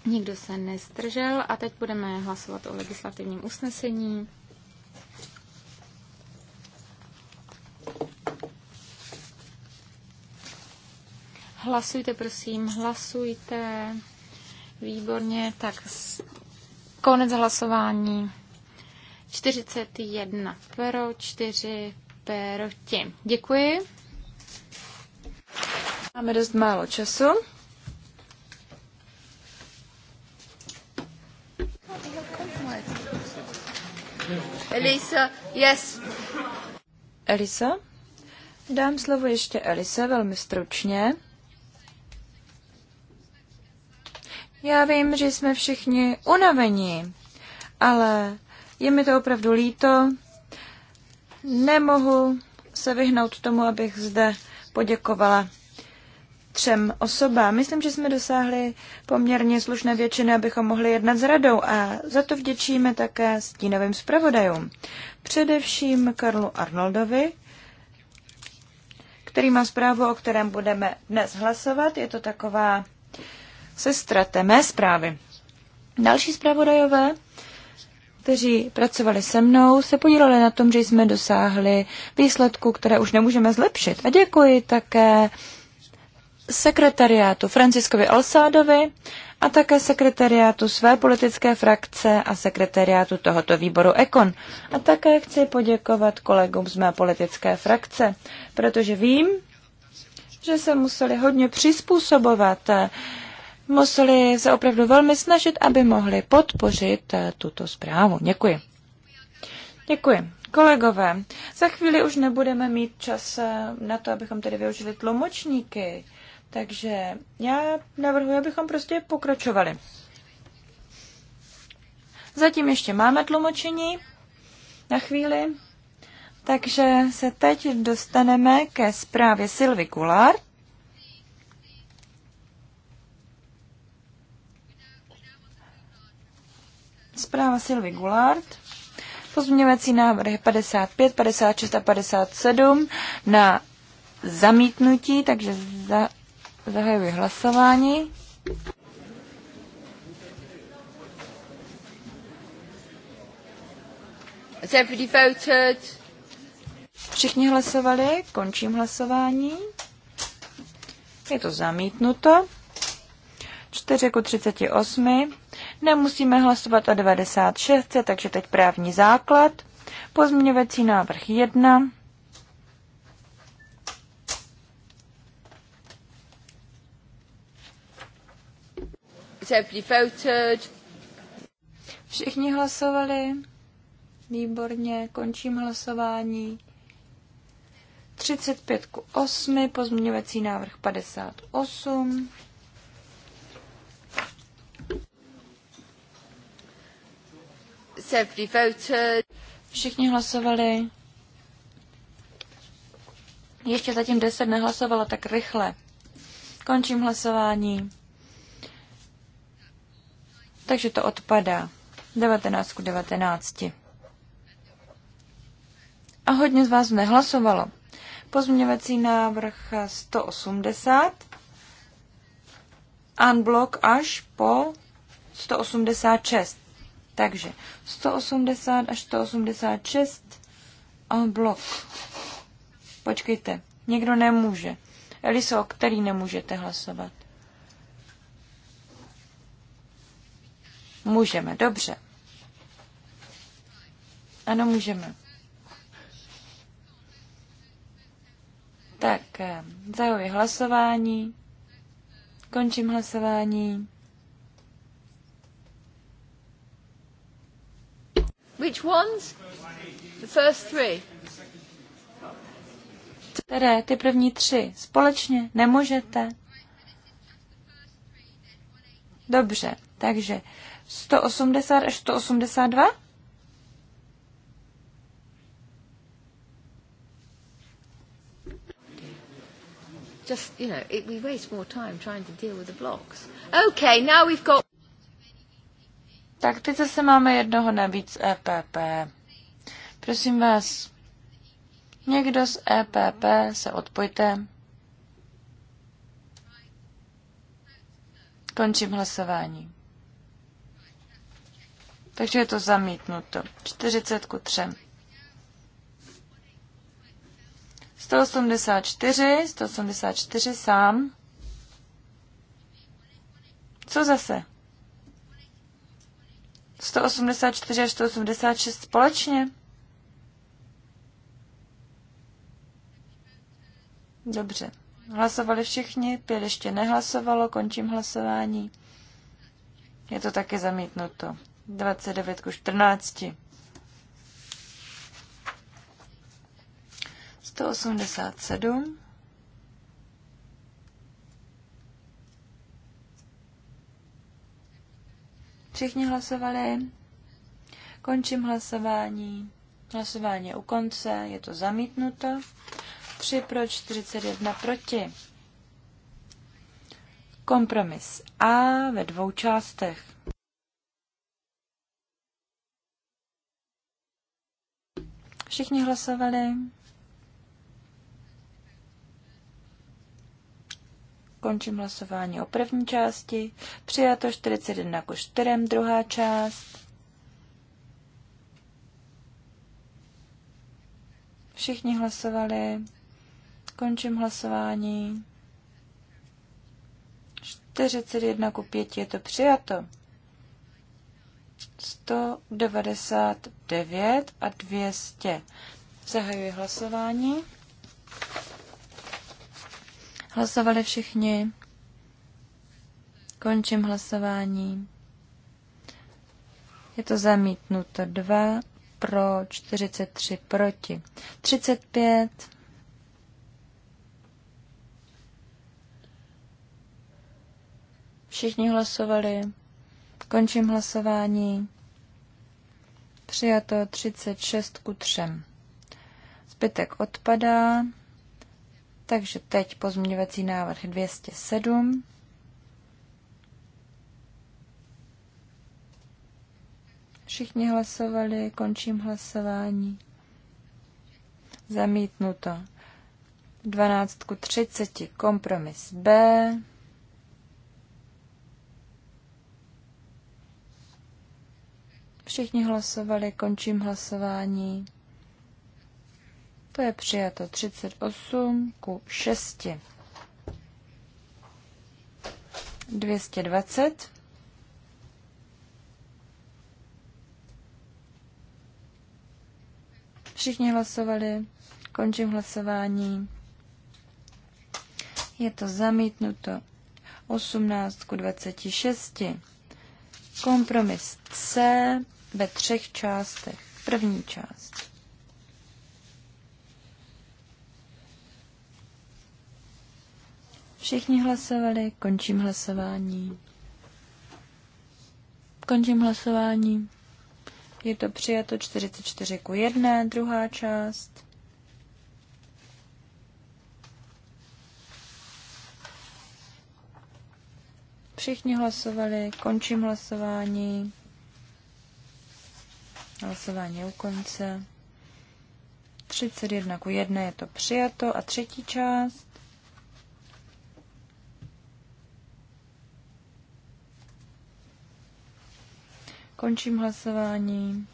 Nikdo se nestržel a teď budeme hlasovat o legislativním usnesení. Hlasujte, prosím, hlasujte. Výborně, tak konec hlasování. 41 pro, 4 proti. Děkuji. Máme dost málo času. Elisa, yes. Elisa? Dám slovo ještě Elise velmi stručně. Já vím, že jsme všichni unavení, ale je mi to opravdu líto. Nemohu se vyhnout tomu, abych zde poděkovala třem osobám. Myslím, že jsme dosáhli poměrně slušné většiny, abychom mohli jednat s radou a za to vděčíme také stínovým zpravodajům. Především Karlu Arnoldovi, který má zprávu, o kterém budeme dnes hlasovat. Je to taková se ztraté mé zprávy. Další zpravodajové, kteří pracovali se mnou, se podíleli na tom, že jsme dosáhli výsledku, které už nemůžeme zlepšit. A děkuji také sekretariátu Franciskovi Alsádovi a také sekretariátu své politické frakce a sekretariátu tohoto výboru Ekon. A také chci poděkovat kolegům z mé politické frakce, protože vím, že se museli hodně přizpůsobovat museli se opravdu velmi snažit, aby mohli podpořit eh, tuto zprávu. Děkuji. Děkuji. Kolegové, za chvíli už nebudeme mít čas eh, na to, abychom tedy využili tlumočníky, takže já navrhuji, abychom prostě pokračovali. Zatím ještě máme tlumočení na chvíli, takže se teď dostaneme ke zprávě Silvy Kulard. Zpráva Sylvie Goulart. Pozměňovací návrh 55, 56 a 57 na zamítnutí, takže za, zahajuji hlasování. Všichni hlasovali, končím hlasování. Je to zamítnuto. 4 38. Nemusíme hlasovat o 96, takže teď právní základ. Pozměňovací návrh 1. Všichni hlasovali. Výborně, končím hlasování. 35 k 8, pozměňovací návrh 58. Every voted. Všichni hlasovali. Ještě zatím 10 nehlasovalo tak rychle. Končím hlasování. Takže to odpadá. 19 ku 19. A hodně z vás nehlasovalo. Pozměňovací návrh 180. Unblock až po 186. Takže 180 až 186 en blok. Počkejte, někdo nemůže. Eliso, o který nemůžete hlasovat? Můžeme, dobře. Ano, můžeme. Tak, eh, zahajuji hlasování. Končím hlasování. Which ones? The first three. Které ty první tři společně nemůžete? Dobře, takže 180 až 182? Just, you know, it, we waste more time trying to deal with the blocks. Okay, now we've got... Tak teď zase máme jednoho navíc EPP. Prosím vás, někdo z EPP se odpojte. Končím hlasování. Takže je to zamítnuto. 40 ku 3. 184, 184 sám. Co zase? 184 až 186 společně? Dobře. Hlasovali všichni, pět ještě nehlasovalo, končím hlasování. Je to také zamítnuto. 29 ku 14. 187. Všichni hlasovali. Končím hlasování. Hlasování je u konce, je to zamítnuto. 3 pro 41 proti. Kompromis A ve dvou částech. Všichni hlasovali. Končím hlasování o první části. Přijato 41 ku 4, druhá část. Všichni hlasovali. Končím hlasování. 41 ku 5 je to přijato. 199 a 200. Zahajuji hlasování. Hlasovali všichni. Končím hlasování. Je to zamítnuto 2 pro 43 proti. 35 Všichni hlasovali. Končím hlasování. Přijato 36 ku 3. Zbytek odpadá. Takže teď pozměňovací návrh 207. Všichni hlasovali, končím hlasování. Zamítnuto. 12 ku 30, kompromis B. Všichni hlasovali, končím hlasování. To je přijato 38 ku 6. 220. Všichni hlasovali. Končím hlasování. Je to zamítnuto. 18 ku 26. Kompromis C ve třech částech. První část. Všichni hlasovali, končím hlasování. Končím hlasování. Je to přijato 44 ku 1, druhá část. Všichni hlasovali, končím hlasování. Hlasování u konce. 31 ku 1 je to přijato a třetí část. Končím hlasování.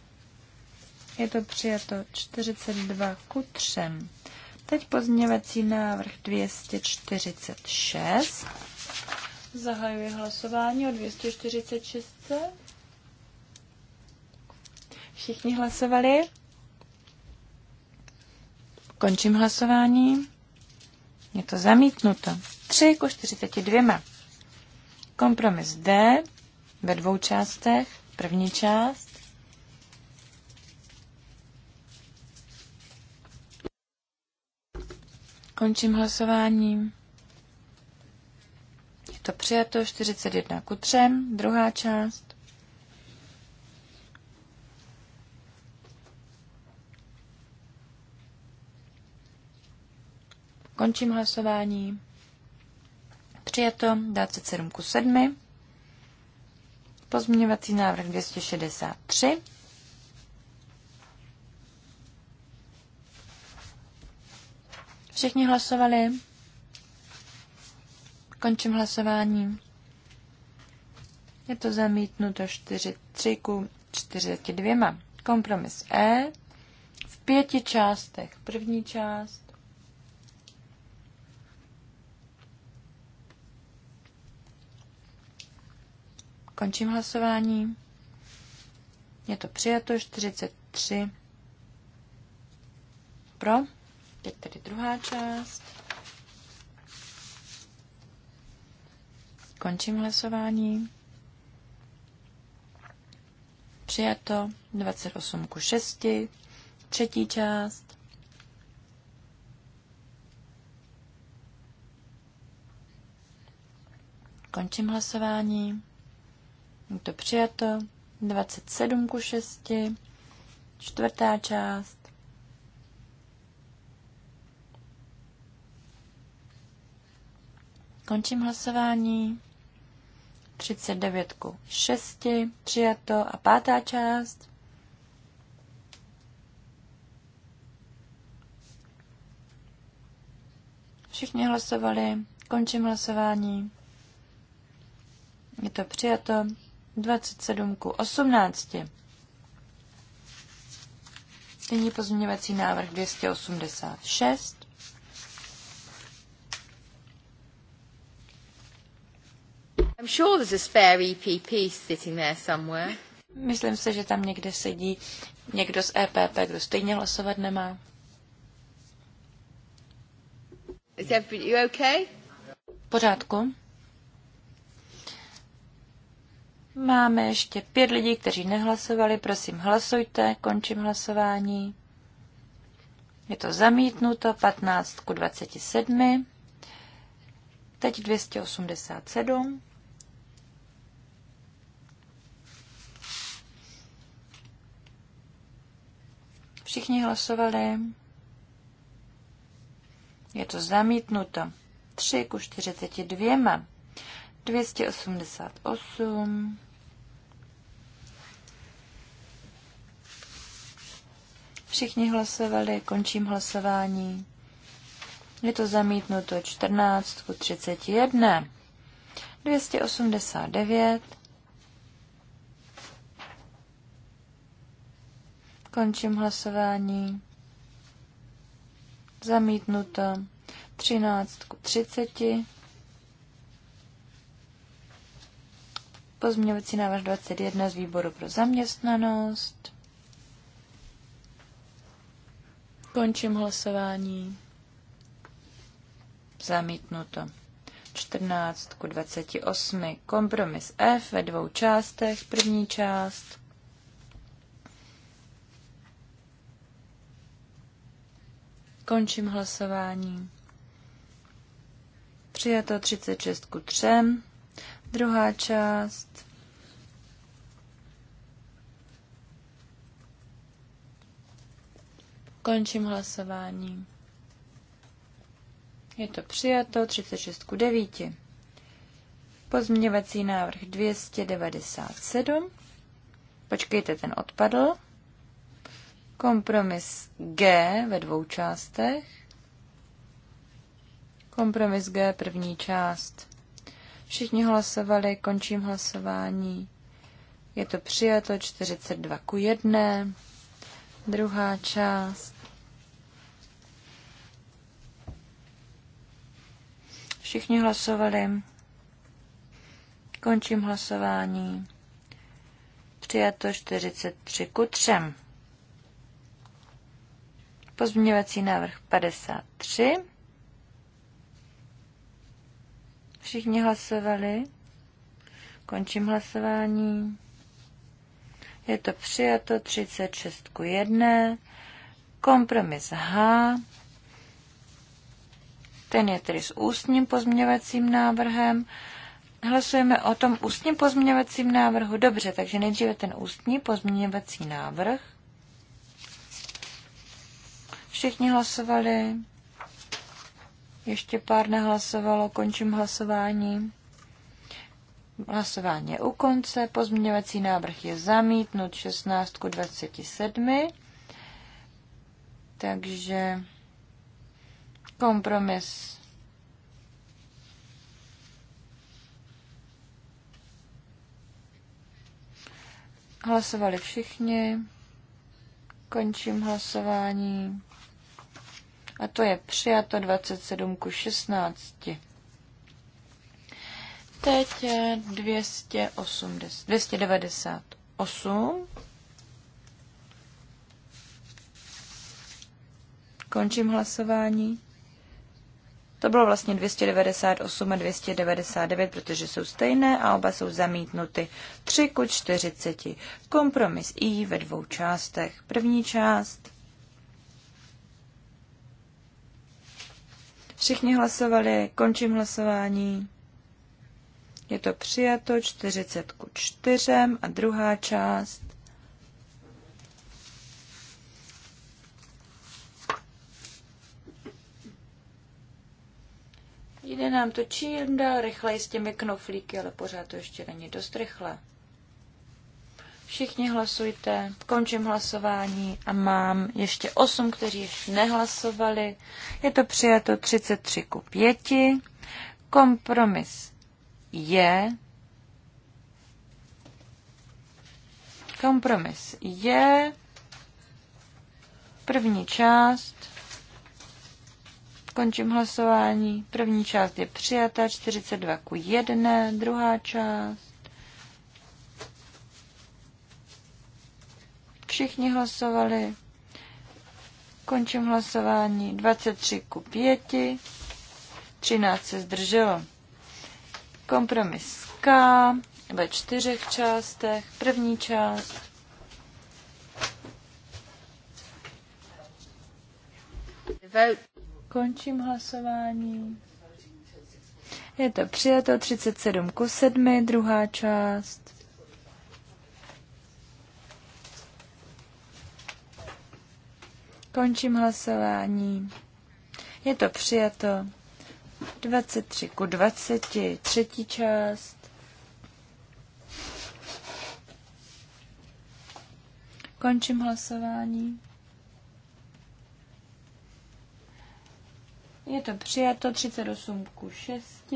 Je to přijato 42 ku 3. Teď pozměvací návrh 246. Zahajuji hlasování o 246. Všichni hlasovali? Končím hlasování. Je to zamítnuto. 3 ku 42. Kompromis D ve dvou částech. První část. Končím hlasováním. Je to přijato 41 ku 3. Druhá část. Končím hlasování. Přijato 27 ku 7. Pozměňovací návrh 263. Všichni hlasovali. Končím hlasování. Je to zamítnuto 43 ku 42. Kompromis E v pěti částech. První část Končím hlasování. Je to přijato 43 pro. Teď tedy druhá část. Končím hlasování. Přijato 28 ku 6. Třetí část. Končím hlasování. Je to přijato. 27 ku 6. Čtvrtá část. Končím hlasování. 39 ku 6. Přijato. A pátá část. Všichni hlasovali. Končím hlasování. Je to přijato. 27 ku 18. Nyní pozměňovací návrh 286. I'm sure there's a spare EPP sitting there somewhere. Myslím se, že tam někde sedí někdo z EPP, kdo stejně hlasovat nemá. Is everybody you okay? pořádku. Máme ještě pět lidí, kteří nehlasovali. Prosím, hlasujte. Končím hlasování. Je to zamítnuto 15 ku 27. Teď 287. Všichni hlasovali. Je to zamítnuto 3 ku 42. 288. Všichni hlasovali, končím hlasování. Je to zamítnuto 14 ku 31. 289. Končím hlasování. Zamítnuto 13 ku 30. Pozměňovací návrh 21 z výboru pro zaměstnanost. Končím hlasování. Zamítnuto. 14 ku 28. Kompromis F ve dvou částech. První část. Končím hlasování. Přijato 36 ku 3. Druhá část. Končím hlasování. Je to přijato 36 ku 9. Pozměňovací návrh 297. Počkejte, ten odpadl. Kompromis G ve dvou částech. Kompromis G, první část. Všichni hlasovali, končím hlasování. Je to přijato 42 ku 1. Druhá část. Všichni hlasovali. Končím hlasování. Přijato 43 ku 3. Pozměňovací návrh 53. Všichni hlasovali. Končím hlasování. Je to přijato 36 k 1. Kompromis H. Ten je tedy s ústním pozměňovacím návrhem. Hlasujeme o tom ústním pozměňovacím návrhu. Dobře, takže nejdříve ten ústní pozměňovací návrh. Všichni hlasovali. Ještě pár nehlasovalo, končím hlasování. Hlasování je u konce, pozměňovací návrh je zamítnut 16 k 27. Takže kompromis Hlasovali všichni. Končím hlasování. A to je přijato 27 ku 16. Teď 280, 298. Končím hlasování. To bylo vlastně 298 a 299, protože jsou stejné a oba jsou zamítnuty. 3 ku 40. Kompromis I ve dvou částech. První část. Všichni hlasovali, končím hlasování. Je to přijato 40 ku 4 a druhá část. Jde nám to čím dál rychleji s těmi knoflíky, ale pořád to ještě není dost rychle. Všichni hlasujte, končím hlasování a mám ještě 8, kteří ještě nehlasovali. Je to přijato 33 ku 5. Kompromis je. Kompromis je. První část. Končím hlasování. První část je přijata 42 ku 1. Druhá část. Všichni hlasovali. Končím hlasování. 23 ku 5. 13 se zdrželo. Kompromis K ve čtyřech částech. První část. Končím hlasování. Je to přijato 37 ku 7, druhá část. Končím hlasování. Je to přijato. 23 ku 20, třetí část. Končím hlasování. Je to přijato 38 ku 6.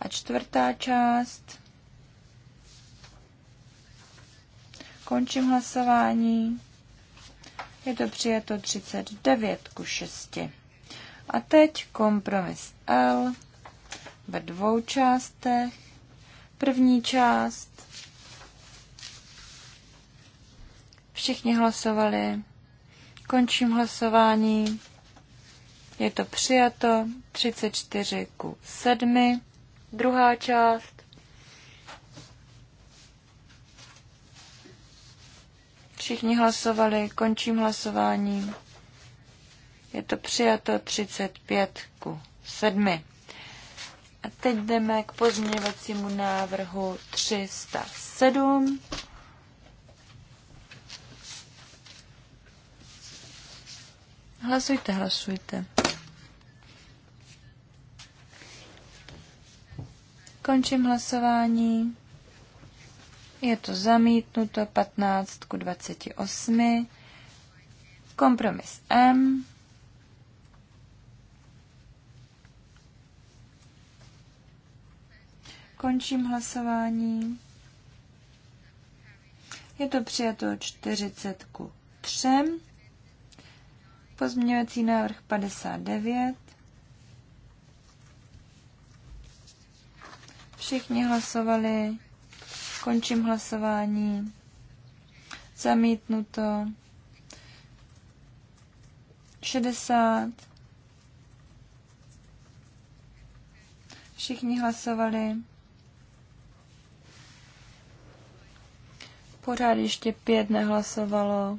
A čtvrtá část. Končím hlasování. Je to přijato 39 ku 6. A teď kompromis L ve dvou částech. První část. Všichni hlasovali. Končím hlasování. Je to přijato 34 ku 7. Druhá část. Všichni hlasovali, končím hlasování. Je to přijato 35 ku 7. A teď jdeme k pozměňovacímu návrhu 307. Hlasujte, hlasujte. Končím hlasování. Je to zamítnuto 15 ku 28. Kompromis M. Končím hlasování. Je to přijato 40 ku 3. Pozměňovací návrh 59. Všichni hlasovali. Končím hlasování. Zamítnuto. 60. Všichni hlasovali. Pořád ještě pět nehlasovalo.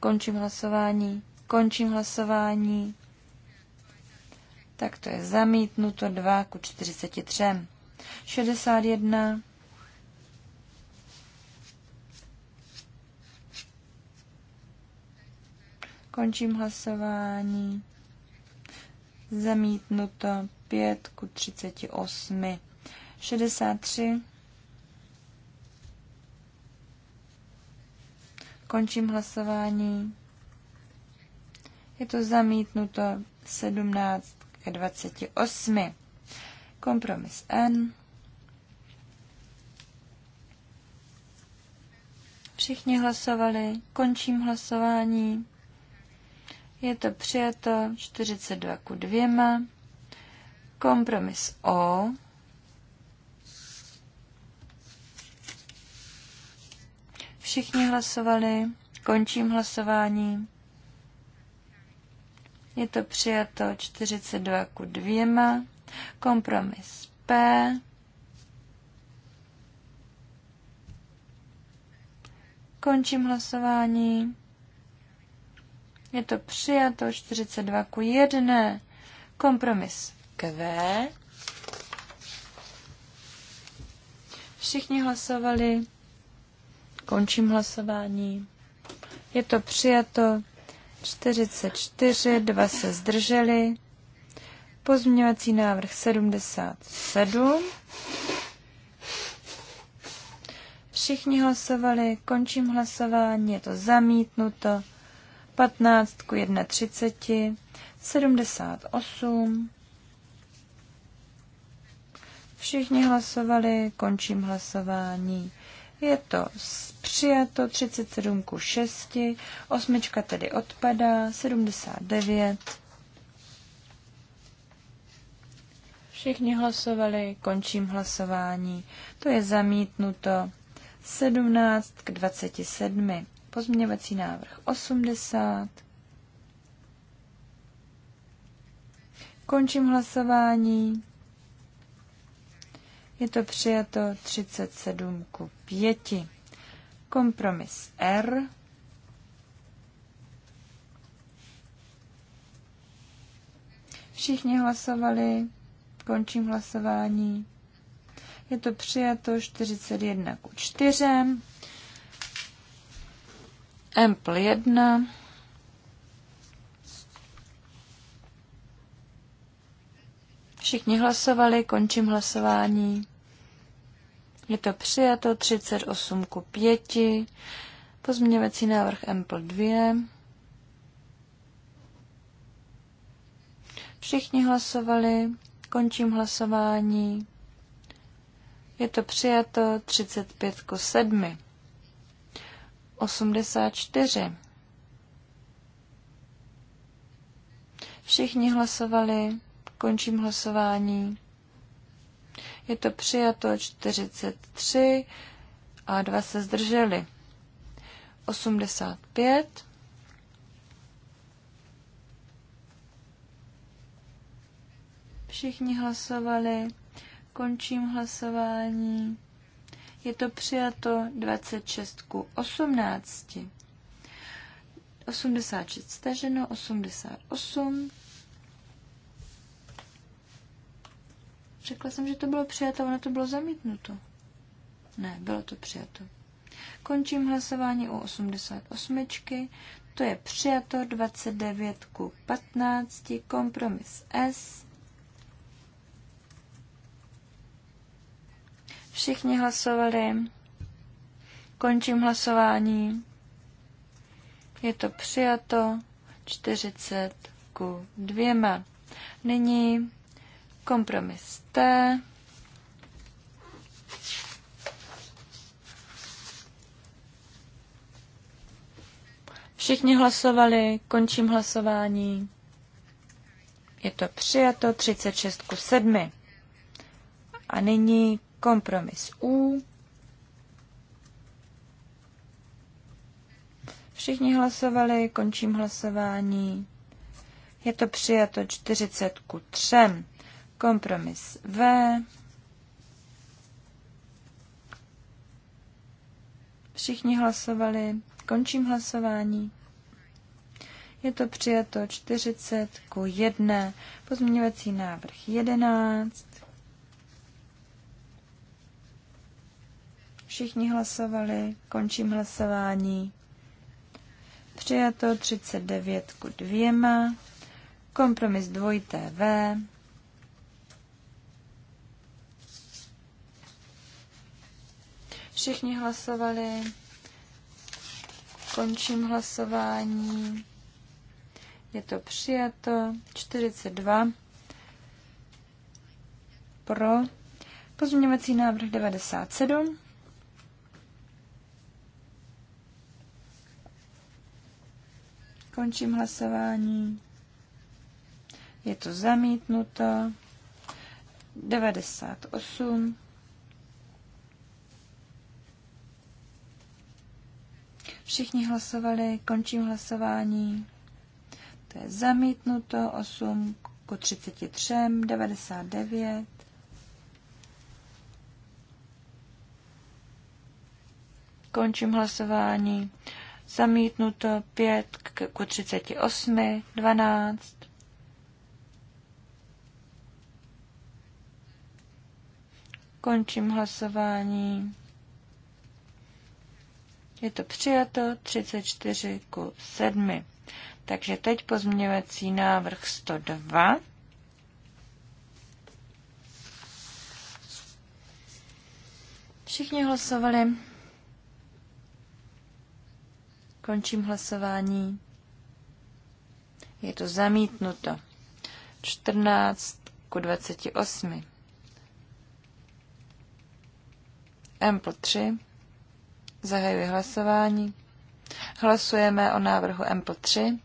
Končím hlasování. Končím hlasování. Tak to je zamítnuto 2 ku 43. 61. Končím hlasování. Zamítnuto 5 ku 38. 63. Končím hlasování. Je to zamítnuto 17 k 28. Kompromis N. Všichni hlasovali. Končím hlasování. Je to přijato 42 ku 2. Kompromis O. Všichni hlasovali. Končím hlasování. Je to přijato 42 ku 2. Kompromis P. Končím hlasování. Je to přijato 42 ku 1. Kompromis Q. Všichni hlasovali. Končím hlasování. Je to přijato 44, dva se zdrželi. Pozměňovací návrh 77. Všichni hlasovali, končím hlasování, je to zamítnuto. 15 k 31, 78. Všichni hlasovali, končím hlasování. Je to přijato 37 ku 6, osmička tedy odpadá, 79. Všichni hlasovali, končím hlasování. To je zamítnuto 17 k 27. Pozměňovací návrh 80. Končím hlasování. Je to přijato 37 ku 5. Kompromis R. Všichni hlasovali. Končím hlasování. Je to přijato 41 ku 4. Empl 1. Všichni hlasovali, končím hlasování. Je to přijato 38 ku 5. Pozměňovací návrh Empl 2. Všichni hlasovali, končím hlasování. Je to přijato 35 ku 7. 84. Všichni hlasovali, končím hlasování. Je to přijato 43 a dva se zdrželi. 85. Všichni hlasovali, končím hlasování je to přijato 26 ku 18. 86 staženo, 88. Řekla jsem, že to bylo přijato, ono to bylo zamítnuto. Ne, bylo to přijato. Končím hlasování u 88. To je přijato 29 ku 15. Kompromis S. Všichni hlasovali. Končím hlasování. Je to přijato 40 ku dvěma. Nyní kompromis T. Všichni hlasovali, končím hlasování. Je to přijato 36 ku 7. A nyní Kompromis U. Všichni hlasovali, končím hlasování. Je to přijato 40 ku 3. Kompromis V. Všichni hlasovali, končím hlasování. Je to přijato 40 ku 1. Pozměňovací návrh 11. Všichni hlasovali, končím hlasování. Přijato 39 ku 2. Kompromis dvojité V. Všichni hlasovali. Končím hlasování. Je to přijato. 42 pro. Pozměňovací návrh 97. Končím hlasování. Je to zamítnuto. 98. Všichni hlasovali, končím hlasování. To je zamítnuto 8 ku 33, 99. Končím hlasování zamítnuto 5 k 38, 12. Končím hlasování. Je to přijato 34 ku 7. Takže teď pozměňovací návrh 102. Všichni hlasovali. Končím hlasování. Je to zamítnuto. 14 ku 28. po 3. Zahajuji hlasování. Hlasujeme o návrhu po 3.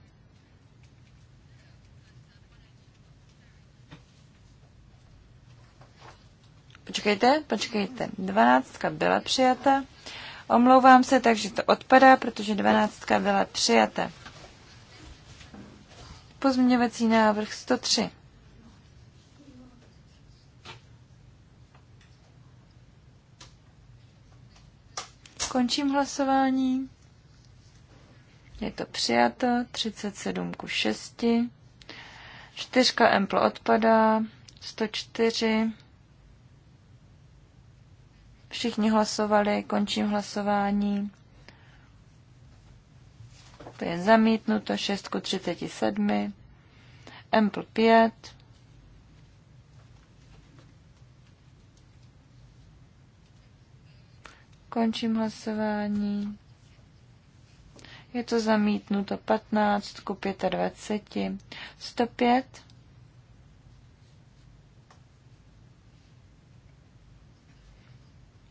Počkejte, počkejte. Dvanáctka byla přijata. Omlouvám se, takže to odpadá, protože dvanáctka byla přijata. Pozměňovací návrh 103. Končím hlasování. Je to přijato 37 ku 6. 4 emplo odpadá, 104. Všichni hlasovali, končím hlasování. To je zamítnuto 6 ku 37. Ample 5. Končím hlasování. Je to zamítnuto 15 ku 25. 105.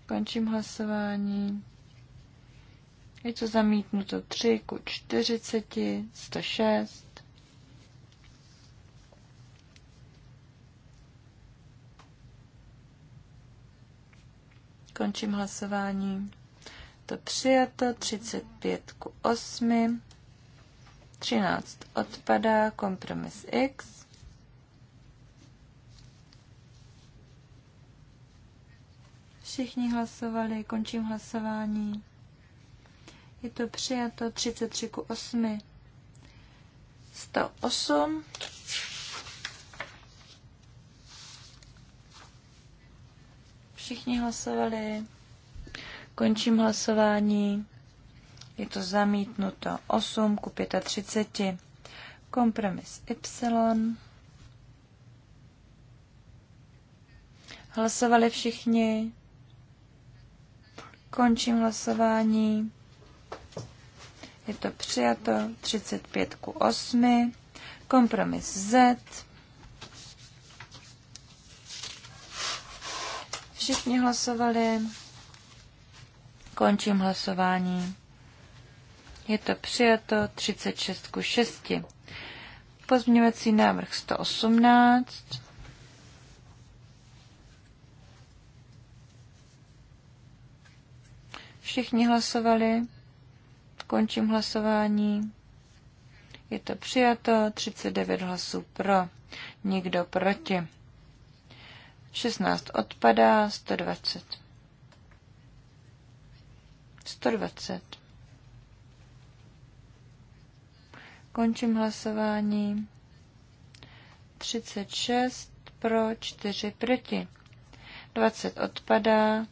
Končím hlasování. Je to zamítnuto 3 ku 40, 106. Končím hlasování. To přijato 35 ku 8. 13 odpadá, kompromis X. Všichni hlasovali, končím hlasování. Je to přijato 33 ku 8. 108. Všichni hlasovali. Končím hlasování. Je to zamítnuto 8 ku 35. Kompromis Y. Hlasovali všichni. Končím hlasování. Je to přijato 35 ku 8. Kompromis Z. Všichni hlasovali. Končím hlasování. Je to přijato 36 ku 6. Pozměňovací návrh 118. Všichni hlasovali. Končím hlasování. Je to přijato. 39 hlasů pro. Nikdo proti. 16 odpadá. 120. 120. Končím hlasování. 36 pro, 4 proti. 20 odpadá,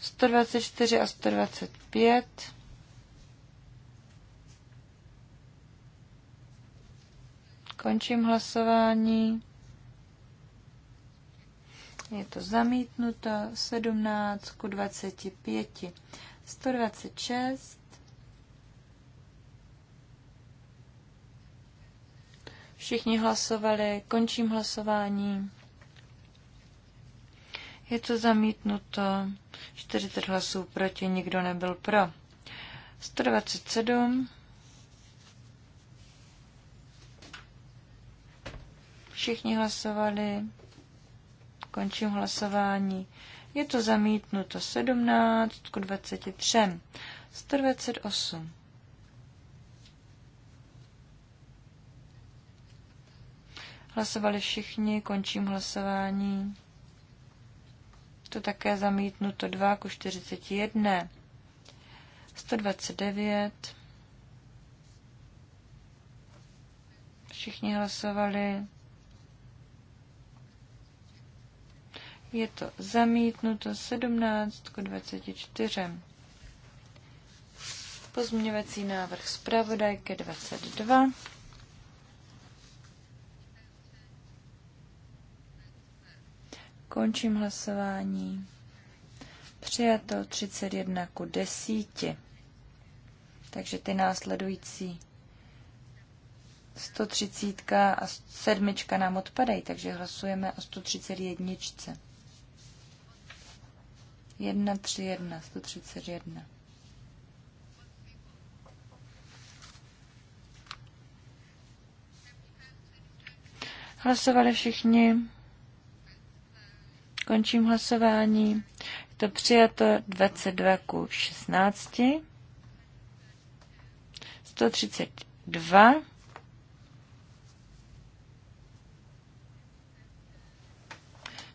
124 a 125. Končím hlasování. Je to zamítnuto 17 ku 25. 126. Všichni hlasovali, končím hlasování. Je to zamítnuto. 40 hlasů proti, nikdo nebyl pro. 127. Všichni hlasovali. Končím hlasování. Je to zamítnuto 17 k 23. 128. Hlasovali všichni, končím hlasování to také zamítnuto 2 ku 41. 129. Všichni hlasovali. Je to zamítnuto 17 ku 24. Pozměňovací návrh zpravodajky 22. Končím hlasování. Přijato 31 ku 10. Takže ty následující 130 a 7 nám odpadají, takže hlasujeme o 131. 131, 131. Hlasovali všichni. Končím hlasování. Je to přijato 22 ku 16. 132.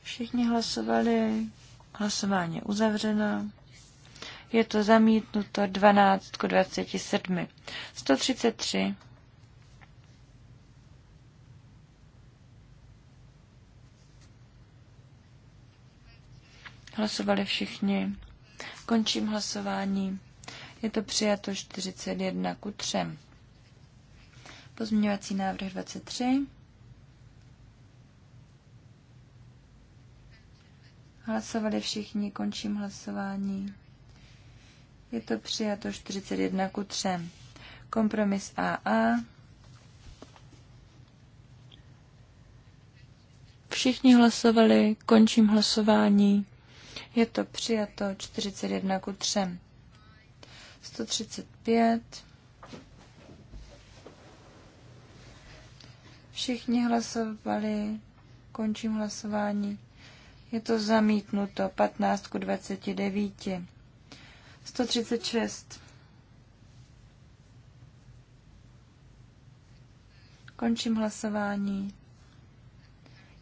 Všichni hlasovali. Hlasování uzavřeno. Je to zamítnuto 12 ku 27. 133. Hlasovali všichni. Končím hlasování. Je to přijato 41 ku 3. Pozměňovací návrh 23. Hlasovali všichni, končím hlasování. Je to přijato 41 ku 3. Kompromis AA. Všichni hlasovali, končím hlasování. Je to přijato 41 ku 3. 135. Všichni hlasovali, končím hlasování. Je to zamítnuto 15 ku 29. 136. Končím hlasování.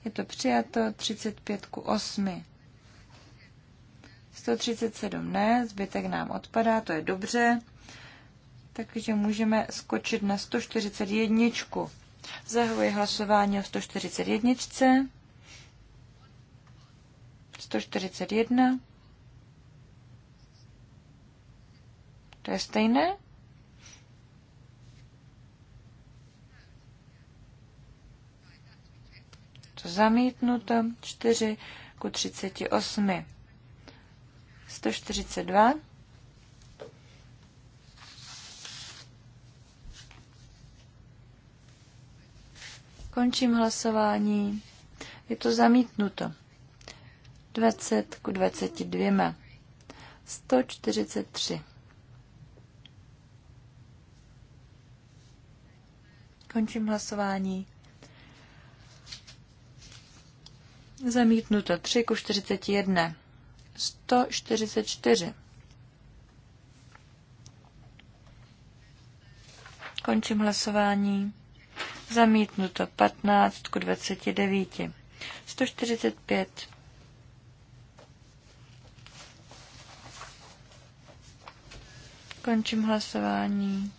Je to přijato 35 ku 8. 137 ne, zbytek nám odpadá, to je dobře. Takže můžeme skočit na 141. Zahajuji hlasování o 141. 141. To je stejné? To zamítnuto 4 ku 38. 142. Končím hlasování. Je to zamítnuto. 20 ku 22. 143. Končím hlasování. Zamítnuto 3 ku 41. 144. Končím hlasování. Zamítnuto 15 k 29. 145. Končím hlasování.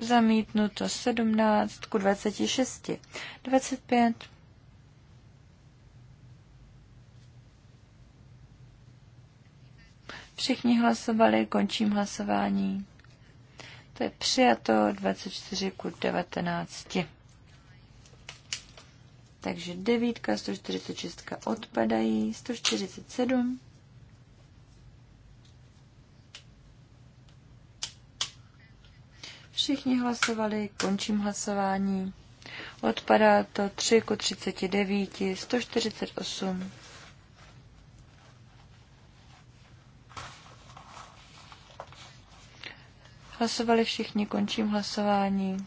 Zamítnuto 17 ku 26. 25. Všichni hlasovali, končím hlasování. To je přijato 24 ku 19. Takže 9, 146 odpadají, 147. Všichni hlasovali, končím hlasování. Odpadá to 3 ku 39, 148. Hlasovali všichni, končím hlasování.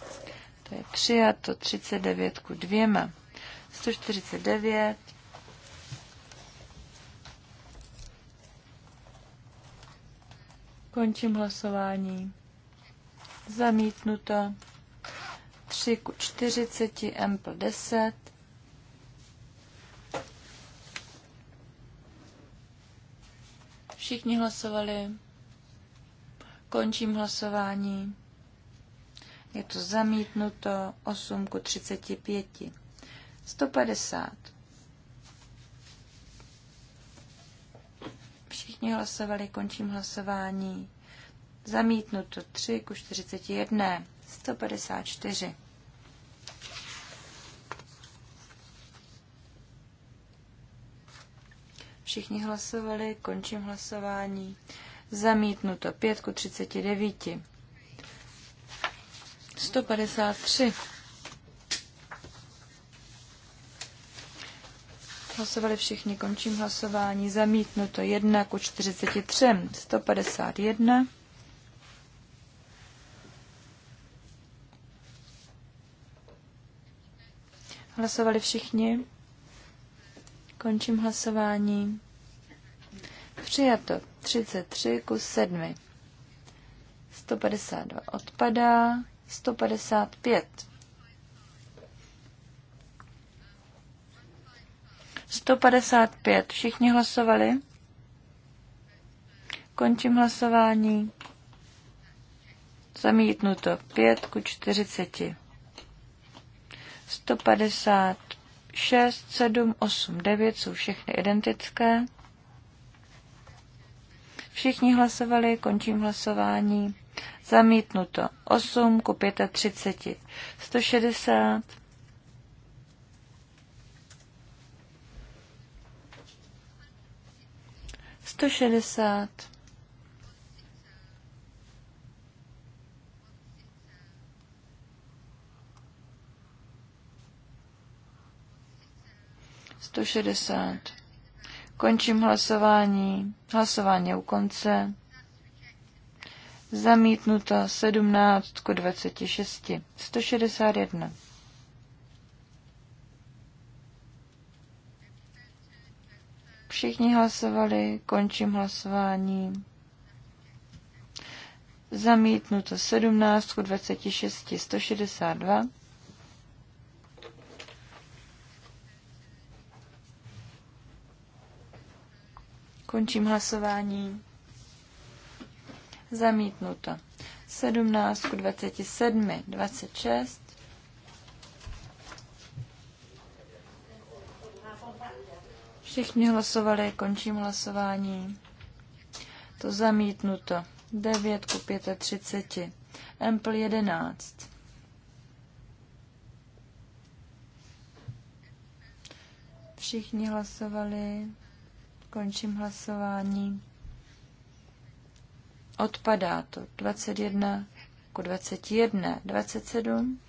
To je přijato 39 ku 2. 149. Končím hlasování. Zamítnuto. 3 ku 40, M 10. Všichni hlasovali. Končím hlasování. Je to zamítnuto 8 ku 35. 150. Všichni hlasovali, končím hlasování. Zamítnuto 3 ku 41. 154. Všichni hlasovali, končím hlasování zamítnuto 5 ku 39. 153. Hlasovali všichni, končím hlasování, zamítnuto 1 ku 43, 151. Hlasovali všichni. Končím hlasování. Přijato 33 ku 7. 152 odpadá. 155. 155. Všichni hlasovali? Končím hlasování. Zamítnuto 5 ku 40. 156, 7, 8, 9 jsou všechny identické. Všichni hlasovali, končím hlasování. Zamítnuto 8 ku 35. 160. Sto šedesát. Sto šedesát. Končím hlasování. Hlasování je u konce. Zamítnuto 17 k 26. 161. Všichni hlasovali, končím hlasování. Zamítnuto 17 k 26. 162. Končím hlasování. Zamítnuto. 17 k 27, 26. Všichni hlasovali, končím hlasování. To zamítnuto. 9 ku 35. Empl 11. Všichni hlasovali. Končím hlasování. Odpadá to 21 ku 21, 27.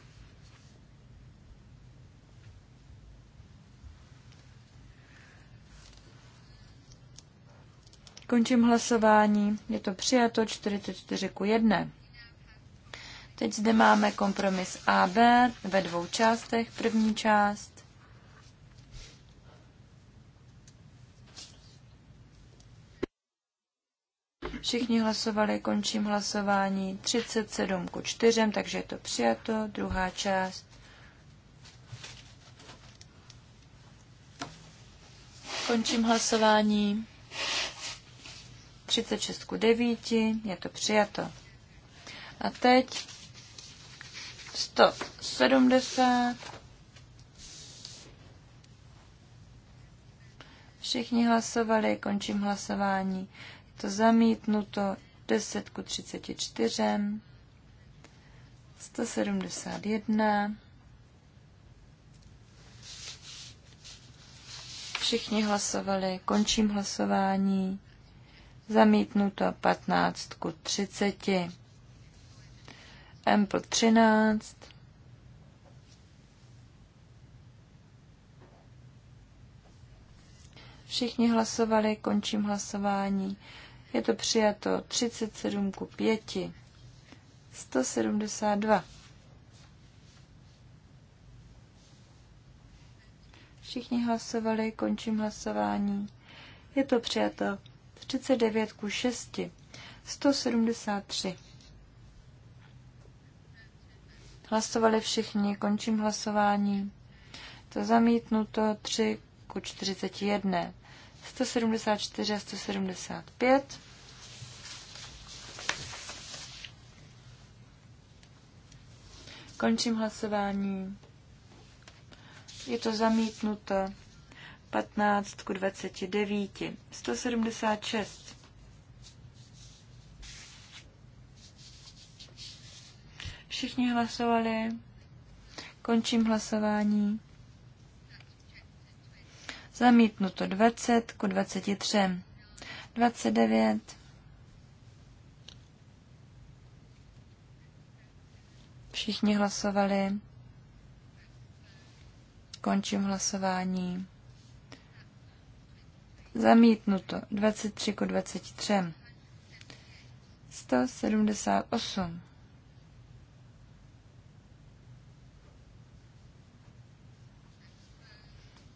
Končím hlasování. Je to přijato 44 ku 1. Teď zde máme kompromis AB ve dvou částech. První část Všichni hlasovali, končím hlasování 37 ku 4, takže je to přijato. Druhá část. Končím hlasování 36 ku 9, je to přijato. A teď 170. Všichni hlasovali, končím hlasování to zamítnuto 10 ku 34, 171. Všichni hlasovali, končím hlasování. Zamítnuto 15 ku 30. M po 13. Všichni hlasovali, končím hlasování. Je to přijato 37 ku 5. 172. Všichni hlasovali, končím hlasování. Je to přijato 39 ku 6. 173. Hlasovali všichni, končím hlasování. To zamítnuto 3 ku 41. 174 a 175. Končím hlasování. Je to zamítnuto. 15 ku 29. 176. Všichni hlasovali. Končím hlasování. Zamítnuto 20 ku 23. 29. Všichni hlasovali. Končím hlasování. Zamítnuto 23 ku 23. 178.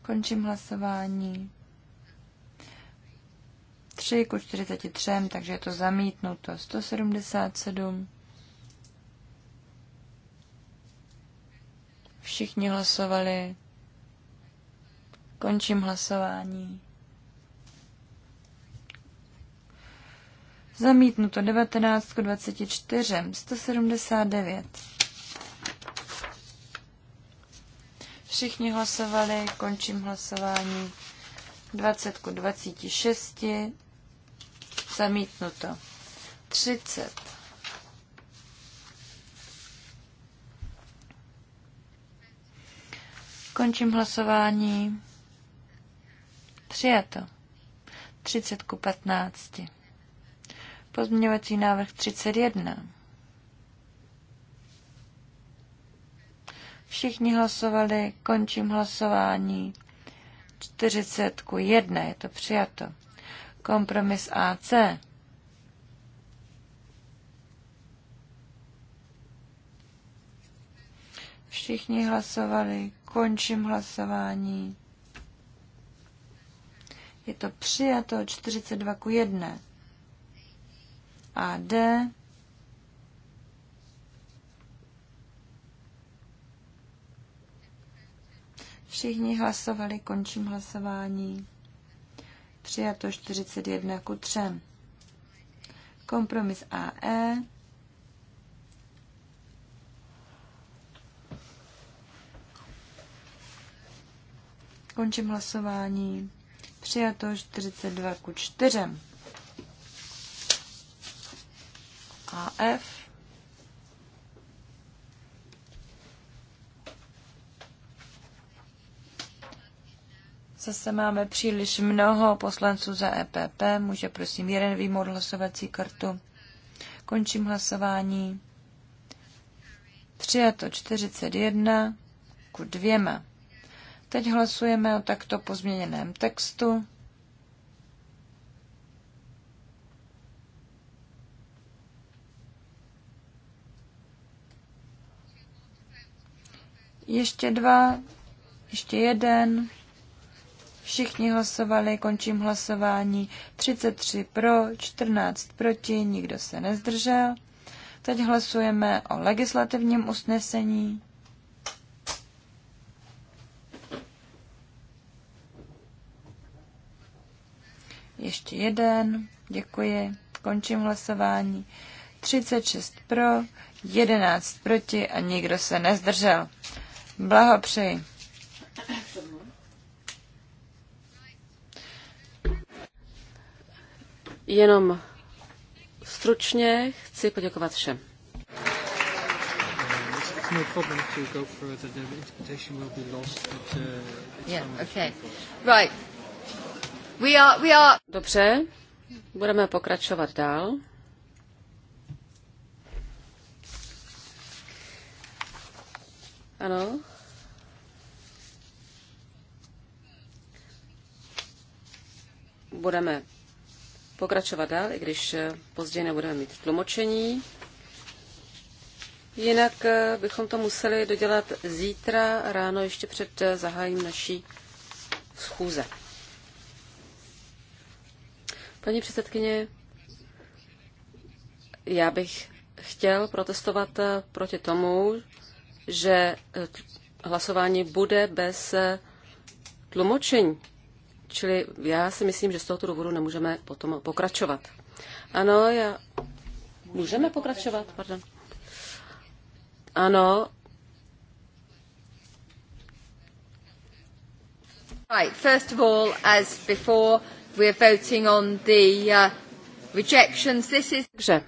Končím hlasování. 3 ku 43, takže je to zamítnuto. 177. Všichni hlasovali. Končím hlasování. Zamítnuto 19 k 24, 179. Všichni hlasovali, končím hlasování. 20 k 26, zamítnuto. 30. Končím hlasování. Přijato. 30 ku 15. Pozměňovací návrh 31. Všichni hlasovali, končím hlasování. 40 ku 1 je to přijato. Kompromis AC. Všichni hlasovali, Končím hlasování. Je to přijato 42 ku 1. A D. Všichni hlasovali, končím hlasování. Přijato 41 ku 3. Kompromis AE. Končím hlasování. Přijato 42 ku 4. A F. Zase máme příliš mnoho poslanců za EPP. Může prosím jeden výmor hlasovací kartu. Končím hlasování. Přijato 41 ku dvěma. Teď hlasujeme o takto pozměněném textu. Ještě dva, ještě jeden. Všichni hlasovali, končím hlasování. 33 pro, 14 proti, nikdo se nezdržel. Teď hlasujeme o legislativním usnesení. Ještě jeden. Děkuji. Končím hlasování. 36 pro, 11 proti a nikdo se nezdržel. Blahopřeji. Jenom stručně chci poděkovat všem. No problem to go further. The interpretation will be lost. But, uh, yeah. Okay. Right. We are, we are... Dobře, budeme pokračovat dál. Ano. Budeme pokračovat dál, i když eh, později nebudeme mít tlumočení. Jinak eh, bychom to museli dodělat zítra ráno ještě před eh, zahájením naší schůze. Paní předsedkyně, já bych chtěl protestovat eh, proti tomu, že eh, hlasování bude bez eh, tlumočení. Čili já si myslím, že z tohoto důvodu nemůžeme potom pokračovat. Ano, já... Můžeme pokračovat, pardon. Ano. Right, first of all, as before, takže uh,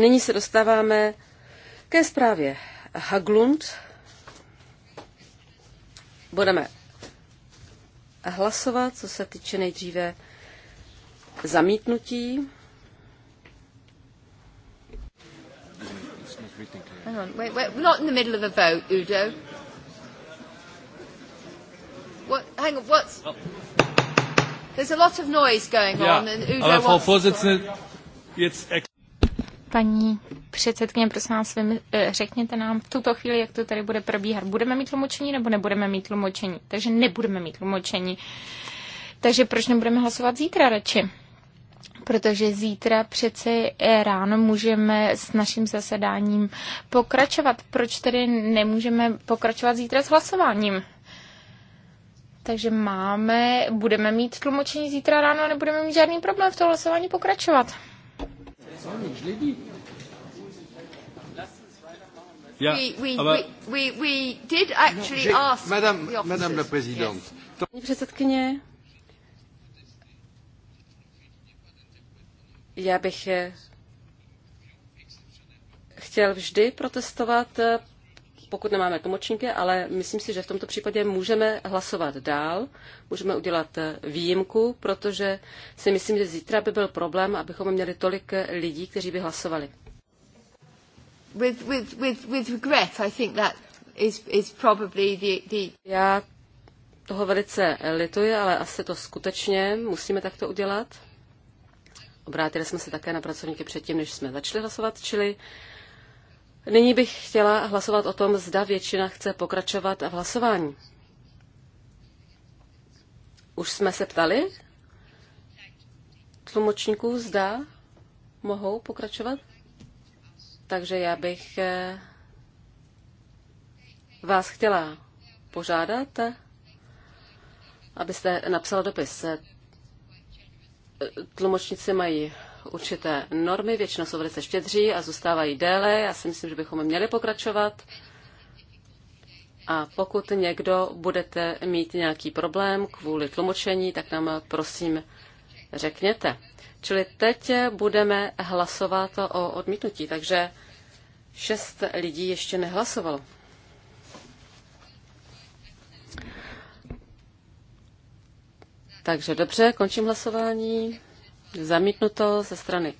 nyní se dostáváme ke zprávě Haglund. Budeme hlasovat, co se týče nejdříve zamítnutí. Hang on, wait, wait, we're not in the middle of a vote, Udo. What, hang on, what's... Oh. There's a lot of noise going on and Udo ale Paní předsedkyně, prosím vás, vy, eh, řekněte nám v tuto chvíli, jak to tady bude probíhat. Budeme mít tlumočení nebo nebudeme mít tlumočení? Takže nebudeme mít tlumočení. Takže proč nebudeme hlasovat zítra radši? protože zítra přece eh, ráno můžeme s naším zasedáním pokračovat. Proč tedy nemůžeme pokračovat zítra s hlasováním? Takže máme, budeme mít tlumočení zítra ráno a nebudeme mít žádný problém v tom hlasování pokračovat. we, we, we, we did actually ask Madame, la Présidente. Paní předsedkyně, já bych chtěl vždy protestovat pokud nemáme tlumočníky, ale myslím si, že v tomto případě můžeme hlasovat dál, můžeme udělat eh, výjimku, protože si myslím, že zítra by byl problém, abychom měli tolik eh, lidí, kteří by hlasovali. With, with, with, with regret, I think that is, is probably the, the... Já toho velice lituji, ale asi to skutečně musíme takto udělat. Obrátili jsme se také na pracovníky předtím, než jsme začali hlasovat, čili uh, Nyní bych chtěla hlasovat o tom, zda většina chce pokračovat v hlasování. Už jsme se ptali tlumočníků, zda mohou pokračovat. Takže já bych eh, vás chtěla požádat, abyste napsala dopis. Eh, tlumočníci mají určité normy, většina jsou velice štědří a zůstávají déle. Já si myslím, že bychom měli pokračovat. A pokud někdo budete mít nějaký problém kvůli tlumočení, tak nám prosím řekněte. Čili teď budeme hlasovat o odmítnutí, takže šest lidí ještě nehlasovalo. Takže dobře, končím hlasování. Zamítnuto ze strany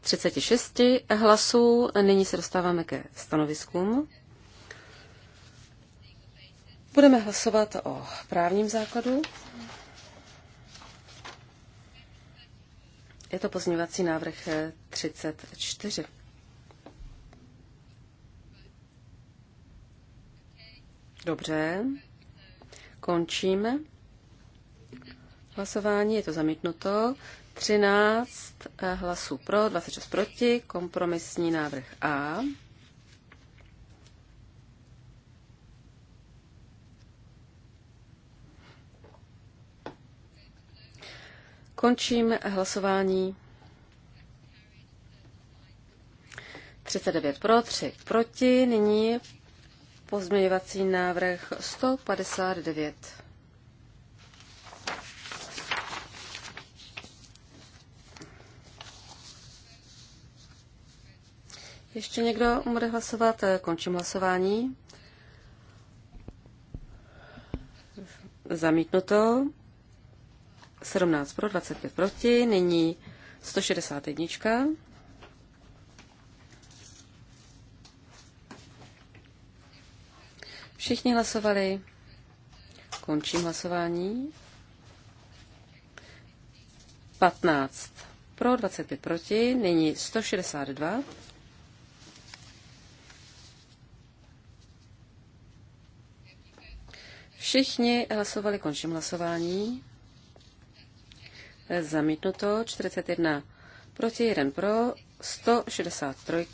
36 hlasů. Nyní se dostáváme ke stanoviskům. Budeme hlasovat o právním základu. Je to pozměňovací návrh 34. Dobře, končíme. Hlasování je to zamítnuto. 13 eh, hlasů pro, 26 proti, kompromisní návrh A. Končím hlasování. 39 pro, 3 proti. Nyní pozměňovací návrh 159. Ještě někdo bude hlasovat? Eh, končím hlasování. Zamítnuto. 17 pro, 25 proti. Nyní 161. Všichni hlasovali. Končím hlasování. 15 pro, 25 proti. Nyní 162. Všichni hlasovali, končím hlasování. Zamítnuto 41 proti 1 pro 163.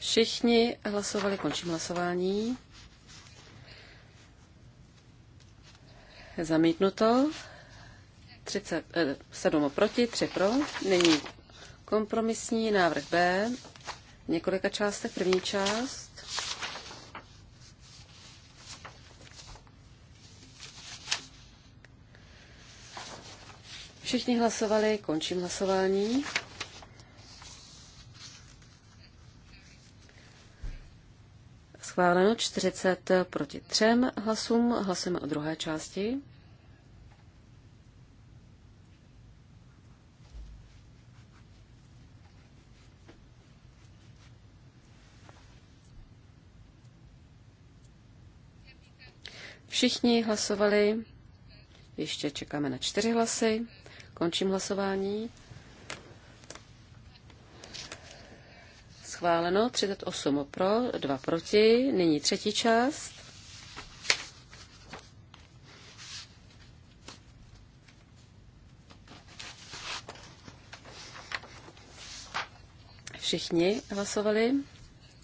Všichni hlasovali, končím hlasování. Zamítnuto. 37 eh, proti, 3 pro. Nyní Kompromisní návrh B několika částech. První část. Všichni hlasovali, končím hlasování. Schváleno 40 proti třem hlasům. Hlasujeme o druhé části. Všichni hlasovali. Ještě čekáme na čtyři hlasy. Končím hlasování. Schváleno 38 pro, 2 proti. Nyní třetí část. Všichni hlasovali.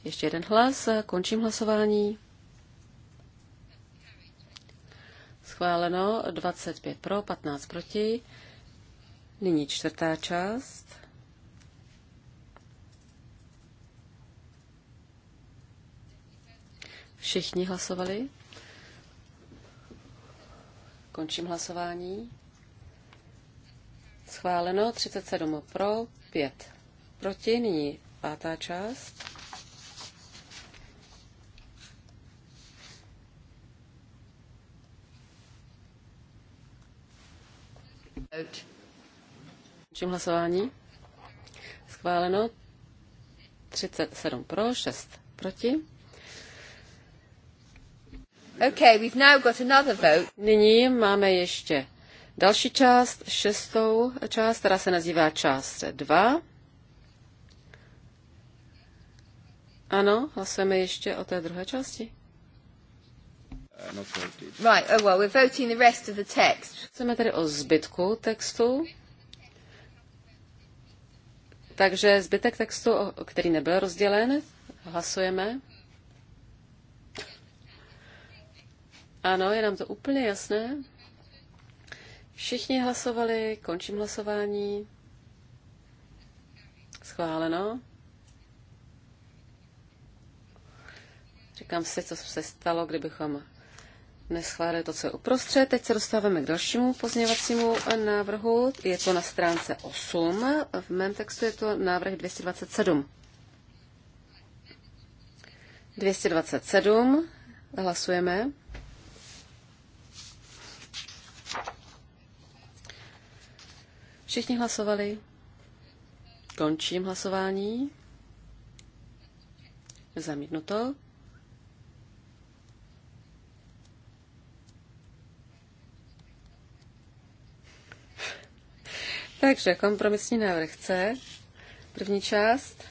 Ještě jeden hlas. Končím hlasování. schváleno 25 pro, 15 proti. Nyní čtvrtá část. Všichni hlasovali. Končím hlasování. Schváleno 37 pro, 5 proti. Nyní pátá část. Čím hlasování? Schváleno 37 pro, 6 proti. Okay, we've now got another vote. Nyní máme ještě další část, šestou část, která se nazývá část 2. Ano, hlasujeme ještě o té druhé části. Uh, right, oh well, we're voting the rest of the text. Chceme tedy o zbytku textu. Takže zbytek textu, který nebyl rozdělen, hlasujeme. Ano, je nám to úplně jasné. Všichni hlasovali, končím hlasování. Schváleno. Říkám si, co se stalo, kdybychom neschválili to, co je uprostřed. Teď se dostáváme k dalšímu pozměňovacímu návrhu. Je to na stránce 8. V mém textu je to návrh 227. 227. Hlasujeme. Všichni hlasovali. Končím hlasování. Zamítnuto. Takže kompromisní návrh C, první část.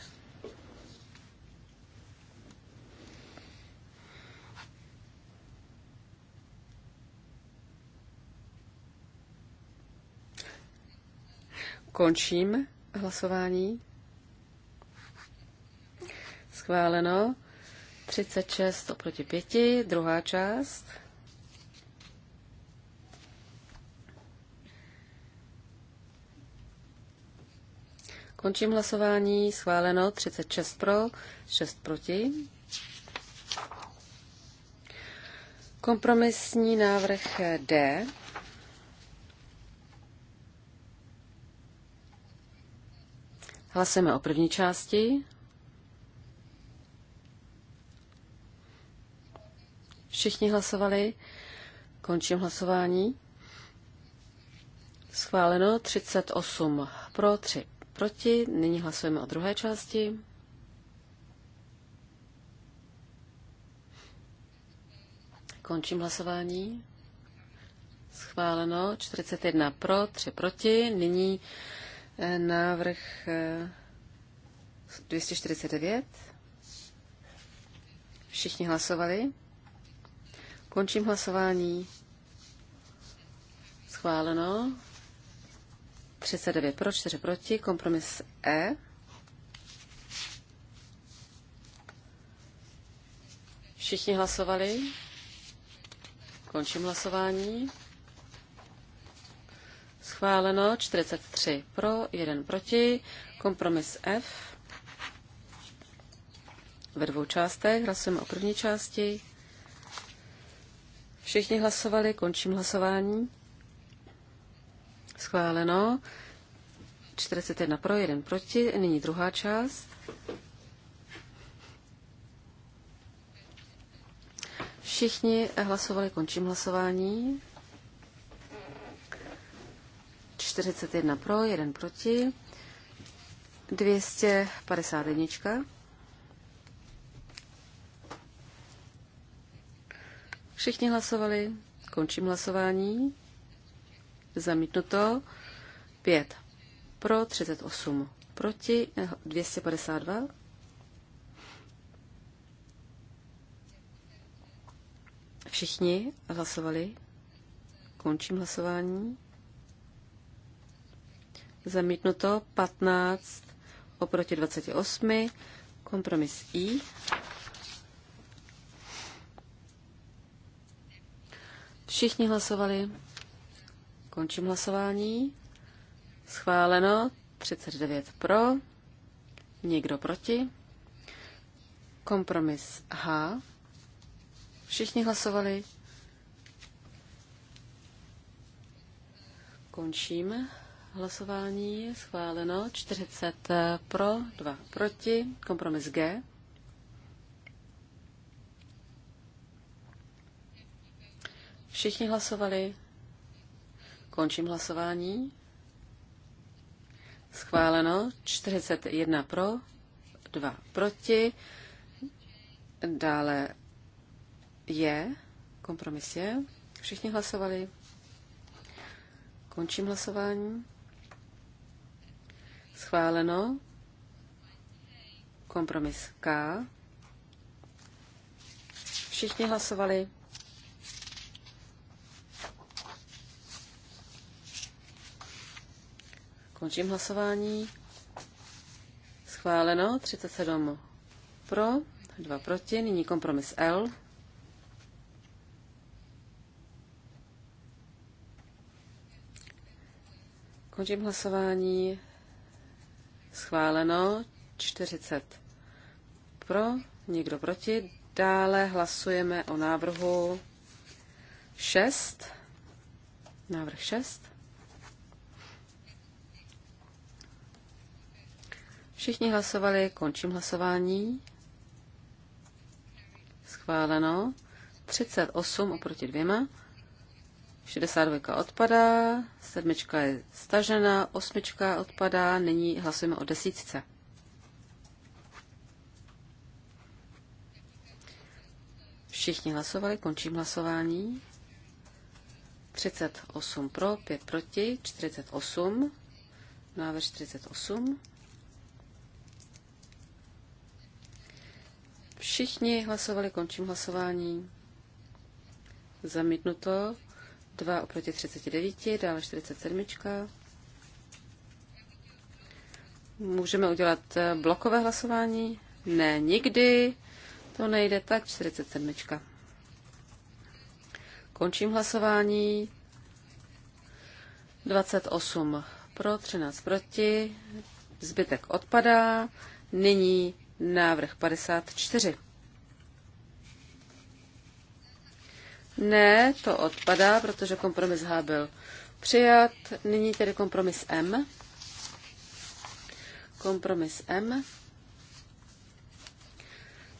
Končím hlasování. Schváleno. 36 oproti 5. Druhá část. Končím hlasování. Schváleno 36 pro, 6 proti. Kompromisní návrh D. Hlasujeme o první části. Všichni hlasovali. Končím hlasování. Schváleno 38 pro 3 proti. Nyní hlasujeme o druhé části. Končím hlasování. Schváleno 41 pro, 3 proti. Nyní eh, návrh 249. Eh, Všichni hlasovali. Končím hlasování. Schváleno 39 pro, 4 proti, kompromis E. Všichni hlasovali. Končím hlasování. Schváleno 43 pro, 1 proti, kompromis F. Ve dvou částech hlasujeme o první části. Všichni hlasovali, končím hlasování. Schváleno. 41 pro, 1 proti. Nyní druhá část. Všichni hlasovali, končím hlasování. 41 pro, 1 proti. 251. Všichni hlasovali, končím hlasování zamítnuto. 5 pro, 38 proti, 252. Eh, Všichni hlasovali. Končím hlasování. Zamítnuto 15 oproti 28. Kompromis I. Všichni hlasovali. Končím hlasování. Schváleno 39 pro, nikdo proti. Kompromis H. Všichni hlasovali. Končím hlasování. Schváleno 40 pro, 2 proti. Kompromis G. Všichni hlasovali. Končím hlasování. Schváleno 41 pro, 2 proti. Dále je kompromis je. Všichni hlasovali. Končím hlasování. Schváleno. Kompromis K. Všichni hlasovali. Končím hlasování. Schváleno 37 pro, 2 proti, nyní kompromis L. Končím hlasování. Schváleno 40 pro, nikdo proti. Dále hlasujeme o návrhu 6. Návrh 6. Všichni hlasovali, končím hlasování. Schváleno. 38 oproti dvěma. 62 odpadá, sedmička je stažena, osmička odpadá, nyní hlasujeme o desítce. Všichni hlasovali, končím hlasování. 38 pro, 5 proti, 48, návrh 48. Všichni hlasovali, končím hlasování. Zamítnuto. 2 oproti 39, dále 47. Můžeme udělat eh, blokové hlasování? Ne, nikdy. To nejde tak, 47. Končím hlasování. 28 pro, 13 proti. Zbytek odpadá. Nyní Návrh 54. Ne, to odpadá, protože kompromis H byl přijat. Nyní tedy kompromis M. Kompromis M.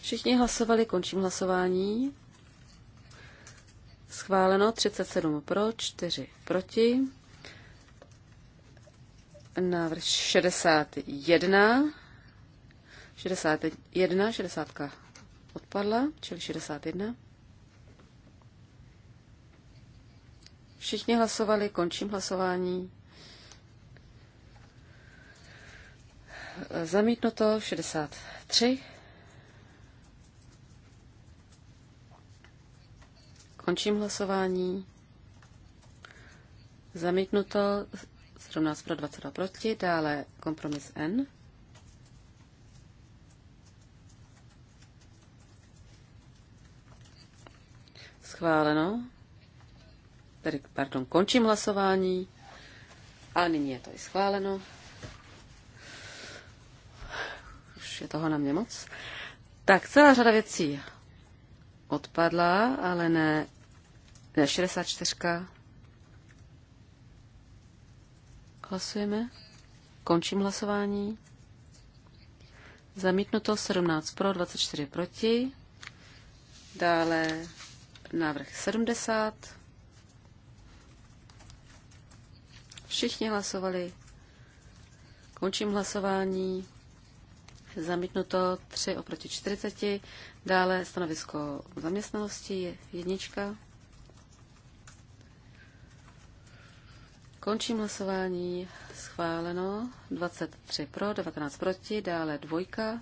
Všichni hlasovali, končím hlasování. Schváleno 37 pro, 4 proti. Návrh 61. 61, 60 odpadla, čili 61. Všichni hlasovali, končím hlasování. Zamítnuto 63. Končím hlasování. Zamítnuto 17 pro 22 proti, dále kompromis N. Schváleno. Tedy, pardon, končím hlasování. A nyní je to i schváleno. Už je toho na mě moc. Tak, celá řada věcí odpadla, ale ne, ne 64. Hlasujeme. Končím hlasování. Zamítnuto 17 pro, 24 proti. Dále Návrh 70. Všichni hlasovali. Končím hlasování. Zamítnuto 3 oproti 40. Dále stanovisko zaměstnanosti je jednička. Končím hlasování. Schváleno. 23 pro, 19 proti. Dále dvojka.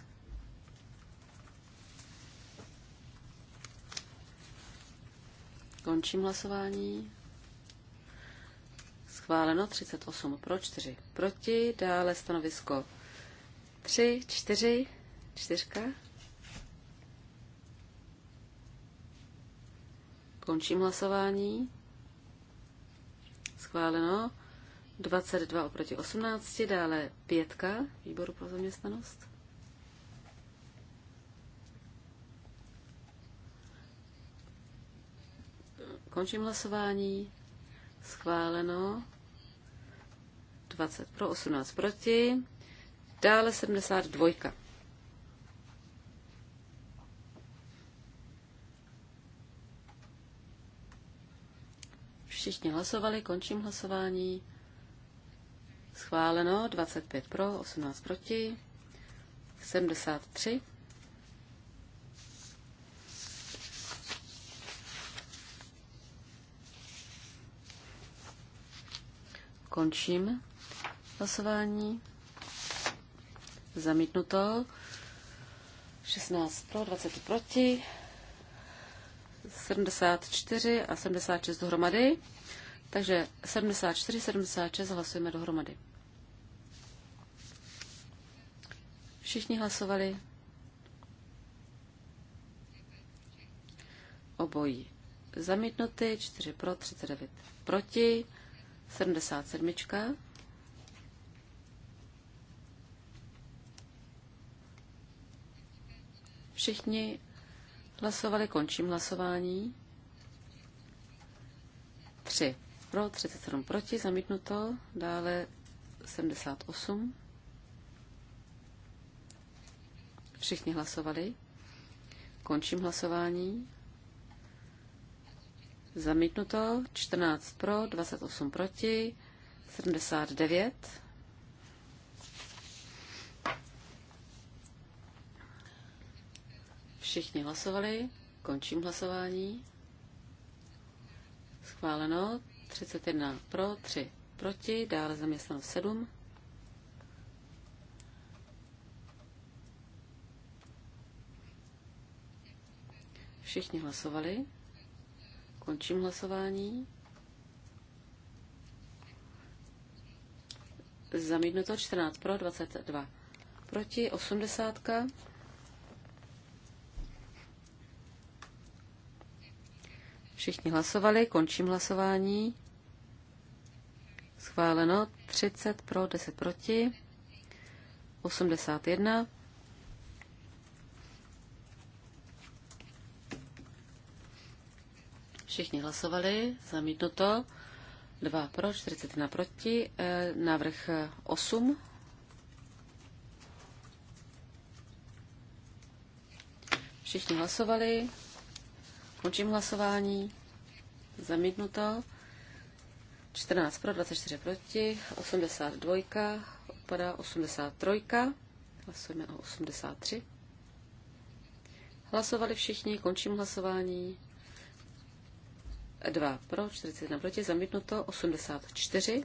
Končím hlasování. Schváleno 38 pro 4 proti. Dále stanovisko 3, 4, 4. Končím hlasování. Schváleno 22 oproti 18, dále pětka výboru pro zaměstnanost. Končím hlasování. Schváleno. 20 pro, 18 proti. Dále 72. Všichni hlasovali, končím hlasování. Schváleno, 25 pro, 18 proti. 73. Končím hlasování. Zamítnuto. 16 pro, 20 proti. 74 a 76 dohromady. Takže 74, 76 hlasujeme dohromady. Všichni hlasovali. Obojí zamítnuty, 4 pro, 39 proti. 77. Všichni hlasovali, končím hlasování. 3 pro, 37 proti, zamítnuto, dále 78. Všichni hlasovali. Končím hlasování. Zamítnuto. 14 pro, 28 proti, 79. Všichni hlasovali. Končím hlasování. Schváleno. 31 pro, 3 proti, dále zaměstnanost 7. Všichni hlasovali. Končím hlasování. Zamítnuto 14 pro, 22 proti, 80. Všichni hlasovali, končím hlasování. Schváleno 30 pro, 10 proti, 81. Všichni hlasovali, zamítnuto. 2 pro, 41 proti. Eh, návrh 8. Všichni hlasovali. Končím hlasování. Zamítnuto. 14 pro, 24 proti. 82. Odpadá 83. Hlasujeme o 83. Hlasovali všichni. Končím hlasování. 2 pro, 41 proti, zamítnuto 84.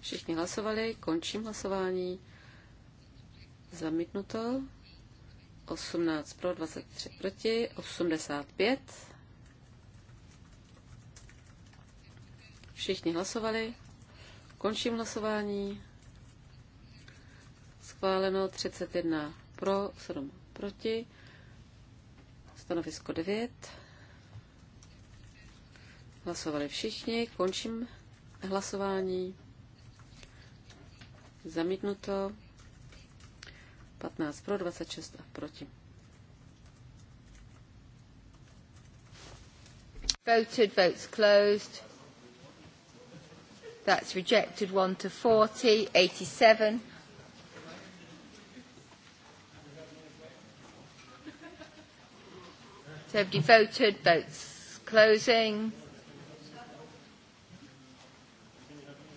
Všichni hlasovali, končím hlasování. Zamítnuto 18 pro, 23 proti, 85. Všichni hlasovali, končím hlasování. Schváleno 31 pro, 7 proti. Stanovisko 9. Hlasovali všichni. Končím hlasování. Zamítnuto. 15 pro, 26 a proti. Voted, votes closed. That's rejected 1 to 40, 87. So everybody voted, votes closing.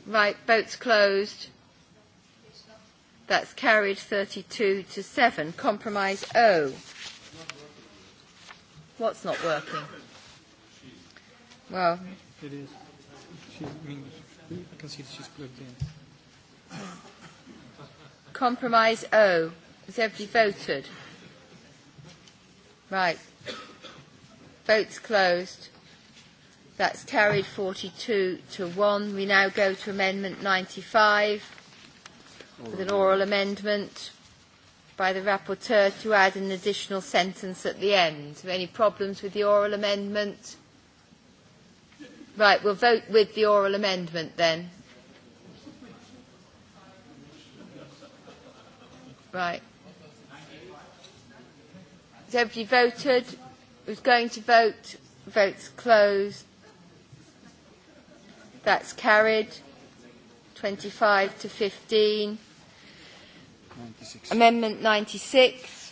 Right, votes closed. That's carried 32 to 7. Compromise O. What's not working? Well. It is. She, I mean, I can see that she's plugged in. Compromise O. Has everybody voted? Right, Votes closed. That's carried 42 to 1. We now go to Amendment 95 oral with an oral amendment amendment by the rapporteur to add an additional sentence at the end. Any problems with the oral amendment? Right, we'll vote with the oral amendment then. Right. Has everybody voted? Who's going to vote? Votes closed. That's carried. 25 to 15. 96. Amendment 96.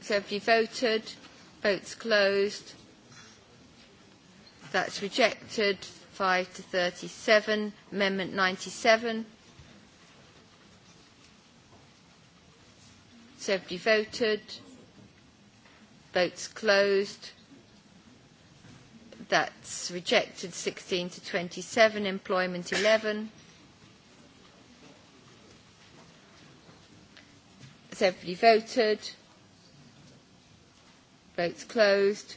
So have you voted? Votes closed. That's rejected. 5 to 37. Amendment 97. Everybody voted. Votes closed. That's rejected 16 to 27. Employment 11. Has everybody voted? Votes closed.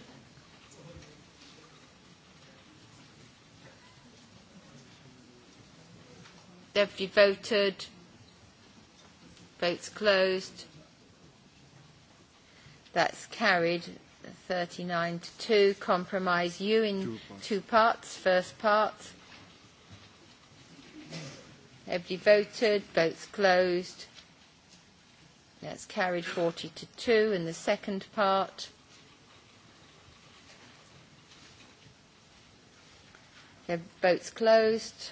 Deputy voted. Votes closed. That's carried 39 to 2. Compromise you in two parts. Two parts first part. Everybody voted. Votes closed. That's carried 40 to 2 in the second part. Votes closed.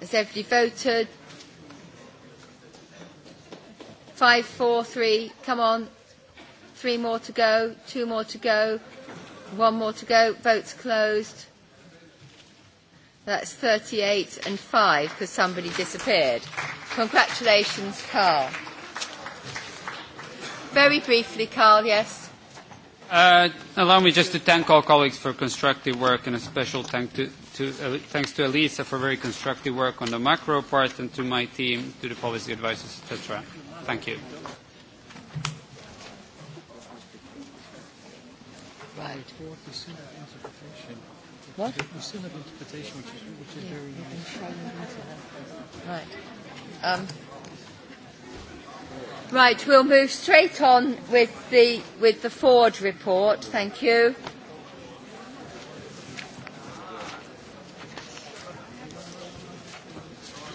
Has everybody voted? Five, four, three. Come on. Three more to go. Two more to go. One more to go. Votes closed. That's 38 and 5 because somebody disappeared. Congratulations, Carl. Very briefly, Carl, yes. Uh, allow me just to thank all colleagues for constructive work and a special thank to, Uh, thanks to Elisa for very constructive work on the macro part and to my team, to the policy advisors, etc. Thank you. Right. What? We still have interpretation, which is, which is yeah, very useful. Right. Um, right, we'll move straight on with the, with the Ford report. Thank you.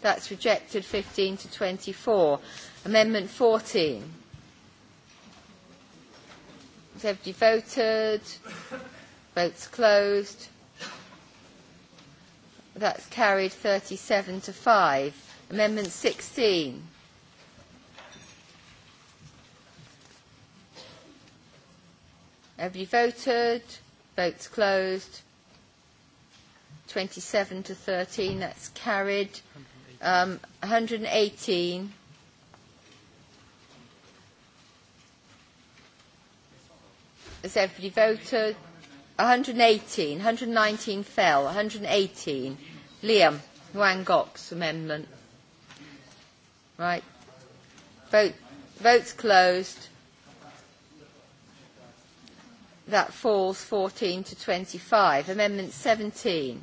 That's rejected 15 to 24. Amendment 14. Has everybody voted? Votes closed. That's carried 37 to 5. Amendment 16. Have you voted? Votes closed. 27 to 13, that's carried. Um, 118. Has everybody voted? 118. 119 fell. 118. Liam Gok's amendment. Right. Vote, votes closed. That falls 14 to 25. Amendment 17.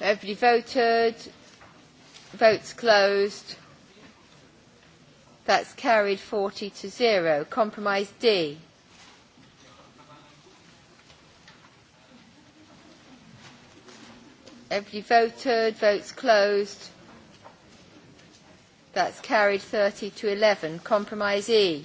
Everybody voted. Votes closed. That's carried 40 to 0. Compromise D. every voted. Votes closed. That's carried 30 to 11. Compromise E.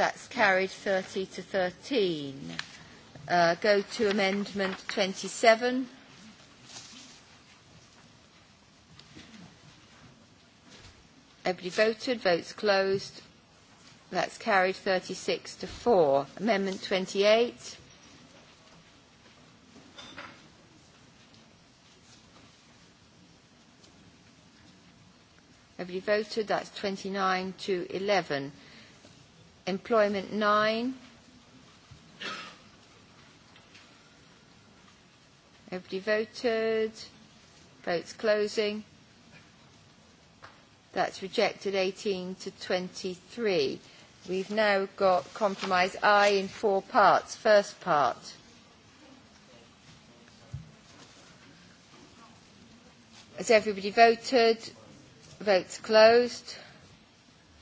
That's carried 30 to 13. Uh, go to amendment 27. Everybody voted. Votes closed. That's carried 36 to 4. Amendment 28. Everybody voted. That's 29 to 11. Employment 9. Everybody voted. Votes closing. That's rejected 18 to 23. We've now got compromise I in four parts. First part. Has everybody voted? Votes closed.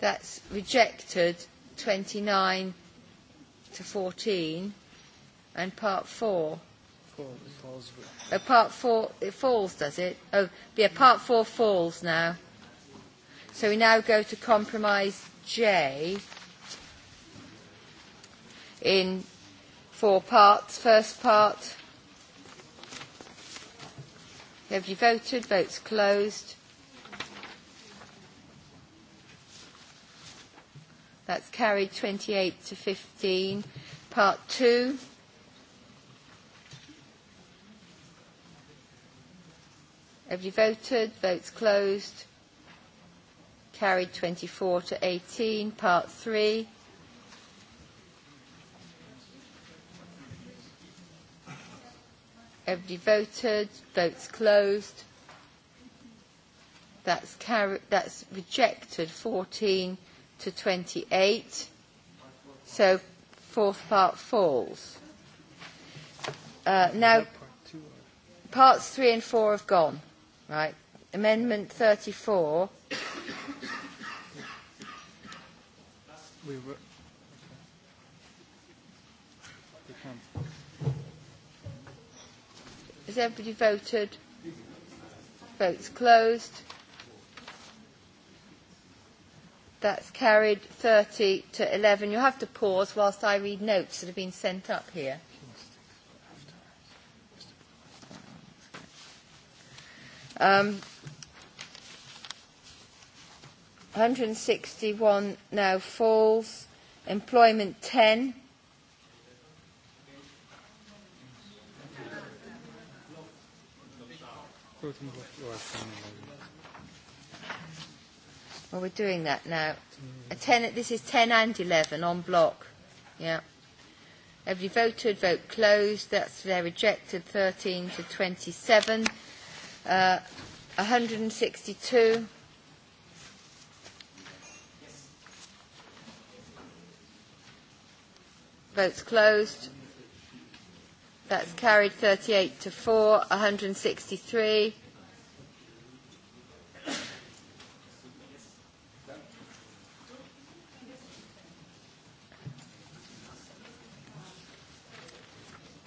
That's rejected 29 to 14 and part 4. Falls. Oh, part four it falls, does it? Oh, yeah, part four falls now. So we now go to compromise J in four parts. First part. Have you voted? Votes closed. That's carried 28 to 15. Part 2. Have you voted? Votes closed. Carried 24 to 18. Part 3. Everybody voted. Votes closed. That's, carried, that's rejected 14 to 28. So fourth part falls. Uh, now, parts three and four have gone, right? Amendment 34. Has everybody voted? Votes closed. That's carried 30 to 11. You'll have to pause whilst I read notes that have been sent up here. Um, 161 now falls. Employment 10. Voting block. Well, we're doing that now. A ten, this is 10 and 11 on block. Yeah. Have you voted? Vote closed. That's they're rejected. 13 to 27. Uh, 162. Votes closed. That's carried 38 to 4. 163.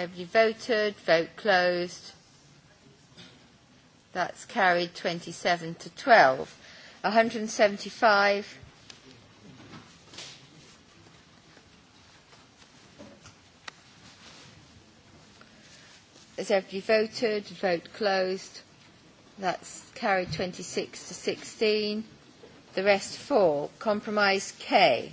Everybody voted. Vote closed. That's carried 27 to 12. 175. Has everybody voted? Vote closed. That's carried 26 to 16. The rest four. Compromise K.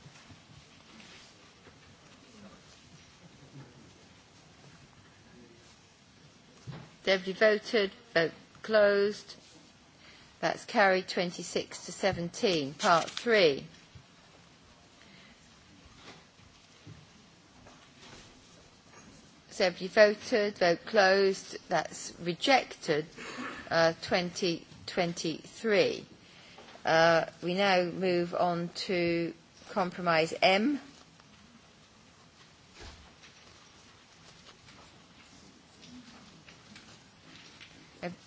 They have devoted. Vote closed. That's carried 26 to 17. Part 3. So if you voted, vote closed, that's rejected, uh, 2023. 20, uh, we now move on to compromise M.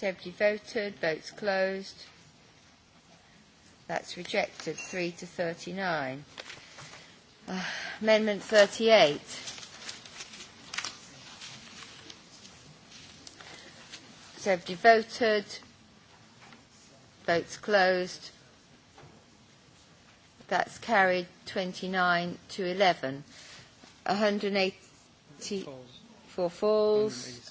Has voted? Votes closed. That's rejected. 3 to 39. Uh, ah, amendment 38. Has everybody voted? Votes closed. That's carried twenty-nine to eighty 184 falls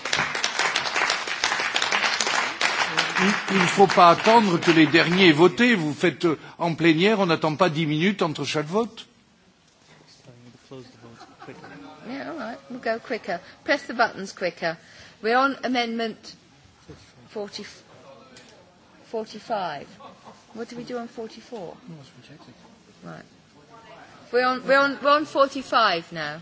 il ne faut pas attendre que les derniers votent. Vous faites euh, en plénière, on n'attend pas dix minutes entre chaque vote. Yeah, all right. We'll go quicker. Press the buttons quicker. We're on amendment 40, 45. What do we do on 44? Right. We're on, we're on, we're on 45 now.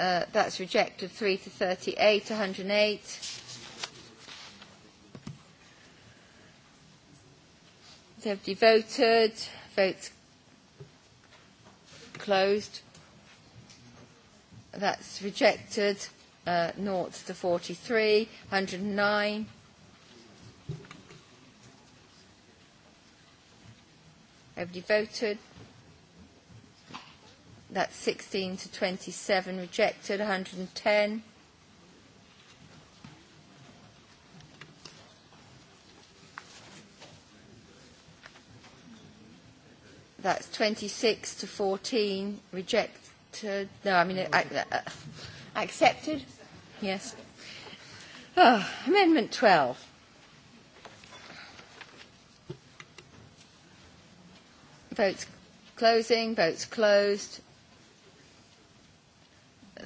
Uh, that's rejected. 3 to 38, 108. Have devoted. Votes closed. That's rejected. Uh, 0 to 43, 109. Everybody voted. That's 16 to 27 rejected, 110. That's 26 to 14 rejected. No, I mean, uh, ac- uh, accepted? Yes. Oh, amendment 12. Votes closing, votes closed